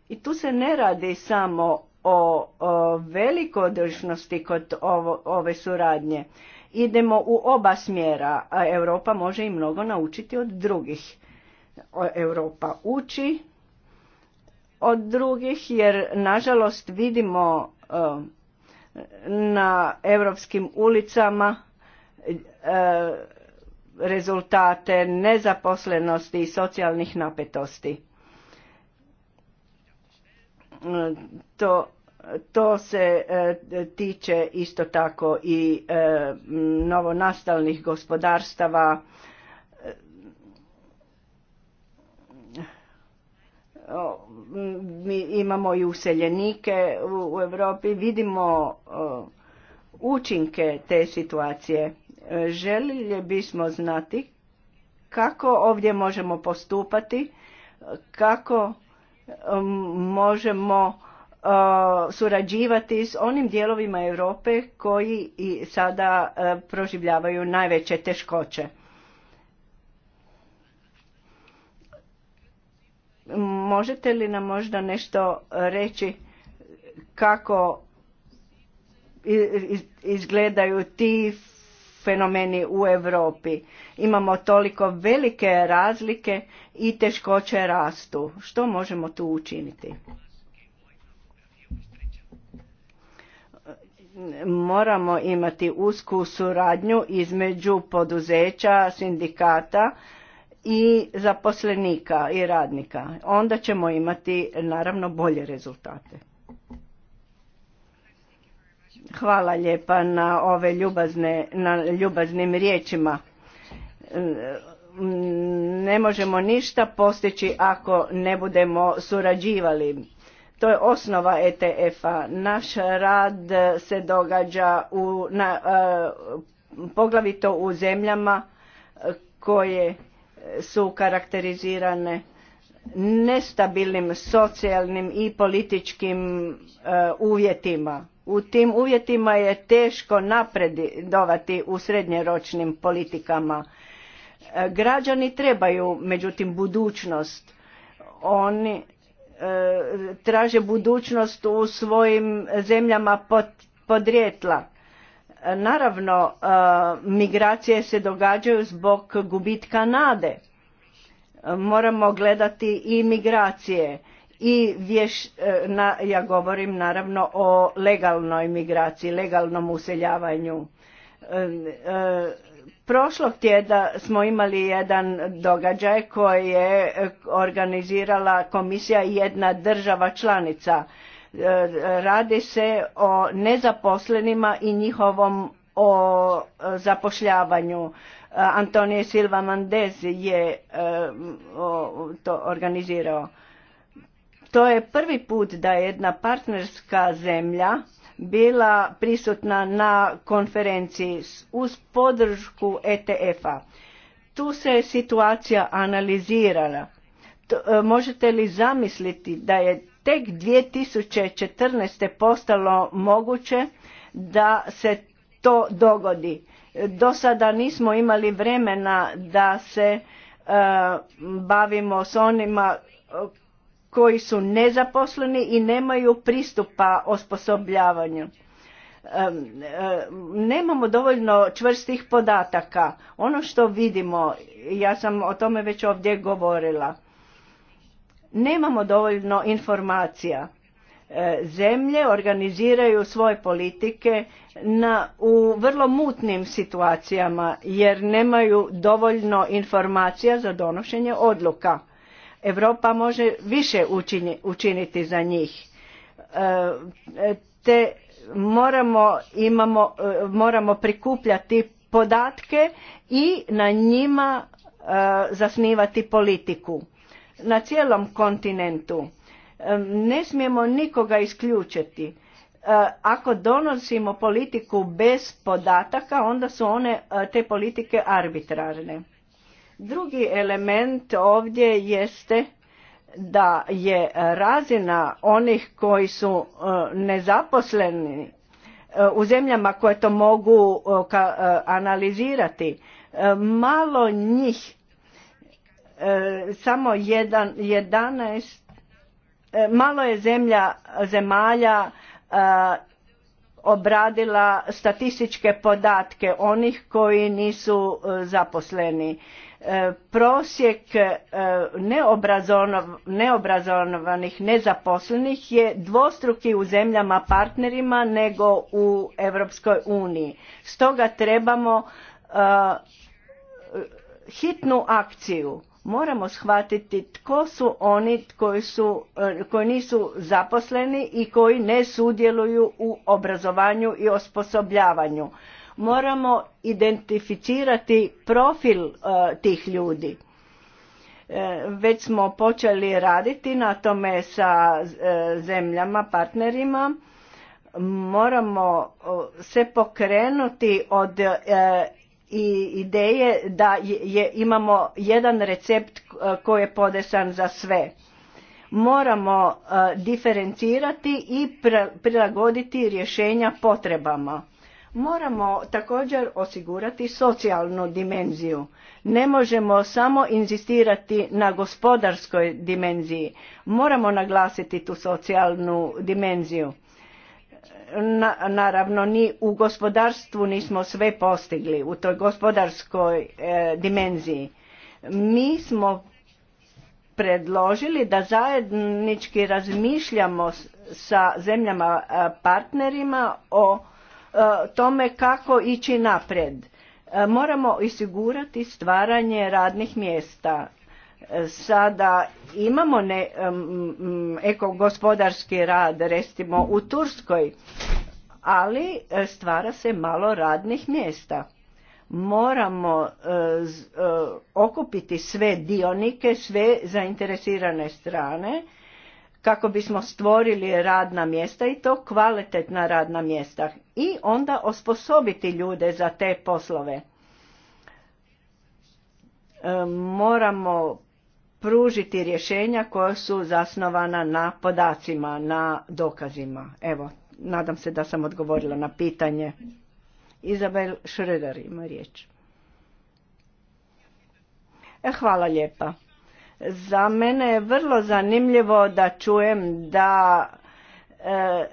I tu se ne radi samo o, o velikodržnosti kod ove suradnje. Idemo u oba smjera, a Europa može i mnogo naučiti od drugih. Europa uči od drugih jer nažalost vidimo e, na europskim ulicama e, rezultate nezaposlenosti i socijalnih napetosti. To, to se e, tiče isto tako i e, novonastalnih gospodarstava mi imamo i useljenike u, u Europi vidimo učinke te situacije Želili bismo znati kako ovdje možemo postupati, kako um, možemo uh, surađivati s onim dijelovima Europe koji i sada uh, proživljavaju najveće teškoće. Možete li nam možda nešto reći kako izgledaju ti fenomeni u Europi. Imamo toliko velike razlike i teškoće rastu. Što možemo tu učiniti? Moramo imati usku suradnju između poduzeća, sindikata i zaposlenika i radnika. Onda ćemo imati naravno bolje rezultate. Hvala lijepa na ove ljubazne, na ljubaznim riječima. Ne možemo ništa postići ako ne budemo surađivali. To je osnova ETF-a. Naš rad se događa u, na, e, poglavito u zemljama koje su karakterizirane nestabilnim socijalnim i političkim e, uvjetima. U tim uvjetima je teško napredovati u srednjeročnim politikama. E, građani trebaju, međutim, budućnost. Oni e, traže budućnost u svojim zemljama podrijetla. Naravno, migracije se događaju zbog gubitka nade moramo gledati i migracije i e, na, ja govorim naravno o legalnoj migraciji, legalnom useljavanju. E, e, prošlog tjedna smo imali jedan događaj koji je organizirala komisija jedna država članica. radi se o nezaposlenima i njihovom o zapošljavanju Eh, Antonio Silva Mandez je eh, to organizirao. To je prvi put da je jedna partnerska zemlja bila prisutna na konferenciji uz podršku ETF-a. Tu se situacija analizirala. Eh, možete li zamisliti da je tek 2014. postalo moguće da se to dogodi? Do sada nismo imali vremena da se e, bavimo s onima e, koji su nezaposleni i nemaju pristupa osposobljavanju. E, nemamo dovoljno čvrstih podataka. Ono što vidimo, ja sam o tome već ovdje govorila, nemamo dovoljno informacija E, zemlje organiziraju svoje politike na, u vrlo mutnim situacijama jer nemaju dovoljno informacija za donošenje odluka. Europa može više učiniti za njih. E, te moramo, imamo, e, moramo prikupljati podatke i na njima zasnivati politiku. Na cijelom kontinentu ne smijemo nikoga isključiti. Ako donosimo politiku bez podataka, onda su one e, te politike arbitrarne. Drugi element ovdje jeste da je razina onih koji su e, nezaposleni e, u zemljama koje to mogu analizirati, malo njih, samo jedan, E, malo je zemlja, zemalja e, obradila statističke podatke onih koji nisu e, zaposleni. Prosjek neobrazovanih nezaposlenih je dvostruki u zemljama partnerima nego u Europskoj uniji. Stoga trebamo hitnu akciju Moramo shvatiti tko su oni koji, su, e, koji nisu zaposleni i koji ne sudjeluju u obrazovanju i osposobljavanju. Moramo identificirati profil e, tih ljudi. E, već smo počeli raditi na tome sa zemljama, partnerima. Moramo se pokrenuti od i ideje da je, imamo jedan recept eh, koji je podesan za sve. Moramo eh, diferencirati i prilagoditi rješenja potrebama. Moramo također osigurati socijalnu dimenziju. Ne možemo samo inzistirati na gospodarskoj dimenziji. Moramo naglasiti tu socijalnu dimenziju naravno ni u gospodarstvu nismo sve postigli u toj gospodarskoj e, dimenziji mi smo predložili da zajednički razmišljamo sa zemljama e, partnerima o e, tome kako ići naprijed moramo osigurati stvaranje radnih mjesta sada imamo ne, ekogospodarski rad recimo u Turskoj, ali e, stvara se malo radnih mjesta. Moramo e, e, okupiti sve dionike, sve zainteresirane strane kako bismo stvorili radna mjesta i to kvalitetna radna mjesta i onda osposobiti ljude za te poslove. Moramo pružiti rješenja koja su zasnovana na podacima, na dokazima. Evo, nadam se da sam odgovorila na pitanje. Izabel Šredar ima riječ. E, hvala lijepa. Za mene je vrlo zanimljivo da čujem da e,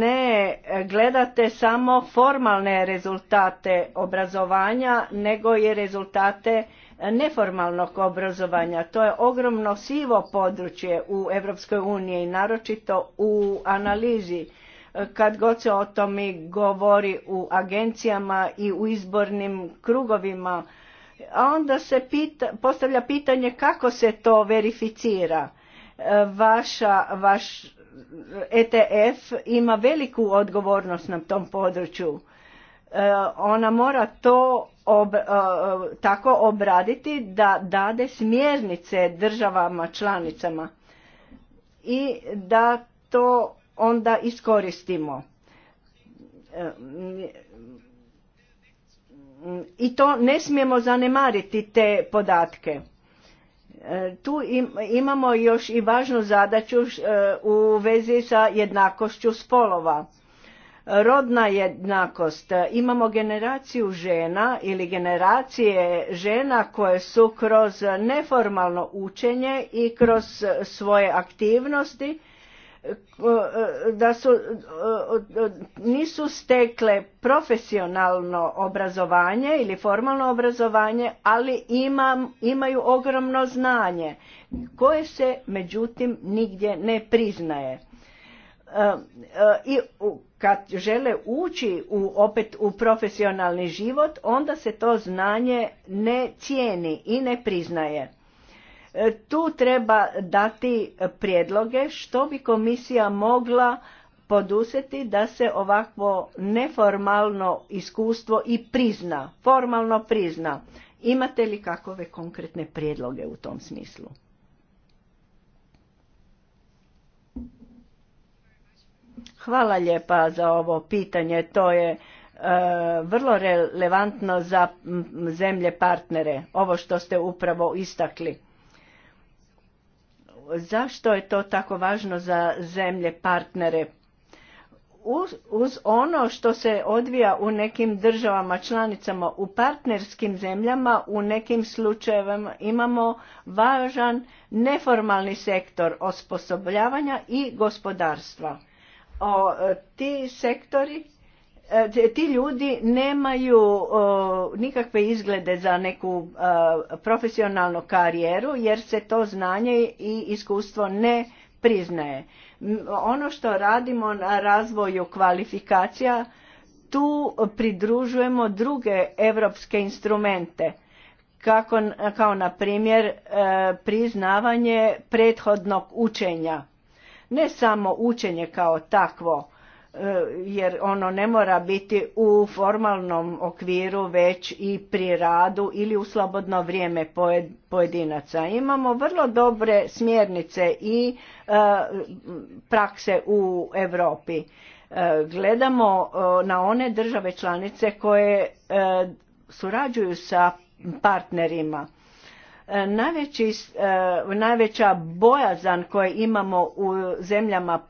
ne gledate samo formalne rezultate obrazovanja, nego i rezultate neformalnog obrazovanja. To je ogromno sivo područje u Europskoj uniji, naročito u analizi kad god se o tome govori u agencijama i u izbornim krugovima, a onda se pita, postavlja pitanje kako se to verificira. Vaša, vaš ETF ima veliku odgovornost na tom području. E, ona mora to ob, e, tako obraditi da dade smjernice državama članicama i da to onda iskoristimo e, i to ne smijemo zanemariti te podatke e, tu imamo još i važnu zadaću u vezi sa jednakošću spolova rodna jednakost. Imamo generaciju žena ili generacije žena koje su kroz neformalno učenje i kroz svoje aktivnosti da su, nisu stekle profesionalno obrazovanje ili formalno obrazovanje, ali imaju ogromno znanje koje se međutim nigdje ne priznaje e, e, i kad žele ući u, opet u profesionalni život, onda se to znanje ne cijeni i ne priznaje. E, tu treba dati prijedloge što bi komisija mogla poduzeti da se ovakvo neformalno iskustvo i prizna, formalno prizna. Imate li kakove konkretne prijedloge u tom smislu? Hvala lijepa za ovo pitanje. To je e, vrlo relevantno za zemlje partnere, ovo što ste upravo istakli. Zašto je to tako važno za zemlje partnere? Uz, ono što se odvija u nekim državama članicama, u partnerskim zemljama, u nekim slučajevima imamo važan neformalni sektor osposobljavanja i gospodarstva o, e, ti sektori e, ti ljudi nemaju nikakve izglede za neku e, profesionalnu karijeru jer se to znanje i iskustvo ne priznaje. Ono što radimo na razvoju kvalifikacija tu pridružujemo druge europske instrumente kako, kao na primjer priznavanje prethodnog učenja ne samo učenje kao takvo, e, jer ono ne mora biti u formalnom okviru već i pri radu ili u slobodno vrijeme pojedinaca. Imamo vrlo dobre smjernice i e, prakse u Europi. E, gledamo na one države članice koje surađuju sa partnerima Najveći, eh, najveća bojazan koju imamo u zemljama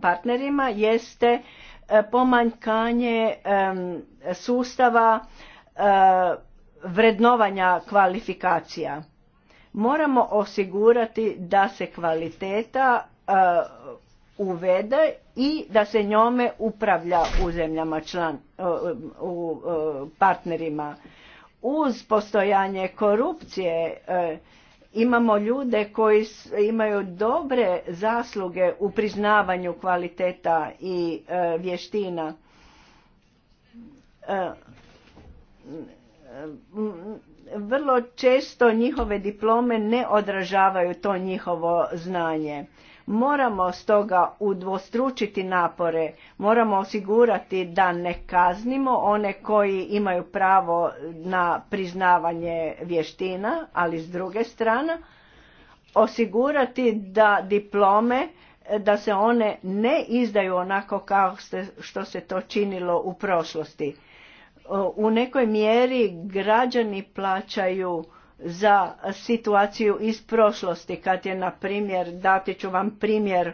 partnerima jeste eh, pomanjkanje sustava eh, vrednovanja kvalifikacija. Moramo osigurati da se kvaliteta uvede i da se njome upravlja u zemljama član, u partnerima uz postojanje korupcije e, imamo ljude koji imaju dobre zasluge u priznavanju kvaliteta i e, vještina e, vrlo često njihove diplome ne odražavaju to njihovo znanje Moramo stoga udvostručiti napore, moramo osigurati da ne kaznimo one koji imaju pravo na priznavanje vještina, ali s druge strane osigurati da diplome da se one ne izdaju onako kao što se to činilo u prošlosti. U nekoj mjeri građani plaćaju za situaciju iz prošlosti, kad je, na primjer, dati ću vam primjer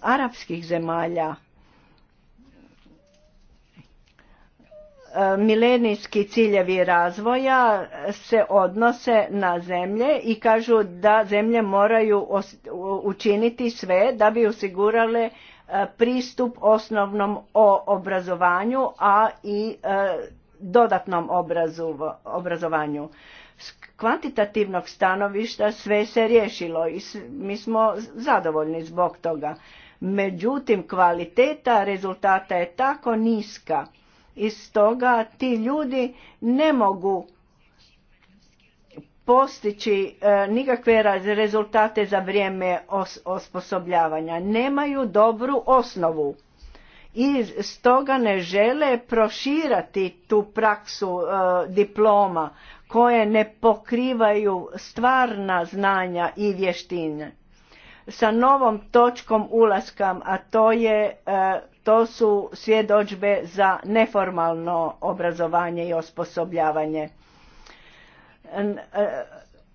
arapskih zemalja, e, milenijski ciljevi razvoja se odnose na zemlje i kažu da zemlje moraju učiniti sve da bi osigurale e, pristup osnovnom obrazovanju, a i e, dodatnom obrazovanju. S kvantitativnog stanovišta sve se riješilo i mi smo zadovoljni zbog toga. Međutim, kvaliteta rezultata je tako niska i stoga ti ljudi ne mogu postići e, nikakve rezultate za vrijeme osposobljavanja. Nemaju dobru osnovu i stoga ne žele proširati tu praksu e, diploma koje ne pokrivaju stvarna znanja i vještine. Sa novom točkom ulaskam, a to, je, e, to su svjedočbe za neformalno obrazovanje i osposobljavanje. E,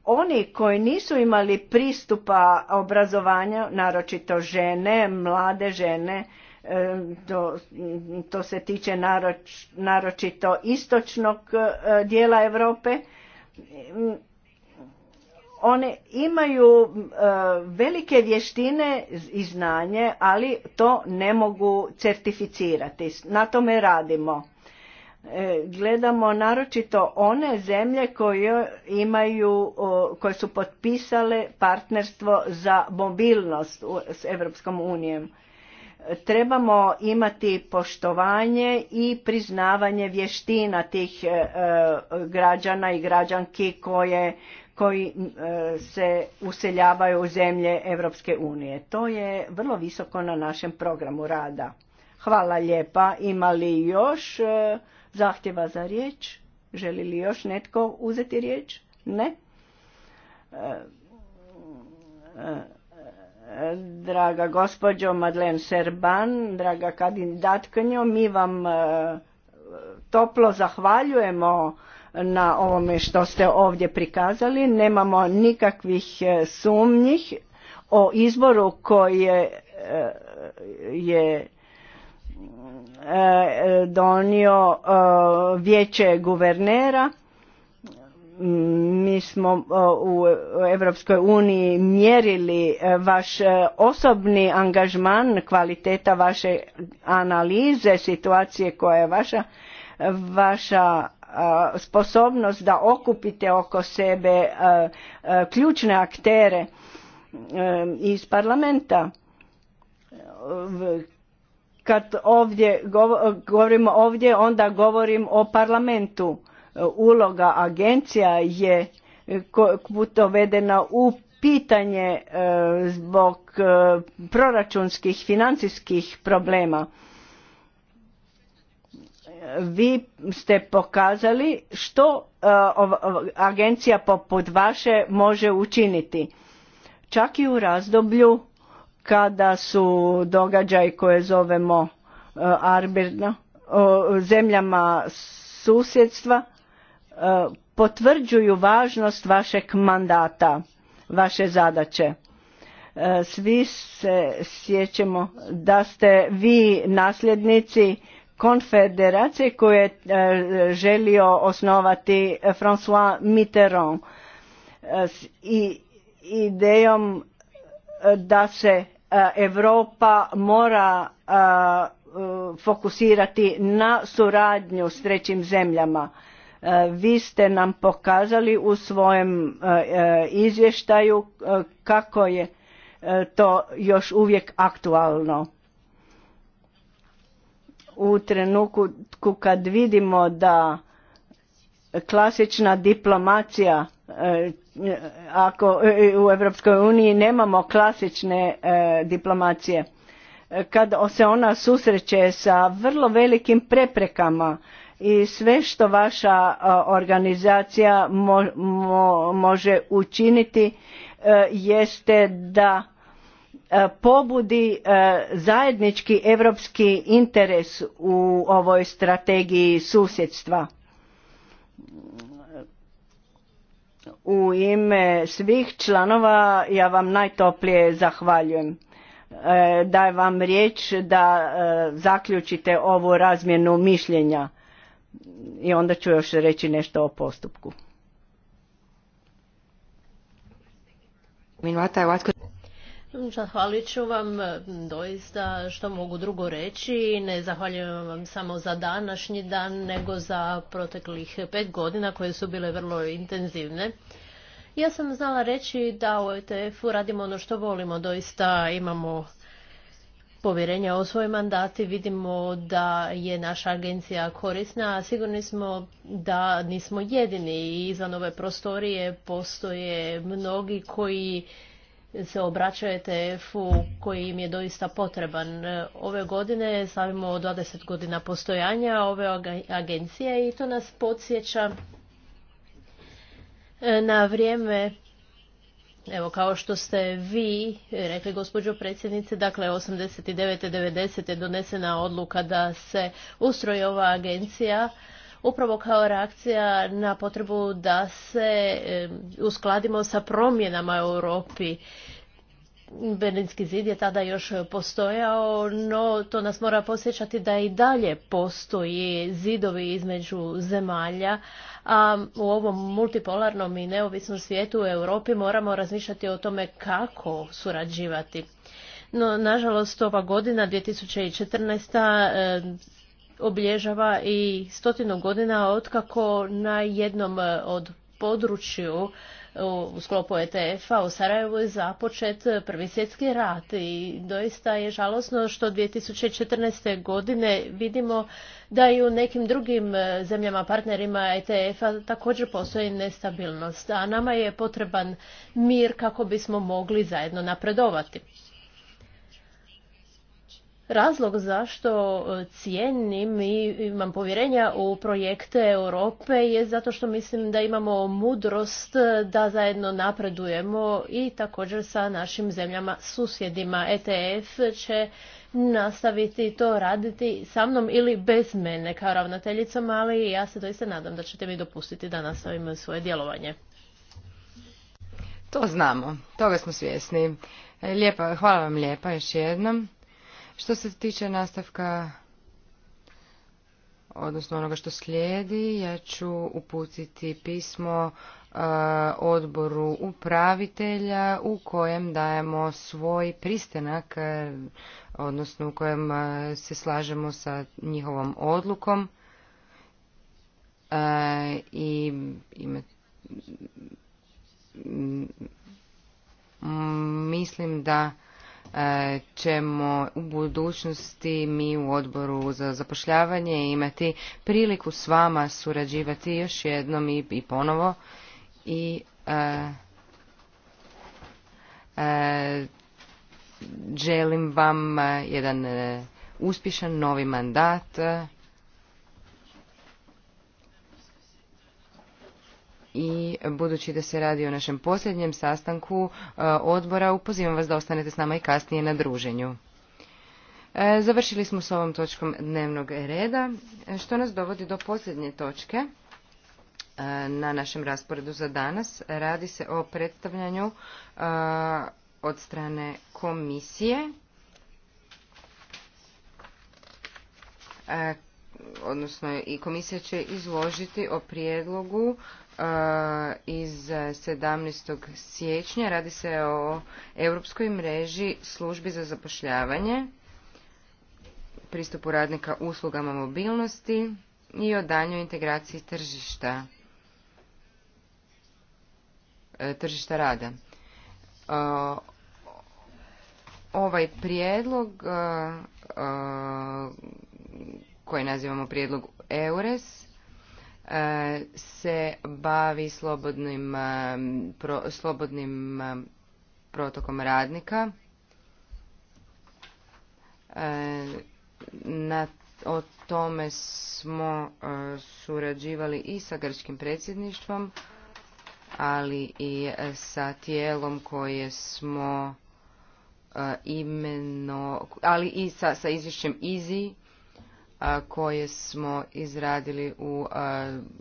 oni koji nisu imali pristupa obrazovanju, naročito žene, mlade žene, to, to se tiče naročito istočnog e, dijela Europe. One imaju e, velike vještine i znanje, ali to ne mogu certificirati. Na tome radimo. E, gledamo naročito one zemlje koje imaju, koje su potpisale partnerstvo za mobilnost s Europskom unijom trebamo imati poštovanje i priznavanje vještina tih e, e, građana i građanki koje koji e, se useljavaju u zemlje Europske unije. To je vrlo visoko na našem programu rada. Hvala lijepa. Ima li još zahtjeva za riječ? Želi li još netko uzeti riječ? Ne? draga gospođo Madlen Serban, draga kandidatkanjo, mi vam e, toplo zahvaljujemo na ovome što ste ovdje prikazali. Nemamo nikakvih e, sumnjih o izboru koji je, e, je donio vijeće guvernera mi smo e, u Europskoj uniji mjerili e, vaš e, osobni angažman, kvaliteta vaše analize situacije koja je vaša, vaša sposobnost da okupite oko sebe ključne aktere iz parlamenta kad ovdje govorimo ovdje onda govorim o parlamentu uloga agencija je eh, dovedena u pitanje eh, zbog eh, proračunskih financijskih problema vi ste pokazali što agencija poput vaše može učiniti čak i u razdoblju kada su događaj koje zovemo arbirno zemljama susjedstva potvrđuju važnost vašeg mandata, vaše zadaće. E, svi se sjećamo da ste vi nasljednici konfederacije koje je e, želio osnovati François Mitterrand e, i idejom da se Europa mora fokusirati na suradnju s trećim zemljama E, vi ste nam pokazali u svojem e, e, izvještaju kako je to još uvijek aktualno. U trenutku kad vidimo da klasična diplomacija ako u Europskoj uniji nemamo klasične diplomacije kad se ona susreće sa vrlo velikim preprekama i sve što vaša organizacija može učiniti e, jeste da e, pobudi e, zajednički europski interes u ovoj strategiji susjedstva u ime svih članova ja vam najtoplije zahvaljujem dajem vam riječ da zaključite ovu razmjenu mišljenja i onda ću još reći nešto o postupku. Zahvalit ću vam doista što mogu drugo reći. Ne zahvaljujem vam samo za današnji dan, nego za proteklih pet godina koje su bile vrlo intenzivne. Ja sam znala reći da u ETF-u radimo ono što volimo. Doista imamo povjerenja o svoj mandati vidimo da je naša agencija korisna, a sigurni smo da nismo jedini i izvan ove prostorije postoje mnogi koji se obraćaju ETF-u koji im je doista potreban. Ove godine slavimo 20 godina postojanja ove agencije i to nas podsjeća na vrijeme Evo, kao što ste vi rekli, gospođo predsjednice, dakle, 89. 90. je donesena odluka da se ustroji ova agencija upravo kao reakcija na potrebu da se uskladimo sa promjenama u Europi Berlinski zid je tada još postojao, no to nas mora posjećati da i dalje postoji zidovi između zemalja, a u ovom multipolarnom i neovisnom svijetu u Europi moramo razmišljati o tome kako surađivati. No, nažalost, ova godina, 2014 e, obilježava i stotinu godina otkako na jednom e, od području u sklopu ETF-a u Sarajevu je započet prvi svjetski rat i doista je žalosno što 2014. godine vidimo da i u nekim drugim e, zemljama partnerima ETF-a također postoji nestabilnost, a nama je potreban mir kako bismo mogli zajedno napredovati razlog zašto e, cijenim i imam povjerenja u projekte Europe je zato što mislim da imamo mudrost da zajedno napredujemo i također sa našim zemljama susjedima. ETF će nastaviti to raditi sa mnom ili bez mene kao ravnateljicom, ali ja se doista nadam da ćete mi dopustiti da nastavim svoje djelovanje. To znamo, toga smo svjesni. E, lijepa, hvala vam lijepa još jednom. Što se tiče nastavka, odnosno onoga što slijedi, ja ću uputiti pismo e, odboru upravitelja u kojem dajemo svoj pristanak, e, odnosno u kojem e, se slažemo sa njihovom odlukom i mislim da E, ćemo u budućnosti mi u odboru za zapošljavanje imati priliku s vama surađivati još jednom i, ponovo i e, e, želim vam jedan uspješan novi mandat i budući da se radi o našem posljednjem sastanku e, odbora, upozivam vas da ostanete s nama i kasnije na druženju. E, završili smo s ovom točkom dnevnog reda, e, što nas dovodi do posljednje točke na našem rasporedu za danas. Radi se o predstavljanju od strane komisije, odnosno i komisija će izložiti o prijedlogu iz 17. siječnja. Radi se o Europskoj mreži službi za zapošljavanje, pristupu radnika uslugama mobilnosti i o daljnjoj integraciji tržišta e, tržišta rada. Ovaj prijedlog koji nazivamo prijedlog EURES E, se bavi slobodnim, e, slobodnim e, protokom radnika. Na, o tome smo surađivali i sa grčkim predsjedništvom, ali i sa tijelom koje smo imeno, ali i sa, sa izvješćem IZI koje smo izradili u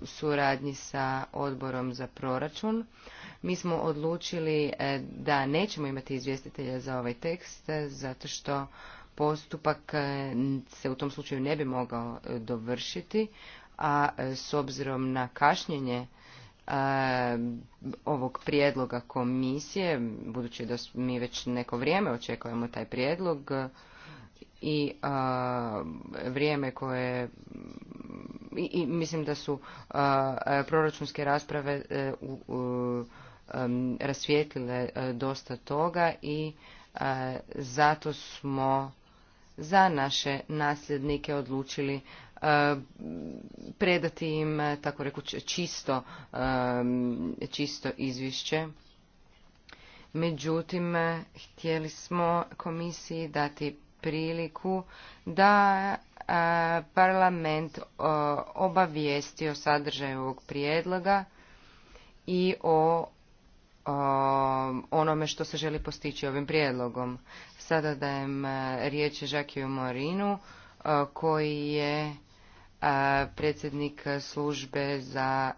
suradnji sa odborom za proračun. Mi smo odlučili e, da nećemo imati izvjestitelja za ovaj tekst e, zato što postupak e, se u tom slučaju ne bi mogao dovršiti, a s obzirom na kašnjenje ovog prijedloga komisije, budući da mi već neko vrijeme očekujemo taj prijedlog, i a, vrijeme koje i, mislim da su proračunske rasprave e, u, rasvijetlile e, dosta toga i e, zato smo za naše nasljednike odlučili predati im tako rekuć čisto čisto izvješće Međutim, htjeli smo komisiji dati priliku da parlament obavijesti o sadržaju ovog prijedloga i o onome što se želi postići ovim prijedlogom. Sada dajem riječ Žakiju Morinu koji je predsjednik službe za,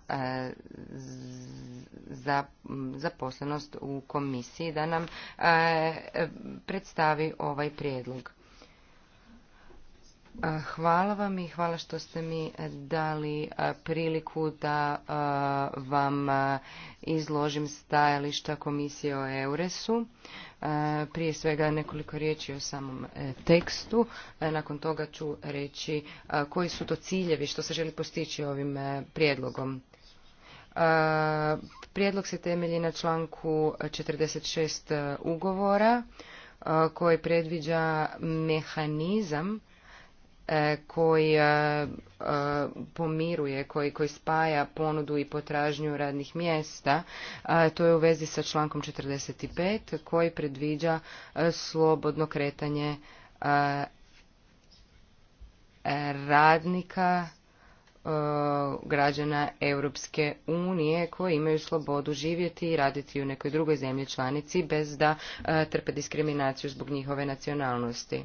za zaposlenost u komisiji da nam predstavi ovaj prijedlog. Hvala vam i hvala što ste mi e, dali e, priliku da e, vam izložim stajališta komisije o Euresu. Prije svega nekoliko riječi o samom tekstu, nakon toga ću reći koji su to ciljevi što se želi postići ovim prijedlogom. Prijedlog se temelji na članku 46 ugovora koji predviđa mehanizam E, koji e, e, pomiruje, koji, koji spaja ponudu i potražnju radnih mjesta. To je u vezi sa člankom 45 koji predviđa slobodno kretanje radnika građana Europske unije koji imaju slobodu živjeti i raditi u nekoj drugoj zemlji članici bez da trpe diskriminaciju zbog njihove nacionalnosti.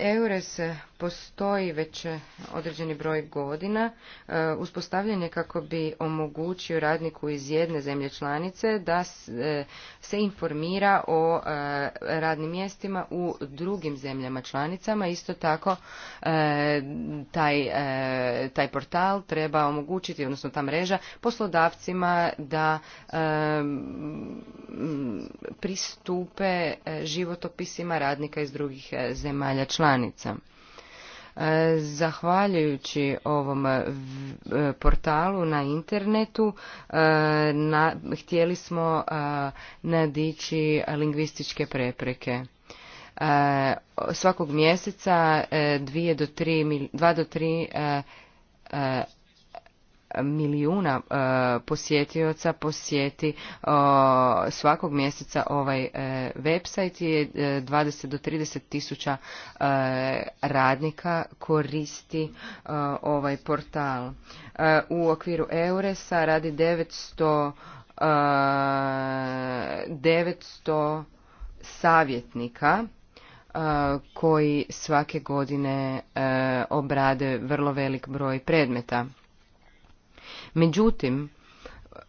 EURES postoji već određeni broj godina. E, uspostavljen je kako bi omogućio radniku iz jedne zemlje članice da e, se informira o e, radnim mjestima u drugim zemljama članicama. Isto tako taj, taj portal treba omogućiti, odnosno ta mreža, poslodavcima da pristupe životopisima radnika iz drugih zemalja članica stranica. E, zahvaljujući ovom e, portalu na internetu e, na, htjeli smo nadići lingvističke prepreke. Svakog mjeseca 2 do tri... do 3 milijuna e, posjetioca posjeti e, svakog mjeseca ovaj e, website je 20 do 30 tisuća radnika koristi ovaj portal. U okviru Euresa radi 900 900 savjetnika koji svake godine obrade vrlo velik broj predmeta. Međutim, e,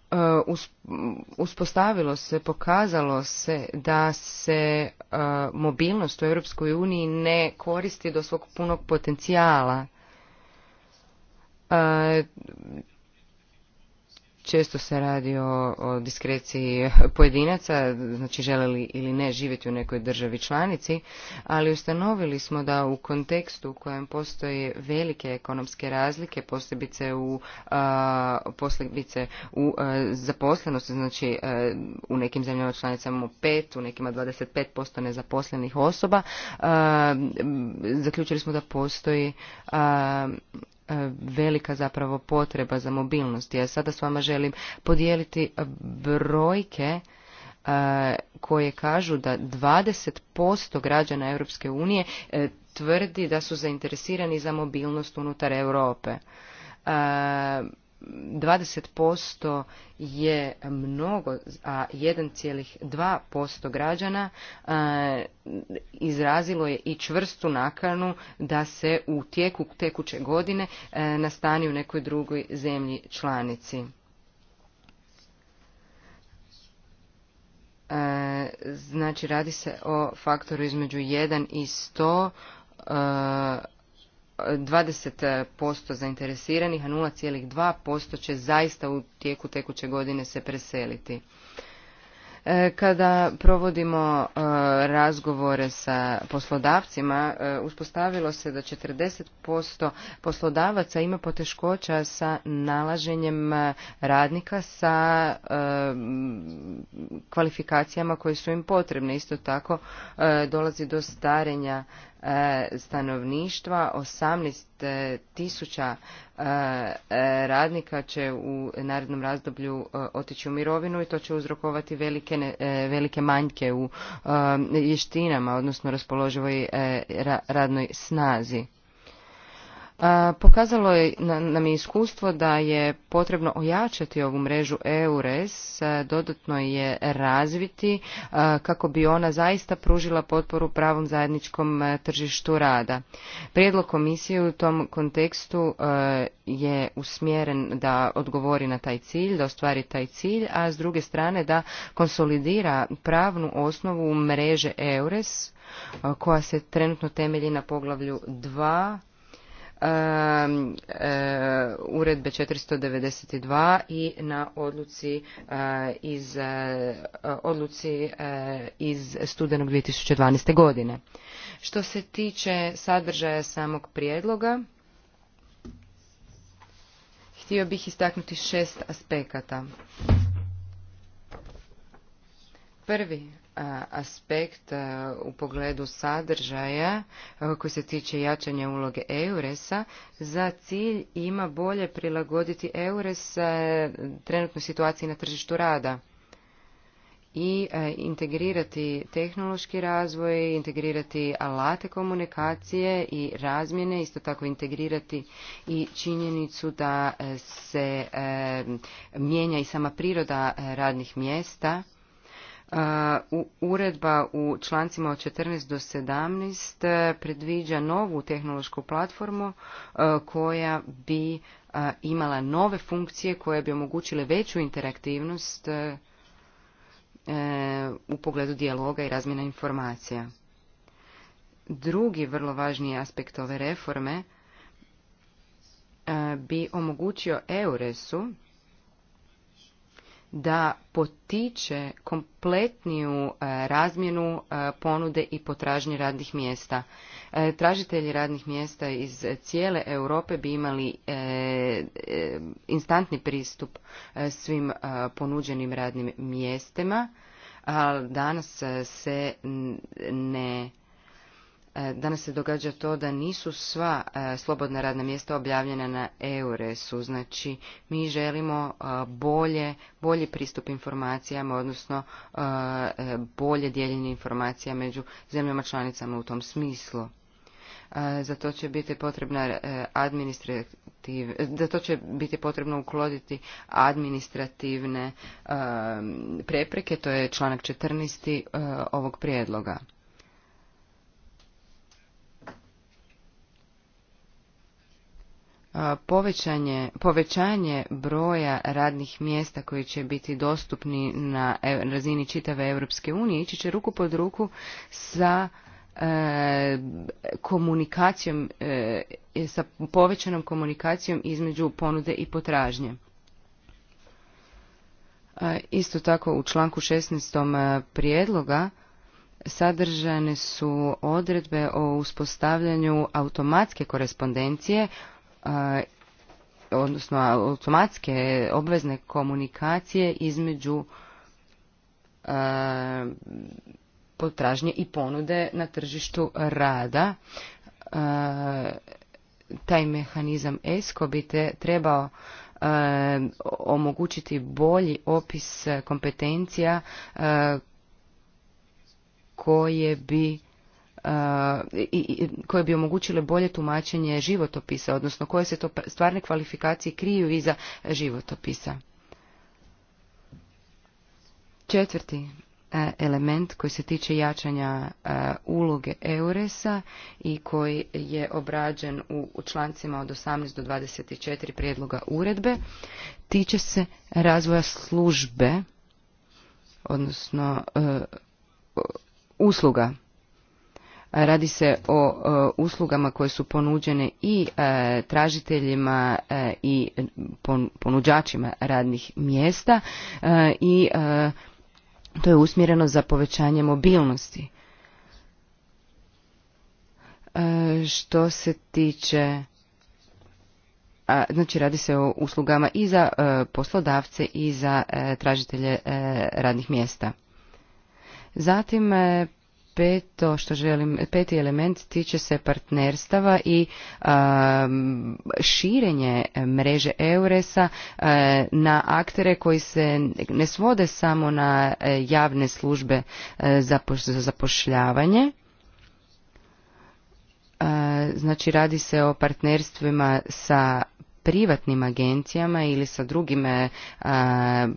uspostavilo se, pokazalo se da se e, mobilnost u Europskoj uniji ne koristi do svog punog potencijala. E, Često se radi o, diskreciji pojedinaca, znači želeli ili ne živjeti u nekoj državi članici, ali ustanovili smo da u kontekstu u kojem postoje velike ekonomske razlike, posebice u, a, posebice u a, zaposlenosti, znači u nekim zemljama članicama pet, u nekima 25% nezaposlenih osoba, zaključili smo da postoji E, velika zapravo potreba za mobilnosti. Ja sada s vama želim podijeliti brojke e, koje kažu da 20% građana Europske unije e, tvrdi da su zainteresirani za mobilnost unutar Europe. 20% je mnogo, a 1,2% građana izrazilo je i čvrstu nakanu da se u tijeku tekuće godine e, nastani u nekoj drugoj zemlji članici. E, znači radi se o faktoru između 1 i 100 20% zainteresiranih, a 0,2% će zaista u tijeku tekuće godine se preseliti. E, kada provodimo e, razgovore sa poslodavcima, e, uspostavilo se da 40% poslodavaca ima poteškoća sa nalaženjem radnika sa kvalifikacijama koje su im potrebne. Isto tako dolazi do starenja E, stanovništva, 18 e, tisuća e, radnika će u narednom razdoblju otići u mirovinu i to će uzrokovati velike, velike manjke u vještinama, odnosno raspoloživoj radnoj snazi. Pokazalo je nam je iskustvo da je potrebno ojačati ovu mrežu EURES, dodatno je razviti kako bi ona zaista pružila potporu pravom zajedničkom tržištu rada. Prijedlog komisije u tom kontekstu je usmjeren da odgovori na taj cilj, da ostvari taj cilj, a s druge strane da konsolidira pravnu osnovu mreže EURES koja se trenutno temelji na poglavlju 2 Eh, uredbe 492 i na odluci eh, iz eh, odluci iz studenog 2012. godine. Što se tiče sadržaja samog prijedloga, htio bih istaknuti šest aspekata. Prvi aspekt u pogledu sadržaja koji se tiče jačanja uloge EURES-a za cilj ima bolje prilagoditi Eures trenutnoj situaciji na tržištu rada i integrirati tehnološki razvoj, integrirati alate komunikacije i razmjene, isto tako integrirati i činjenicu da se mijenja i sama priroda radnih mjesta Uredba u člancima od 14 do 17 e, predviđa novu tehnološku platformu e, koja bi e, imala nove funkcije koje bi omogućile veću interaktivnost u pogledu dijaloga i razmjena informacija. Drugi vrlo važni aspekt ove reforme bi omogućio Euresu da potiče kompletniju e, razmjenu e, ponude i potražnje radnih mjesta. E, tražitelji radnih mjesta iz cijele Europe bi imali instantni pristup svim ponuđenim radnim mjestima, ali danas se ne E, danas se događa to da nisu sva e, slobodna radna mjesta objavljena na EURES-u, znači mi želimo e, bolje, bolji pristup informacijama, odnosno bolje dijeljenje informacija među zemljama članicama u tom smislu. Za to će biti potrebna administrativ, to će biti potrebno ukloditi administrativne prepreke, to je članak 14. ovog prijedloga. Povećanje, broja radnih mjesta koji će biti dostupni na e, razini čitave Europske unije ići će ruku pod ruku sa e, komunikacijom, e, sa povećanom komunikacijom između ponude i potražnje. isto tako u članku 16. prijedloga sadržane su odredbe o uspostavljanju automatske korespondencije odnosno automatske obvezne komunikacije između potražnje i ponude na tržištu rada. Taj mehanizam ESCO bi te trebao omogućiti bolji opis kompetencija koje bi E, koje bi omogućile bolje tumačenje životopisa, odnosno koje se to pa, stvarne kvalifikacije kriju iza životopisa. Četvrti e, element koji se tiče jačanja e, uloge Euresa i koji je obrađen u člancima od 18 do 24 prijedloga uredbe, tiče se razvoja službe, odnosno usluga Radi se o e, uslugama koje su ponuđene i e, tražiteljima e, i ponuđačima radnih mjesta i to je usmjereno za povećanje mobilnosti. Što se tiče znači radi se o uslugama i za poslodavce i za tražitelje radnih mjesta. Zatim peto što želim, peti element tiče se partnerstava i um, širenje mreže Euresa a, uh, na aktere koji se ne svode samo na uh, javne službe uh, za zapošljavanje. znači radi se o partnerstvima sa privatnim agencijama ili sa drugim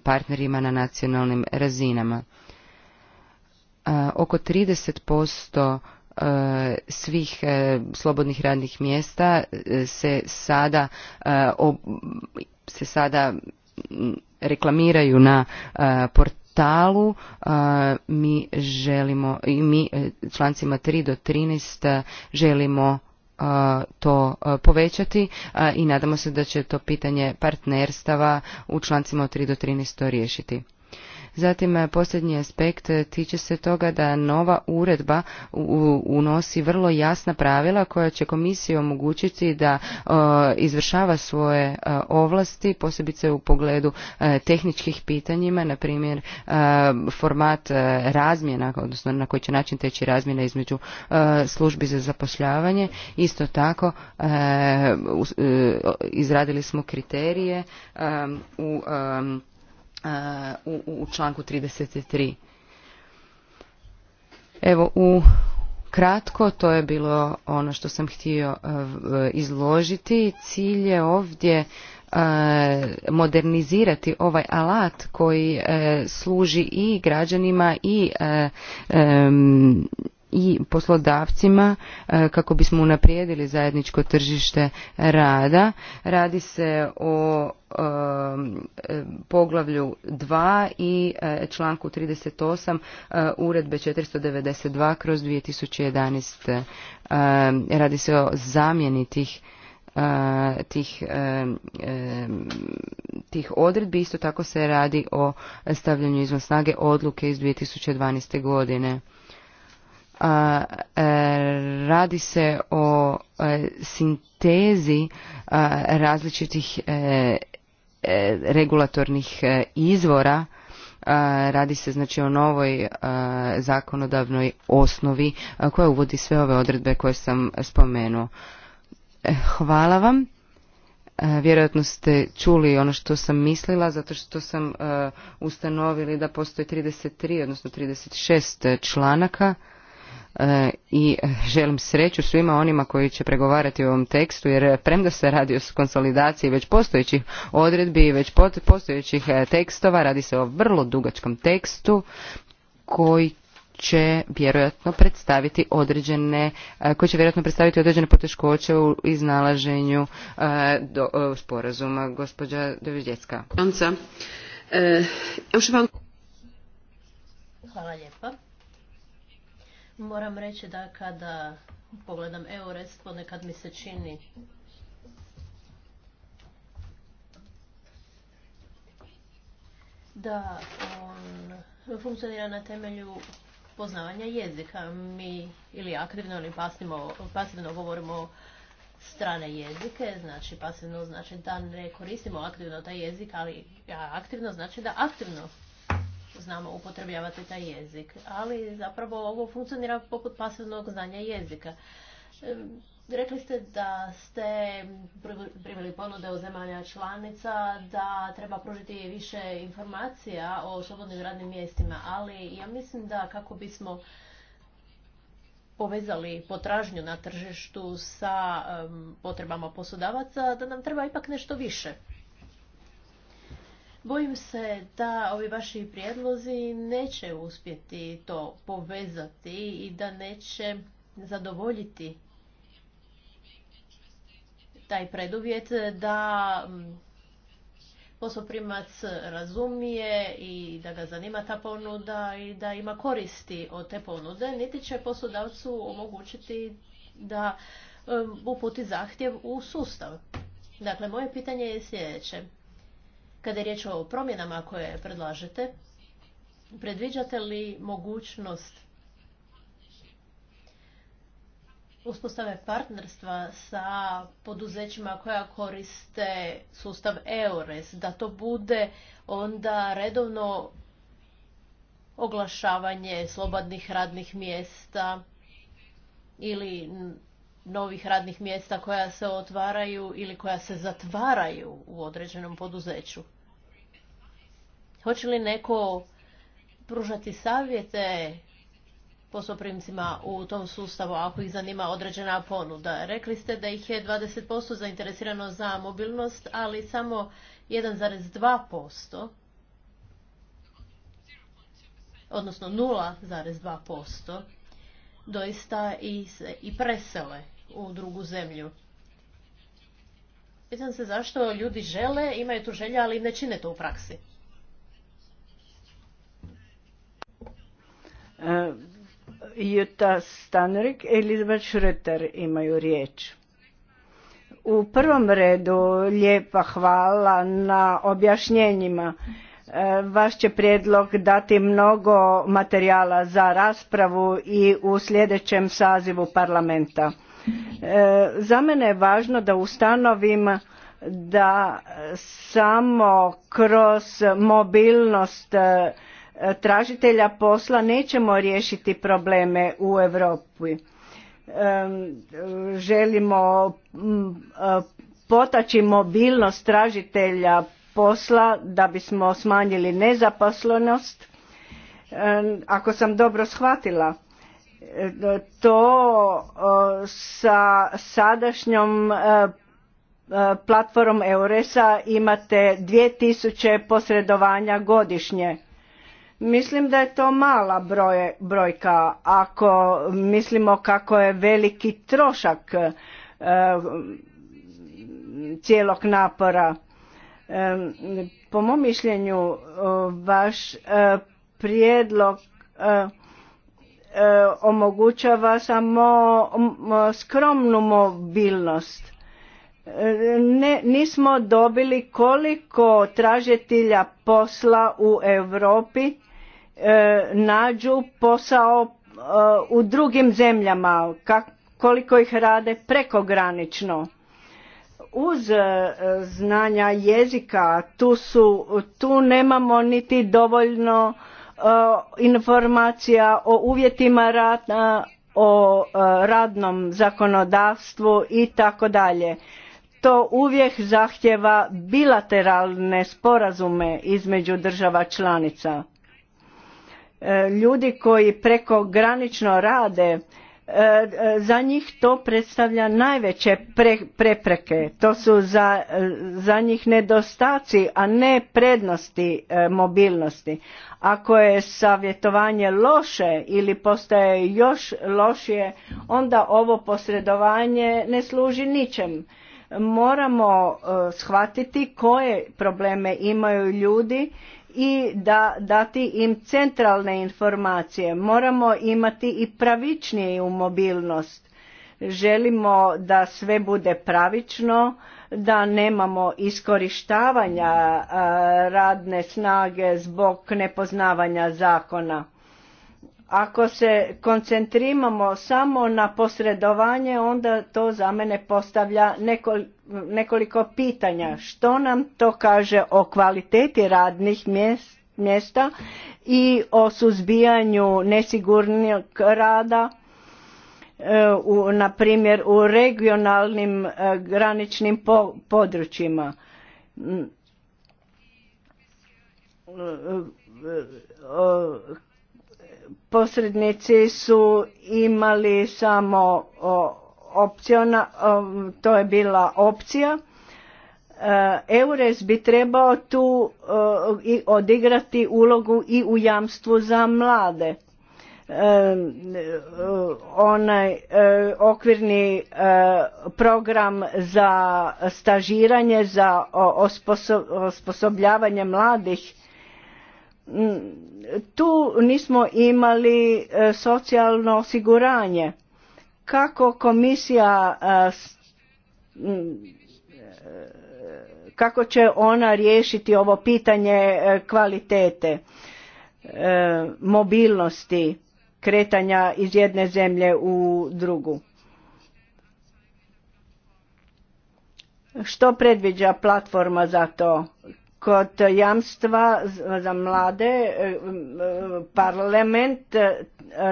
partnerima na nacionalnim razinama oko 30% e, svih e, slobodnih radnih mjesta e, se sada se sada reklamiraju na portalu mi želimo i mi člancima 3 do 13 želimo to povećati i nadamo se da će to pitanje partnerstava u člancima od 3 do 13 to riješiti Zatim e, posljednji aspekt e, tiče se toga da nova uredba unosi vrlo jasna pravila koja će komisiji omogućiti da e, izvršava svoje ovlasti, posebice u pogledu tehničkih pitanjima, na primjer format razmjena, odnosno na koji će način teći razmjena između službi za zapošljavanje. Isto tako izradili smo kriterije u u, u članku 33. Evo, u kratko, to je bilo ono što sam htio e, izložiti. Cilj je ovdje e, modernizirati ovaj alat koji e, služi i građanima i i poslodavcima e, kako bismo unaprijedili zajedničko tržište rada. Radi se o e, poglavlju 2 i e, članku 38 uredbe 492 kroz 2011. Radi se o zamjeni tih tih, tih odredbi. Isto tako se radi o stavljanju izvan snage odluke iz 2012. godine a, e, radi se o e, sintezi e, različitih regulatornih izvora radi se znači o novoj zakonodavnoj osnovi koja uvodi sve ove odredbe koje sam spomenuo hvala vam Vjerojatno ste čuli ono što sam mislila, zato što sam ustanovili da postoji 33, odnosno 36 članaka. E, i želim sreću svima onima koji će pregovarati o ovom tekstu jer premda se radi o konsolidaciji već postojećih odredbi i već postojećih e, tekstova radi se o vrlo dugačkom tekstu koji će vjerojatno predstaviti određene, e, koji će vjerojatno predstaviti određene poteškoće u iznalaženju do, sporazuma. Gospođa Dovidjecka. Hvala lijepa. Moram reći da kada pogledam EURES, ponekad mi se čini da on funkcionira na temelju poznavanja jezika. Mi ili aktivno ili pasivno, pasivno govorimo strane jezike, znači pasivno znači da ne koristimo aktivno taj jezik, ali aktivno znači da aktivno znamo upotrebljavati taj jezik. Ali zapravo ovo funkcionira poput pasivnog znanja jezika. Rekli ste da ste primili ponude od zemalja članica, da treba pružiti više informacija o slobodnim radnim mjestima, ali ja mislim da kako bismo povezali potražnju na tržištu sa potrebama poslodavaca, da nam treba ipak nešto više. Bojim se da ovi vaši prijedlozi neće uspjeti to povezati i da neće zadovoljiti taj preduvjet da mm, posloprimac razumije i da ga zanima ta ponuda i da ima koristi od te ponude, niti će poslodavcu omogućiti da mm, uputi zahtjev u sustav. Dakle, moje pitanje je sljedeće. Kada je riječ o promjenama koje predlažete, predviđate li mogućnost uspostave partnerstva sa poduzećima koja koriste sustav EORES? da to bude onda redovno oglašavanje slobodnih radnih mjesta ili novih radnih mjesta koja se otvaraju ili koja se zatvaraju u određenom poduzeću. Hoće li neko pružati savjete posloprimcima u tom sustavu ako ih zanima određena ponuda? Rekli ste da ih je 20% zainteresirano za mobilnost, ali samo 1,2% odnosno 0,2% doista i, presele u drugu zemlju. Pitam se zašto ljudi žele, imaju tu želju, ali ne čine to u praksi. Eh, Juta Stanrik imaju riječ. U prvom redu lijepa hvala na objašnjenjima. Eh, vaš će prijedlog dati mnogo materijala za raspravu i u sljedećem sazivu parlamenta. Eh, za mene je važno da ustanovim da samo kroz mobilnost tražitelja posla nećemo riješiti probleme u Europi. Želimo e, potaći mobilnost tražitelja posla da bismo smanjili nezaposlenost. Ako sam dobro shvatila, e, to sa sadašnjom e, platformom Euresa imate 2000 posredovanja godišnje Mislim da je to mala brojka ako mislimo kako je veliki trošak eh, cijelog napora. po mom mišljenju vaš eh, prijedlog eh, omogućava samo skromnu mobilnost. Ne, nismo dobili koliko tražitelja posla u Europi E, nađu posao e, u drugim zemljama, koliko ih rade prekogranično. Uz e, znanja jezika tu, su, tu nemamo niti dovoljno informacija o uvjetima rada, o radnom zakonodavstvu i tako dalje. To uvijek zahtjeva bilateralne sporazume između država članica E, ljudi koji preko prekogranično rade e, e, za njih to predstavlja najveće prepreke to su za, za njih nedostaci a ne prednosti mobilnosti ako je savjetovanje loše ili postaje još lošije onda ovo posredovanje ne služi ničem moramo shvatiti koje probleme imaju ljudi i da dati im centralne informacije. Moramo imati i pravičniju mobilnost. Želimo da sve bude pravično, da nemamo iskorištavanja radne snage zbog nepoznavanja zakona. Ako se koncentriramo samo na posredovanje, onda to za mene postavlja nekoliko nekoliko pitanja. Što nam to kaže o kvaliteti radnih mjesta i o suzbijanju nesigurnog rada? E, u, na primjer u regionalnim e, graničnim područjima mm, e, posrednici su imali samo opciona, um, to je bila opcija. Uh, EURES bi trebao tu uh, odigrati ulogu i u jamstvu za mlade. Um, uh, onaj okvirni program za stažiranje, za osposobljavanje mladih mm, tu nismo imali socijalno osiguranje kako komisija e, kako će ona riješiti ovo pitanje e, kvalitete e, mobilnosti kretanja iz jedne zemlje u drugu što predviđa platforma za to kod jamstva za mlade parlament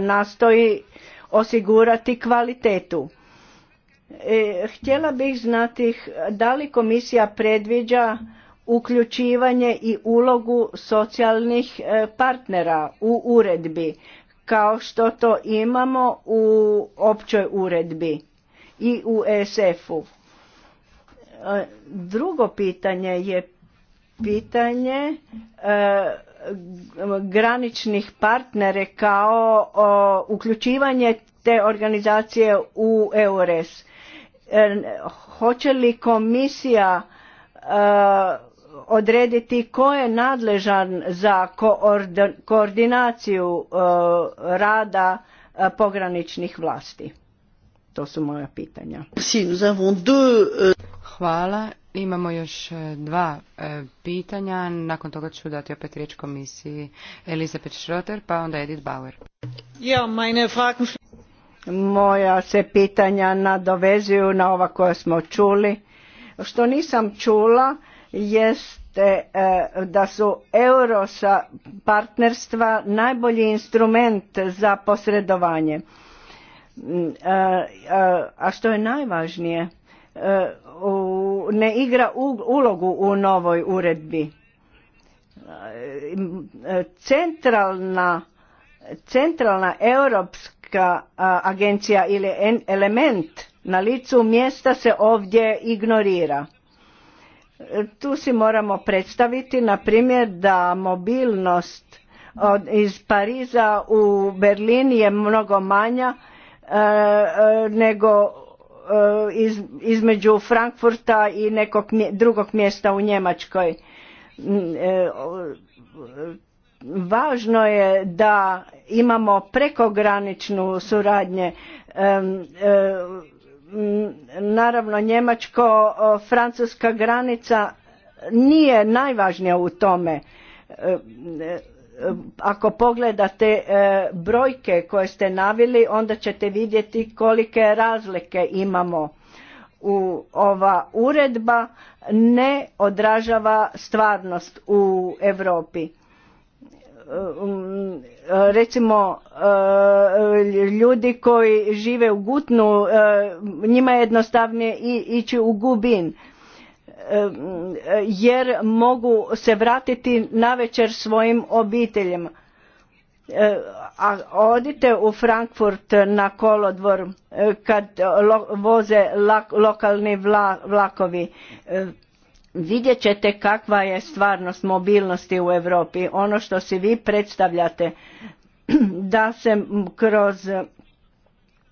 nastoji osigurati kvalitetu. E, htjela bih znati da li komisija predviđa uključivanje i ulogu socijalnih e, partnera u uredbi kao što to imamo u općoj uredbi i u ESF-u. E, drugo pitanje je pitanje graničnih partnere kao o, uključivanje te organizacije u EURES. E, hoće li komisija e, odrediti ko je nadležan za koordinaciju e, rada e, pograničnih vlasti? To su moja pitanja. Hvala. Imamo još e, dva e, pitanja, nakon toga ću dati opet riječ komisiji Elizabeth Schroeter, pa onda Edith Bauer. Moja se pitanja nadovezuju na ova koja smo čuli. Što nisam čula jeste e, da su EUROSA partnerstva najbolji instrument za posredovanje. Mm, a što je najvažnije? ne igra ulogu u novoj uredbi. E, centralna, centralna europska agencija ili element na licu mjesta se ovdje ignorira. E, tu si moramo predstaviti, na primjer, da mobilnost iz Pariza u Berlin je mnogo manja e, nego Eh, između Frankfurta i nekog drugog mjesta u Njemačkoj. Mm, eh, važno je da imamo prekograničnu suradnje. Eh, naravno, njemačko-francuska granica nije najvažnija u tome ako pogledate e, brojke koje ste navili, onda ćete vidjeti kolike razlike imamo. U ova uredba ne odražava stvarnost u Europi. E, um, recimo e, ljudi koji žive u Gutnu, njima je jednostavnije ići u Gubin Eh, jer mogu se vratiti navečer svojim obiteljima. Eh, a odite u Frankfurt na kolodvor eh, kad voze lokalni vlakovi. Vidjet ćete kakva je stvarnost mobilnosti u Europi. Ono što si vi predstavljate [clears throat] da se kroz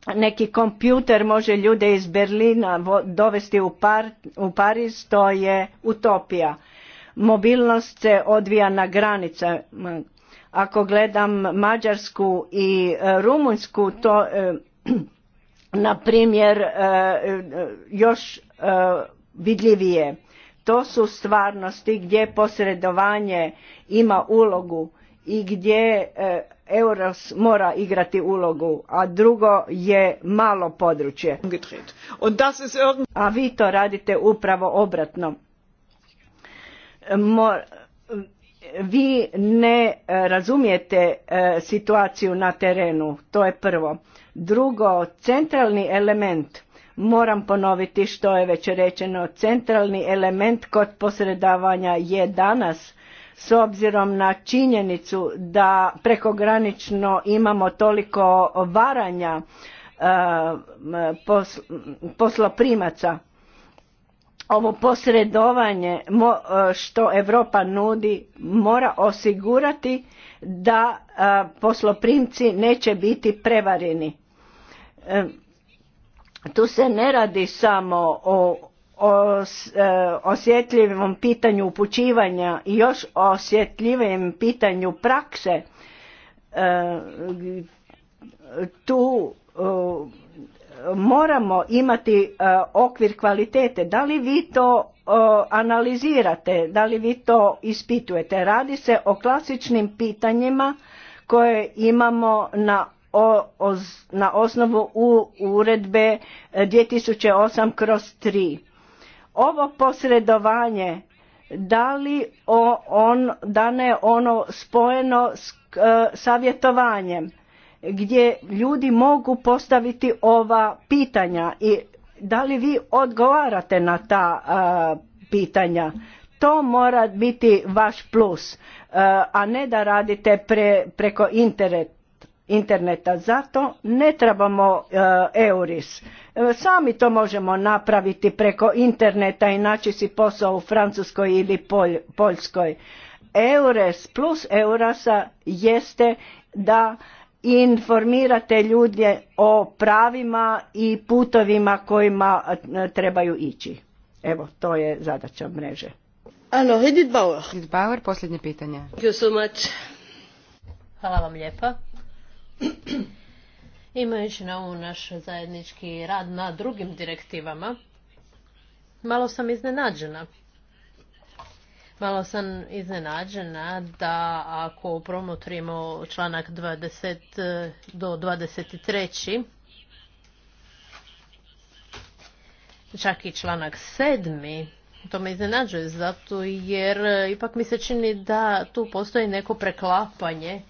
neki kompjuter može ljude iz Berlina dovesti u, par, u Pariz, to je utopija. Mobilnost se odvija na granica. Ako gledam Mađarsku i e, Rumunjsku, to e, [clears throat] na primjer e, još vidljivije. To su stvarnosti gdje posredovanje ima ulogu i gdje e, Euros mora igrati ulogu, a drugo je malo područje. A vi to radite upravo obratno. vi ne razumijete e, situaciju na terenu, to je prvo. Drugo, centralni element, moram ponoviti što je već rečeno, centralni element kod posredavanja je danas s obzirom na činjenicu da prekogranično imamo toliko varanja e, posloprimaca ovo posredovanje e, što Europa nudi mora osigurati da e, posloprimci neće biti prevareni. Tu se ne radi samo o E, osjetljivom pitanju upućivanja i još osjetljivijem pitanju prakse e, tu e, moramo imati okvir kvalitete. Da li vi to analizirate, da li vi to ispitujete? Radi se o klasičnim pitanjima koje imamo na na osnovu u uredbe 2008 kroz 3. Ovo posredovanje, da li on, dane ono spojeno s e, savjetovanjem, gdje ljudi mogu postaviti ova pitanja i da li vi odgovarate na ta e, pitanja. To mora biti vaš plus, e, a ne da radite preko interneta. Zato ne trebamo EURIS E, sami to možemo napraviti preko interneta i naći si posao u Francuskoj ili Poljskoj. Eures plus Eurasa jeste da informirate ljude o pravima i putovima kojima e, trebaju ići. Evo, to je zadaća mreže. Alo, Bauer. Bauer, posljednje pitanje. Hvala vam imajući na ovu naš zajednički rad na drugim direktivama, malo sam iznenađena. Malo sam iznenađena da ako promotrimo članak 20 do 23, čak i članak 7, to me iznenađuje zato jer ipak mi se čini da tu postoji neko preklapanje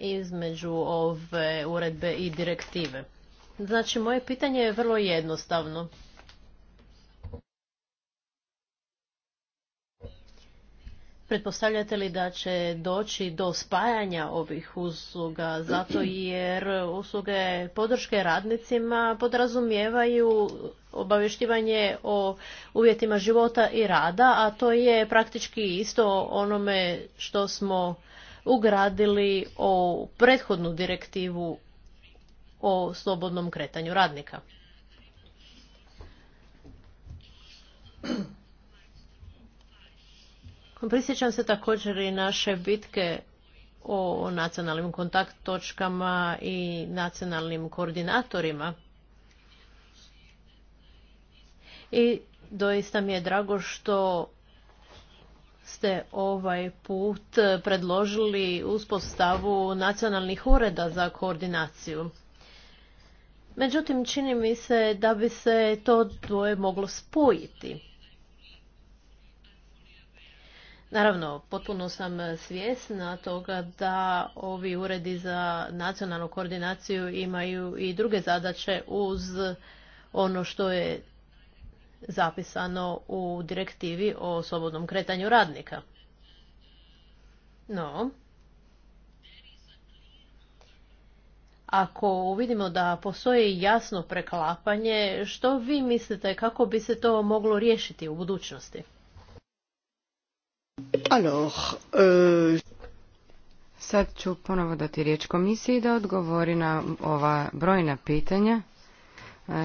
između ove uredbe i direktive? Znači, moje pitanje je vrlo jednostavno. Pretpostavljate li da će doći do spajanja ovih usluga zato jer usluge podrške radnicima podrazumijevaju obavještivanje o uvjetima života i rada, a to je praktički isto onome što smo ugradili o prethodnu direktivu o slobodnom kretanju radnika. Prisjećam se također i naše bitke o nacionalnim kontakt točkama i nacionalnim koordinatorima. I doista mi je drago što ste ovaj put predložili uspostavu nacionalnih ureda za koordinaciju. Međutim, čini mi se da bi se to dvoje moglo spojiti. Naravno, potpuno sam svjesna toga da ovi uredi za nacionalnu koordinaciju imaju i druge zadaće uz ono što je zapisano u direktivi o slobodnom kretanju radnika. No, ako uvidimo da postoji jasno preklapanje, što vi mislite kako bi se to moglo riješiti u budućnosti? Alors, euh... Sad ću ponovo dati riječ komisiji da odgovori na ova brojna pitanja. E,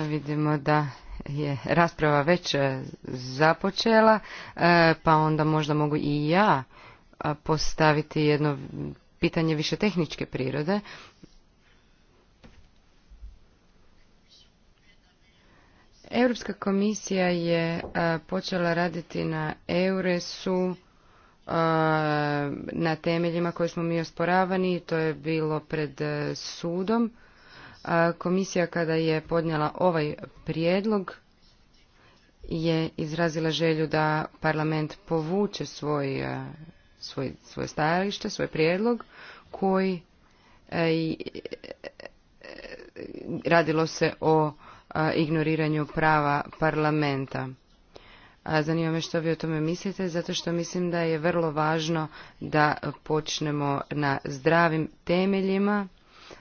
vidimo da je rasprava već e, započela, e, pa onda možda mogu i ja e, postaviti jedno pitanje više tehničke prirode. Europska komisija je počela raditi na Euresu na temeljima koje smo mi osporavani, to je bilo pred sudom. Komisija kada je podnijela ovaj prijedlog je izrazila želju da parlament povuče svoj, e, svoj, svoje stajalište, svoj prijedlog koji e, e, radilo se o ignoriranju prava parlamenta. zanima me što vi o tome mislite, zato što mislim da je vrlo važno da počnemo na zdravim temeljima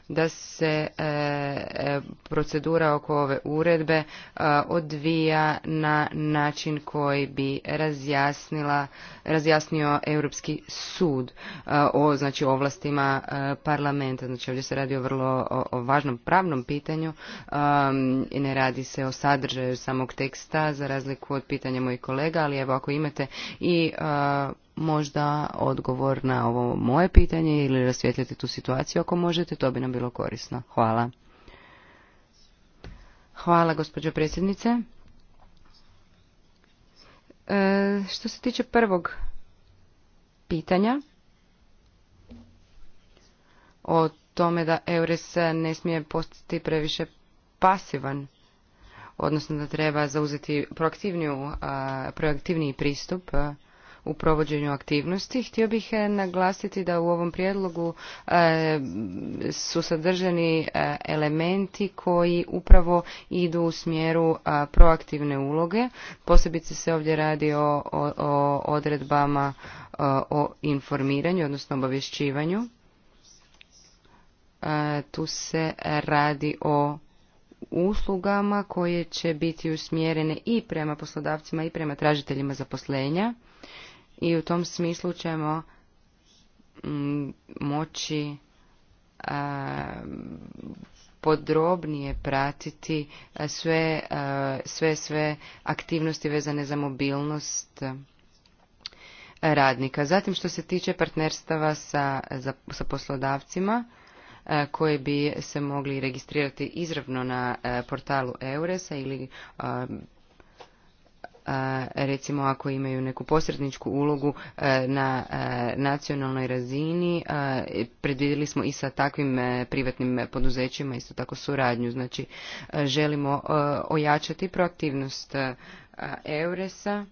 da se e, e, procedura oko ove uredbe e, odvija na način koji bi razjasnila, razjasnio Europski sud o znači ovlastima parlamenta. Znači ovdje se radi o vrlo o, o važnom pravnom pitanju i ne radi se o sadržaju samog teksta za razliku od pitanja mojih kolega, ali evo ako imate i možda odgovor na ovo moje pitanje ili rasvijetljati tu situaciju ako možete, to bi nam bilo korisno. Hvala. Hvala, gospođo predsjednice. E, što se tiče prvog pitanja o tome da EURES ne smije postati previše pasivan, odnosno da treba zauzeti proaktivniji pristup, u provođenju aktivnosti. Htio bih e, naglasiti da u ovom prijedlogu e, su sadržani e, elementi koji upravo idu u smjeru proaktivne uloge. Posebice se ovdje radi o, odredbama o informiranju, odnosno obavješćivanju. Tu se radi o uslugama koje će biti usmjerene i prema poslodavcima i prema tražiteljima zaposlenja i u tom smislu ćemo mm, moći podrobnije pratiti sve, sve, sve aktivnosti vezane za mobilnost radnika. Zatim što se tiče partnerstava sa, sa poslodavcima koji bi se mogli registrirati izravno na portalu Euresa ili recimo ako imaju neku posredničku ulogu e, na e, nacionalnoj razini predvidjeli smo i sa takvim e, privatnim poduzećima isto tako suradnju znači želimo ojačati proaktivnost Euresa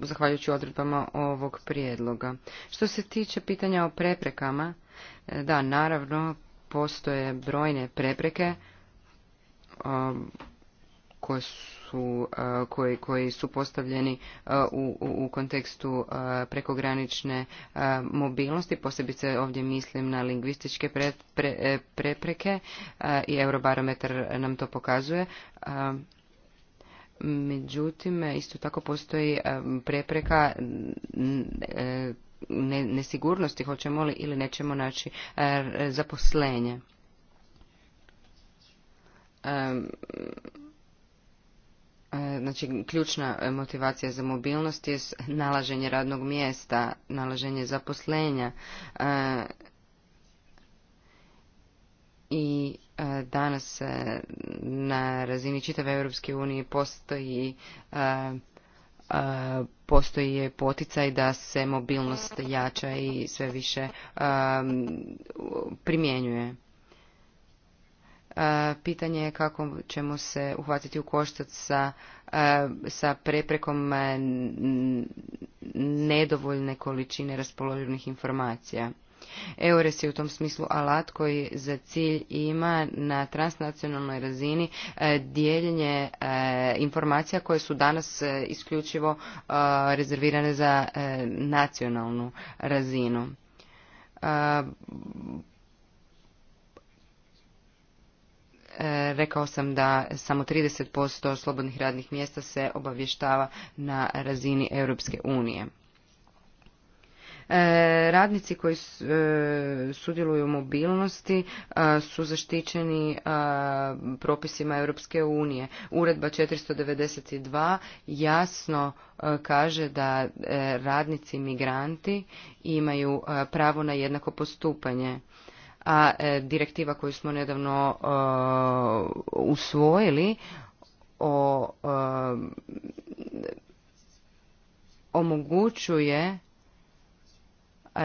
zahvaljujući odredbama ovog prijedloga. Što se tiče pitanja o preprekama, da, naravno, postoje brojne prepreke su, koji, koji su postavljeni u, u, kontekstu prekogranične mobilnosti, posebice ovdje mislim na lingvističke e, prepreke i Eurobarometar nam to pokazuje. Međutim, isto tako postoji prepreka e, nesigurnosti, hoćemo li ili nećemo naći zaposlenje. E, znači ključna motivacija za mobilnost je nalaženje radnog mjesta, nalaženje zaposlenja e, i e, danas na razini čitave Europske unije postoji postoji poticaj da se mobilnost jača i sve više primjenjuje. E, pitanje je kako ćemo se uhvatiti u koštac sa, e, sa preprekom e, nedovoljne količine raspoloživnih informacija. EURES je u tom smislu alat koji za cilj ima na transnacionalnoj razini dijeljenje informacija koje su danas isključivo rezervirane za nacionalnu razinu E, rekao sam da samo 30% slobodnih radnih mjesta se obavještava na razini Europske unije. E, radnici koji e, sudjeluju u mobilnosti su zaštićeni propisima Europske unije. Uredba 492 jasno kaže da radnici migranti imaju pravo na jednako postupanje a e, direktiva koju smo nedavno e, usvojili o, e, omogućuje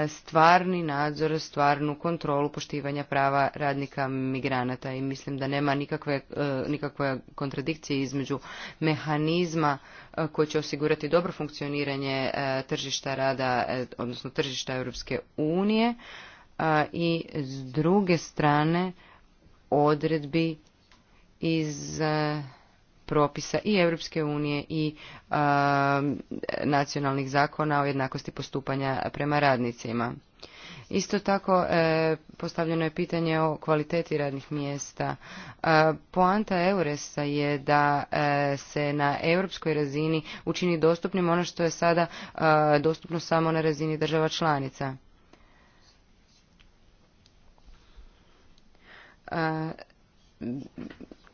stvarni nadzor, stvarnu kontrolu poštivanja prava radnika migranata i mislim da nema nikakve, nikakve kontradikcije između mehanizma koji će osigurati dobro funkcioniranje tržišta rada, odnosno tržišta Europske unije i s druge strane odredbi iz e, propisa i Europske unije i nacionalnih zakona o jednakosti postupanja prema radnicima. Isto tako e, postavljeno je pitanje o kvaliteti radnih mjesta. E, poanta Euresa je da se na europskoj razini učini dostupnim ono što je sada dostupno samo na razini država članica. a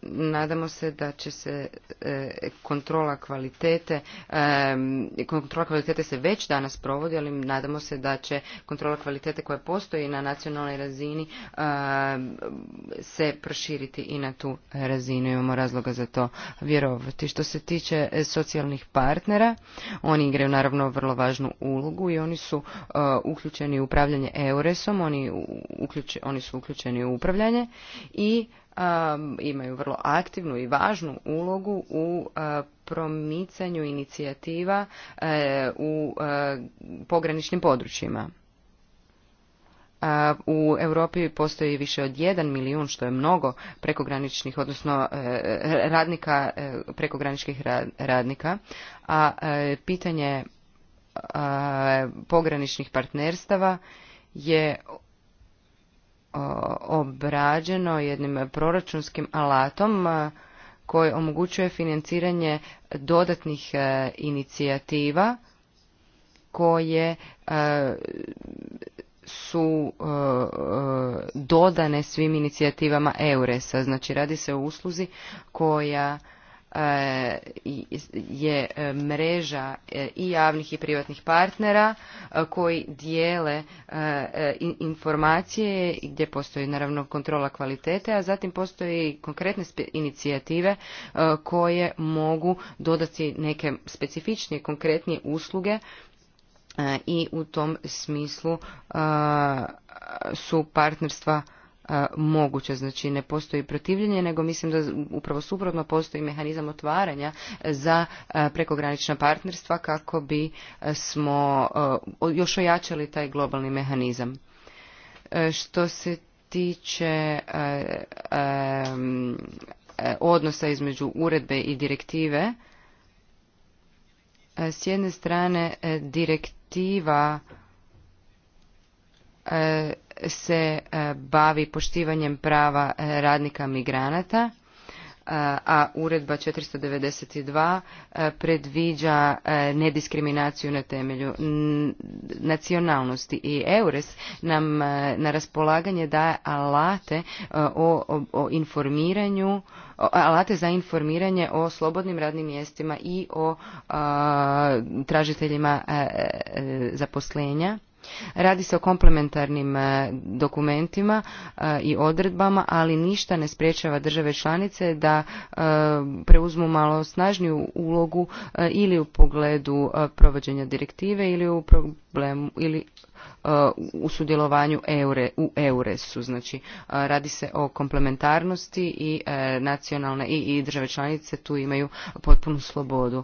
nadamo se da će se e, kontrola kvalitete e, kontrola kvalitete se već danas provodi ali nadamo se da će kontrola kvalitete koja postoji na nacionalnoj razini e, se proširiti i na tu razinu imamo razloga za to vjerovati što se tiče socijalnih partnera oni igraju naravno vrlo važnu ulogu i oni su uključeni u upravljanje Euresom oni, oni su uključeni u upravljanje i imaju vrlo aktivnu i važnu ulogu u promicanju inicijativa e, u e, pograničnim područjima. U Europi postoji više od jedan milijun, što je mnogo prekograničnih, odnosno e, radnika, prekograničkih radnika, a pitanje pograničnih partnerstava je obrađeno jednim proračunskim alatom koji omogućuje financiranje dodatnih e, inicijativa koje e, su e, dodane svim inicijativama Euresa. Znači radi se o usluzi koja E, je e, mreža e, i javnih i privatnih partnera koji dijele informacije gdje postoji naravno kontrola kvalitete, a zatim postoji konkretne inicijative koje mogu dodati neke specifičnije, konkretnije usluge i u tom smislu su partnerstva moguće, znači ne postoji protivljenje, nego mislim da upravo suprotno postoji mehanizam otvaranja za prekogranična partnerstva kako bi smo još ojačali taj globalni mehanizam. E, što se tiče odnosa između uredbe i direktive, s jedne strane e, direktiva E, se e, bavi poštivanjem prava e, radnika migranata a uredba 492 predviđa nediskriminaciju na temelju nacionalnosti i EURES nam na raspolaganje daje alate o, informiranju alate za informiranje o slobodnim radnim mjestima i o tražiteljima zaposlenja Radi se o komplementarnim e, dokumentima e, i odredbama, ali ništa ne spriječava države članice da e, preuzmu malo snažniju ulogu ili u pogledu provođenja direktive ili u problemu ili u sudjelovanju eure, u EURES-u. Znači, radi se o komplementarnosti i nacionalne i, i države članice tu imaju potpunu slobodu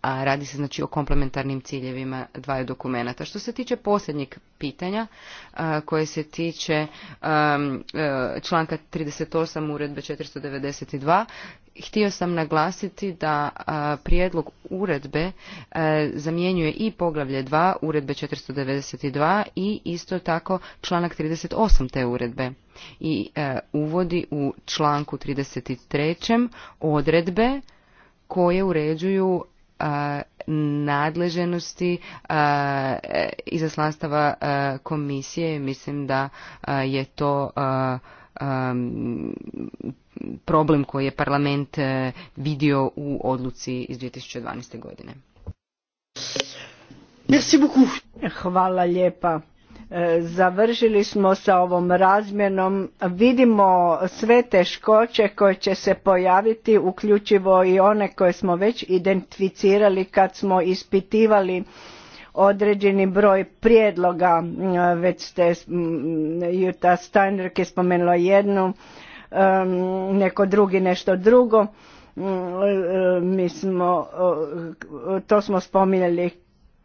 a radi se znači o komplementarnim ciljevima dvaju dokumenata. Što se tiče posljednjeg pitanja koje se tiče a, a, e, članka 38 uredbe 492, htio sam naglasiti da prijedlog uredbe e, zamjenjuje i poglavlje 2 uredbe 492 i isto tako članak 38 te uredbe i e, uvodi u članku 33 odredbe koje uređuju nadleženosti e, izaslanstava e, komisije. Mislim da je to problem koji je parlament e, vidio u odluci iz 2012. godine. Hvala lijepa. E, završili smo sa ovom razmjenom vidimo sve teškoće koje će se pojaviti uključivo i one koje smo već identificirali kad smo ispitivali određeni broj prijedloga e, već ste Juta Steiner je spomenula jednu e, neko drugi nešto drugo mi smo to smo spominjali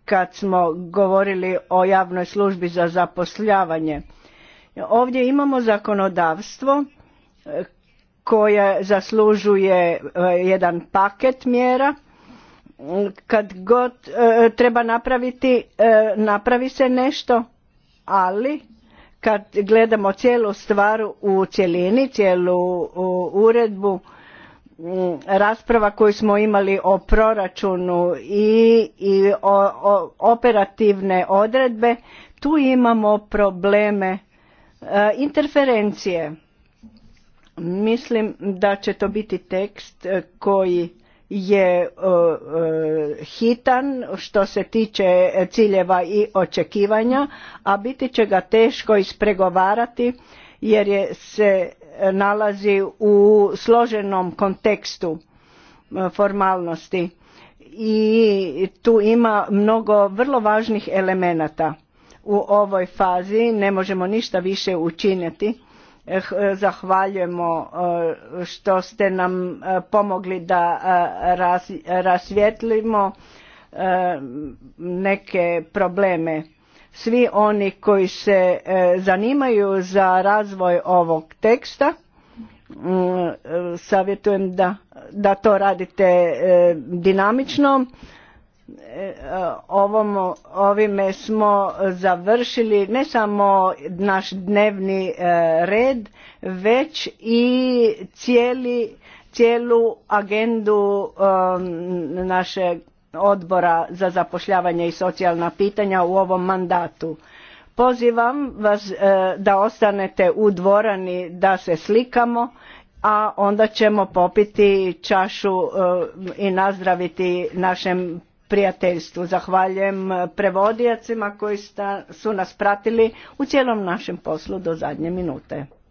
kad smo govorili o javnoj službi za zapošljavanje. Ovdje imamo zakonodavstvo e, koje zaslužuje e, jedan paket mjera. Kad god e, treba napraviti, napravi se nešto, ali kad gledamo cijelu stvar u cjelini, cijelu uredbu, rasprava koju smo imali o proračunu i, operativne odredbe tu imamo probleme e, interferencije mislim da će to biti tekst e, koji je e, hitan što se tiče ciljeva i očekivanja a biti će ga teško ispregovarati jer je se nalazi u složenom kontekstu e, formalnosti i tu ima mnogo vrlo važnih elemenata u ovoj fazi ne možemo ništa više učiniti e, zahvaljujemo e, što ste nam pomogli da rasvijetlimo neke probleme svi oni koji se e, zanimaju za razvoj ovog teksta mm, e, savjetujem da, da to radite e, dinamično Ovom, ovime smo završili ne samo naš dnevni red već i cijeli cijelu agendu našeg odbora za zapošljavanje i socijalna pitanja u ovom mandatu. Pozivam vas e, da ostanete u dvorani da se slikamo, a onda ćemo popiti čašu e, i nazdraviti našem prijateljstvu. Zahvaljujem prevodiocima koji su nas pratili u cijelom našem poslu do zadnje minute.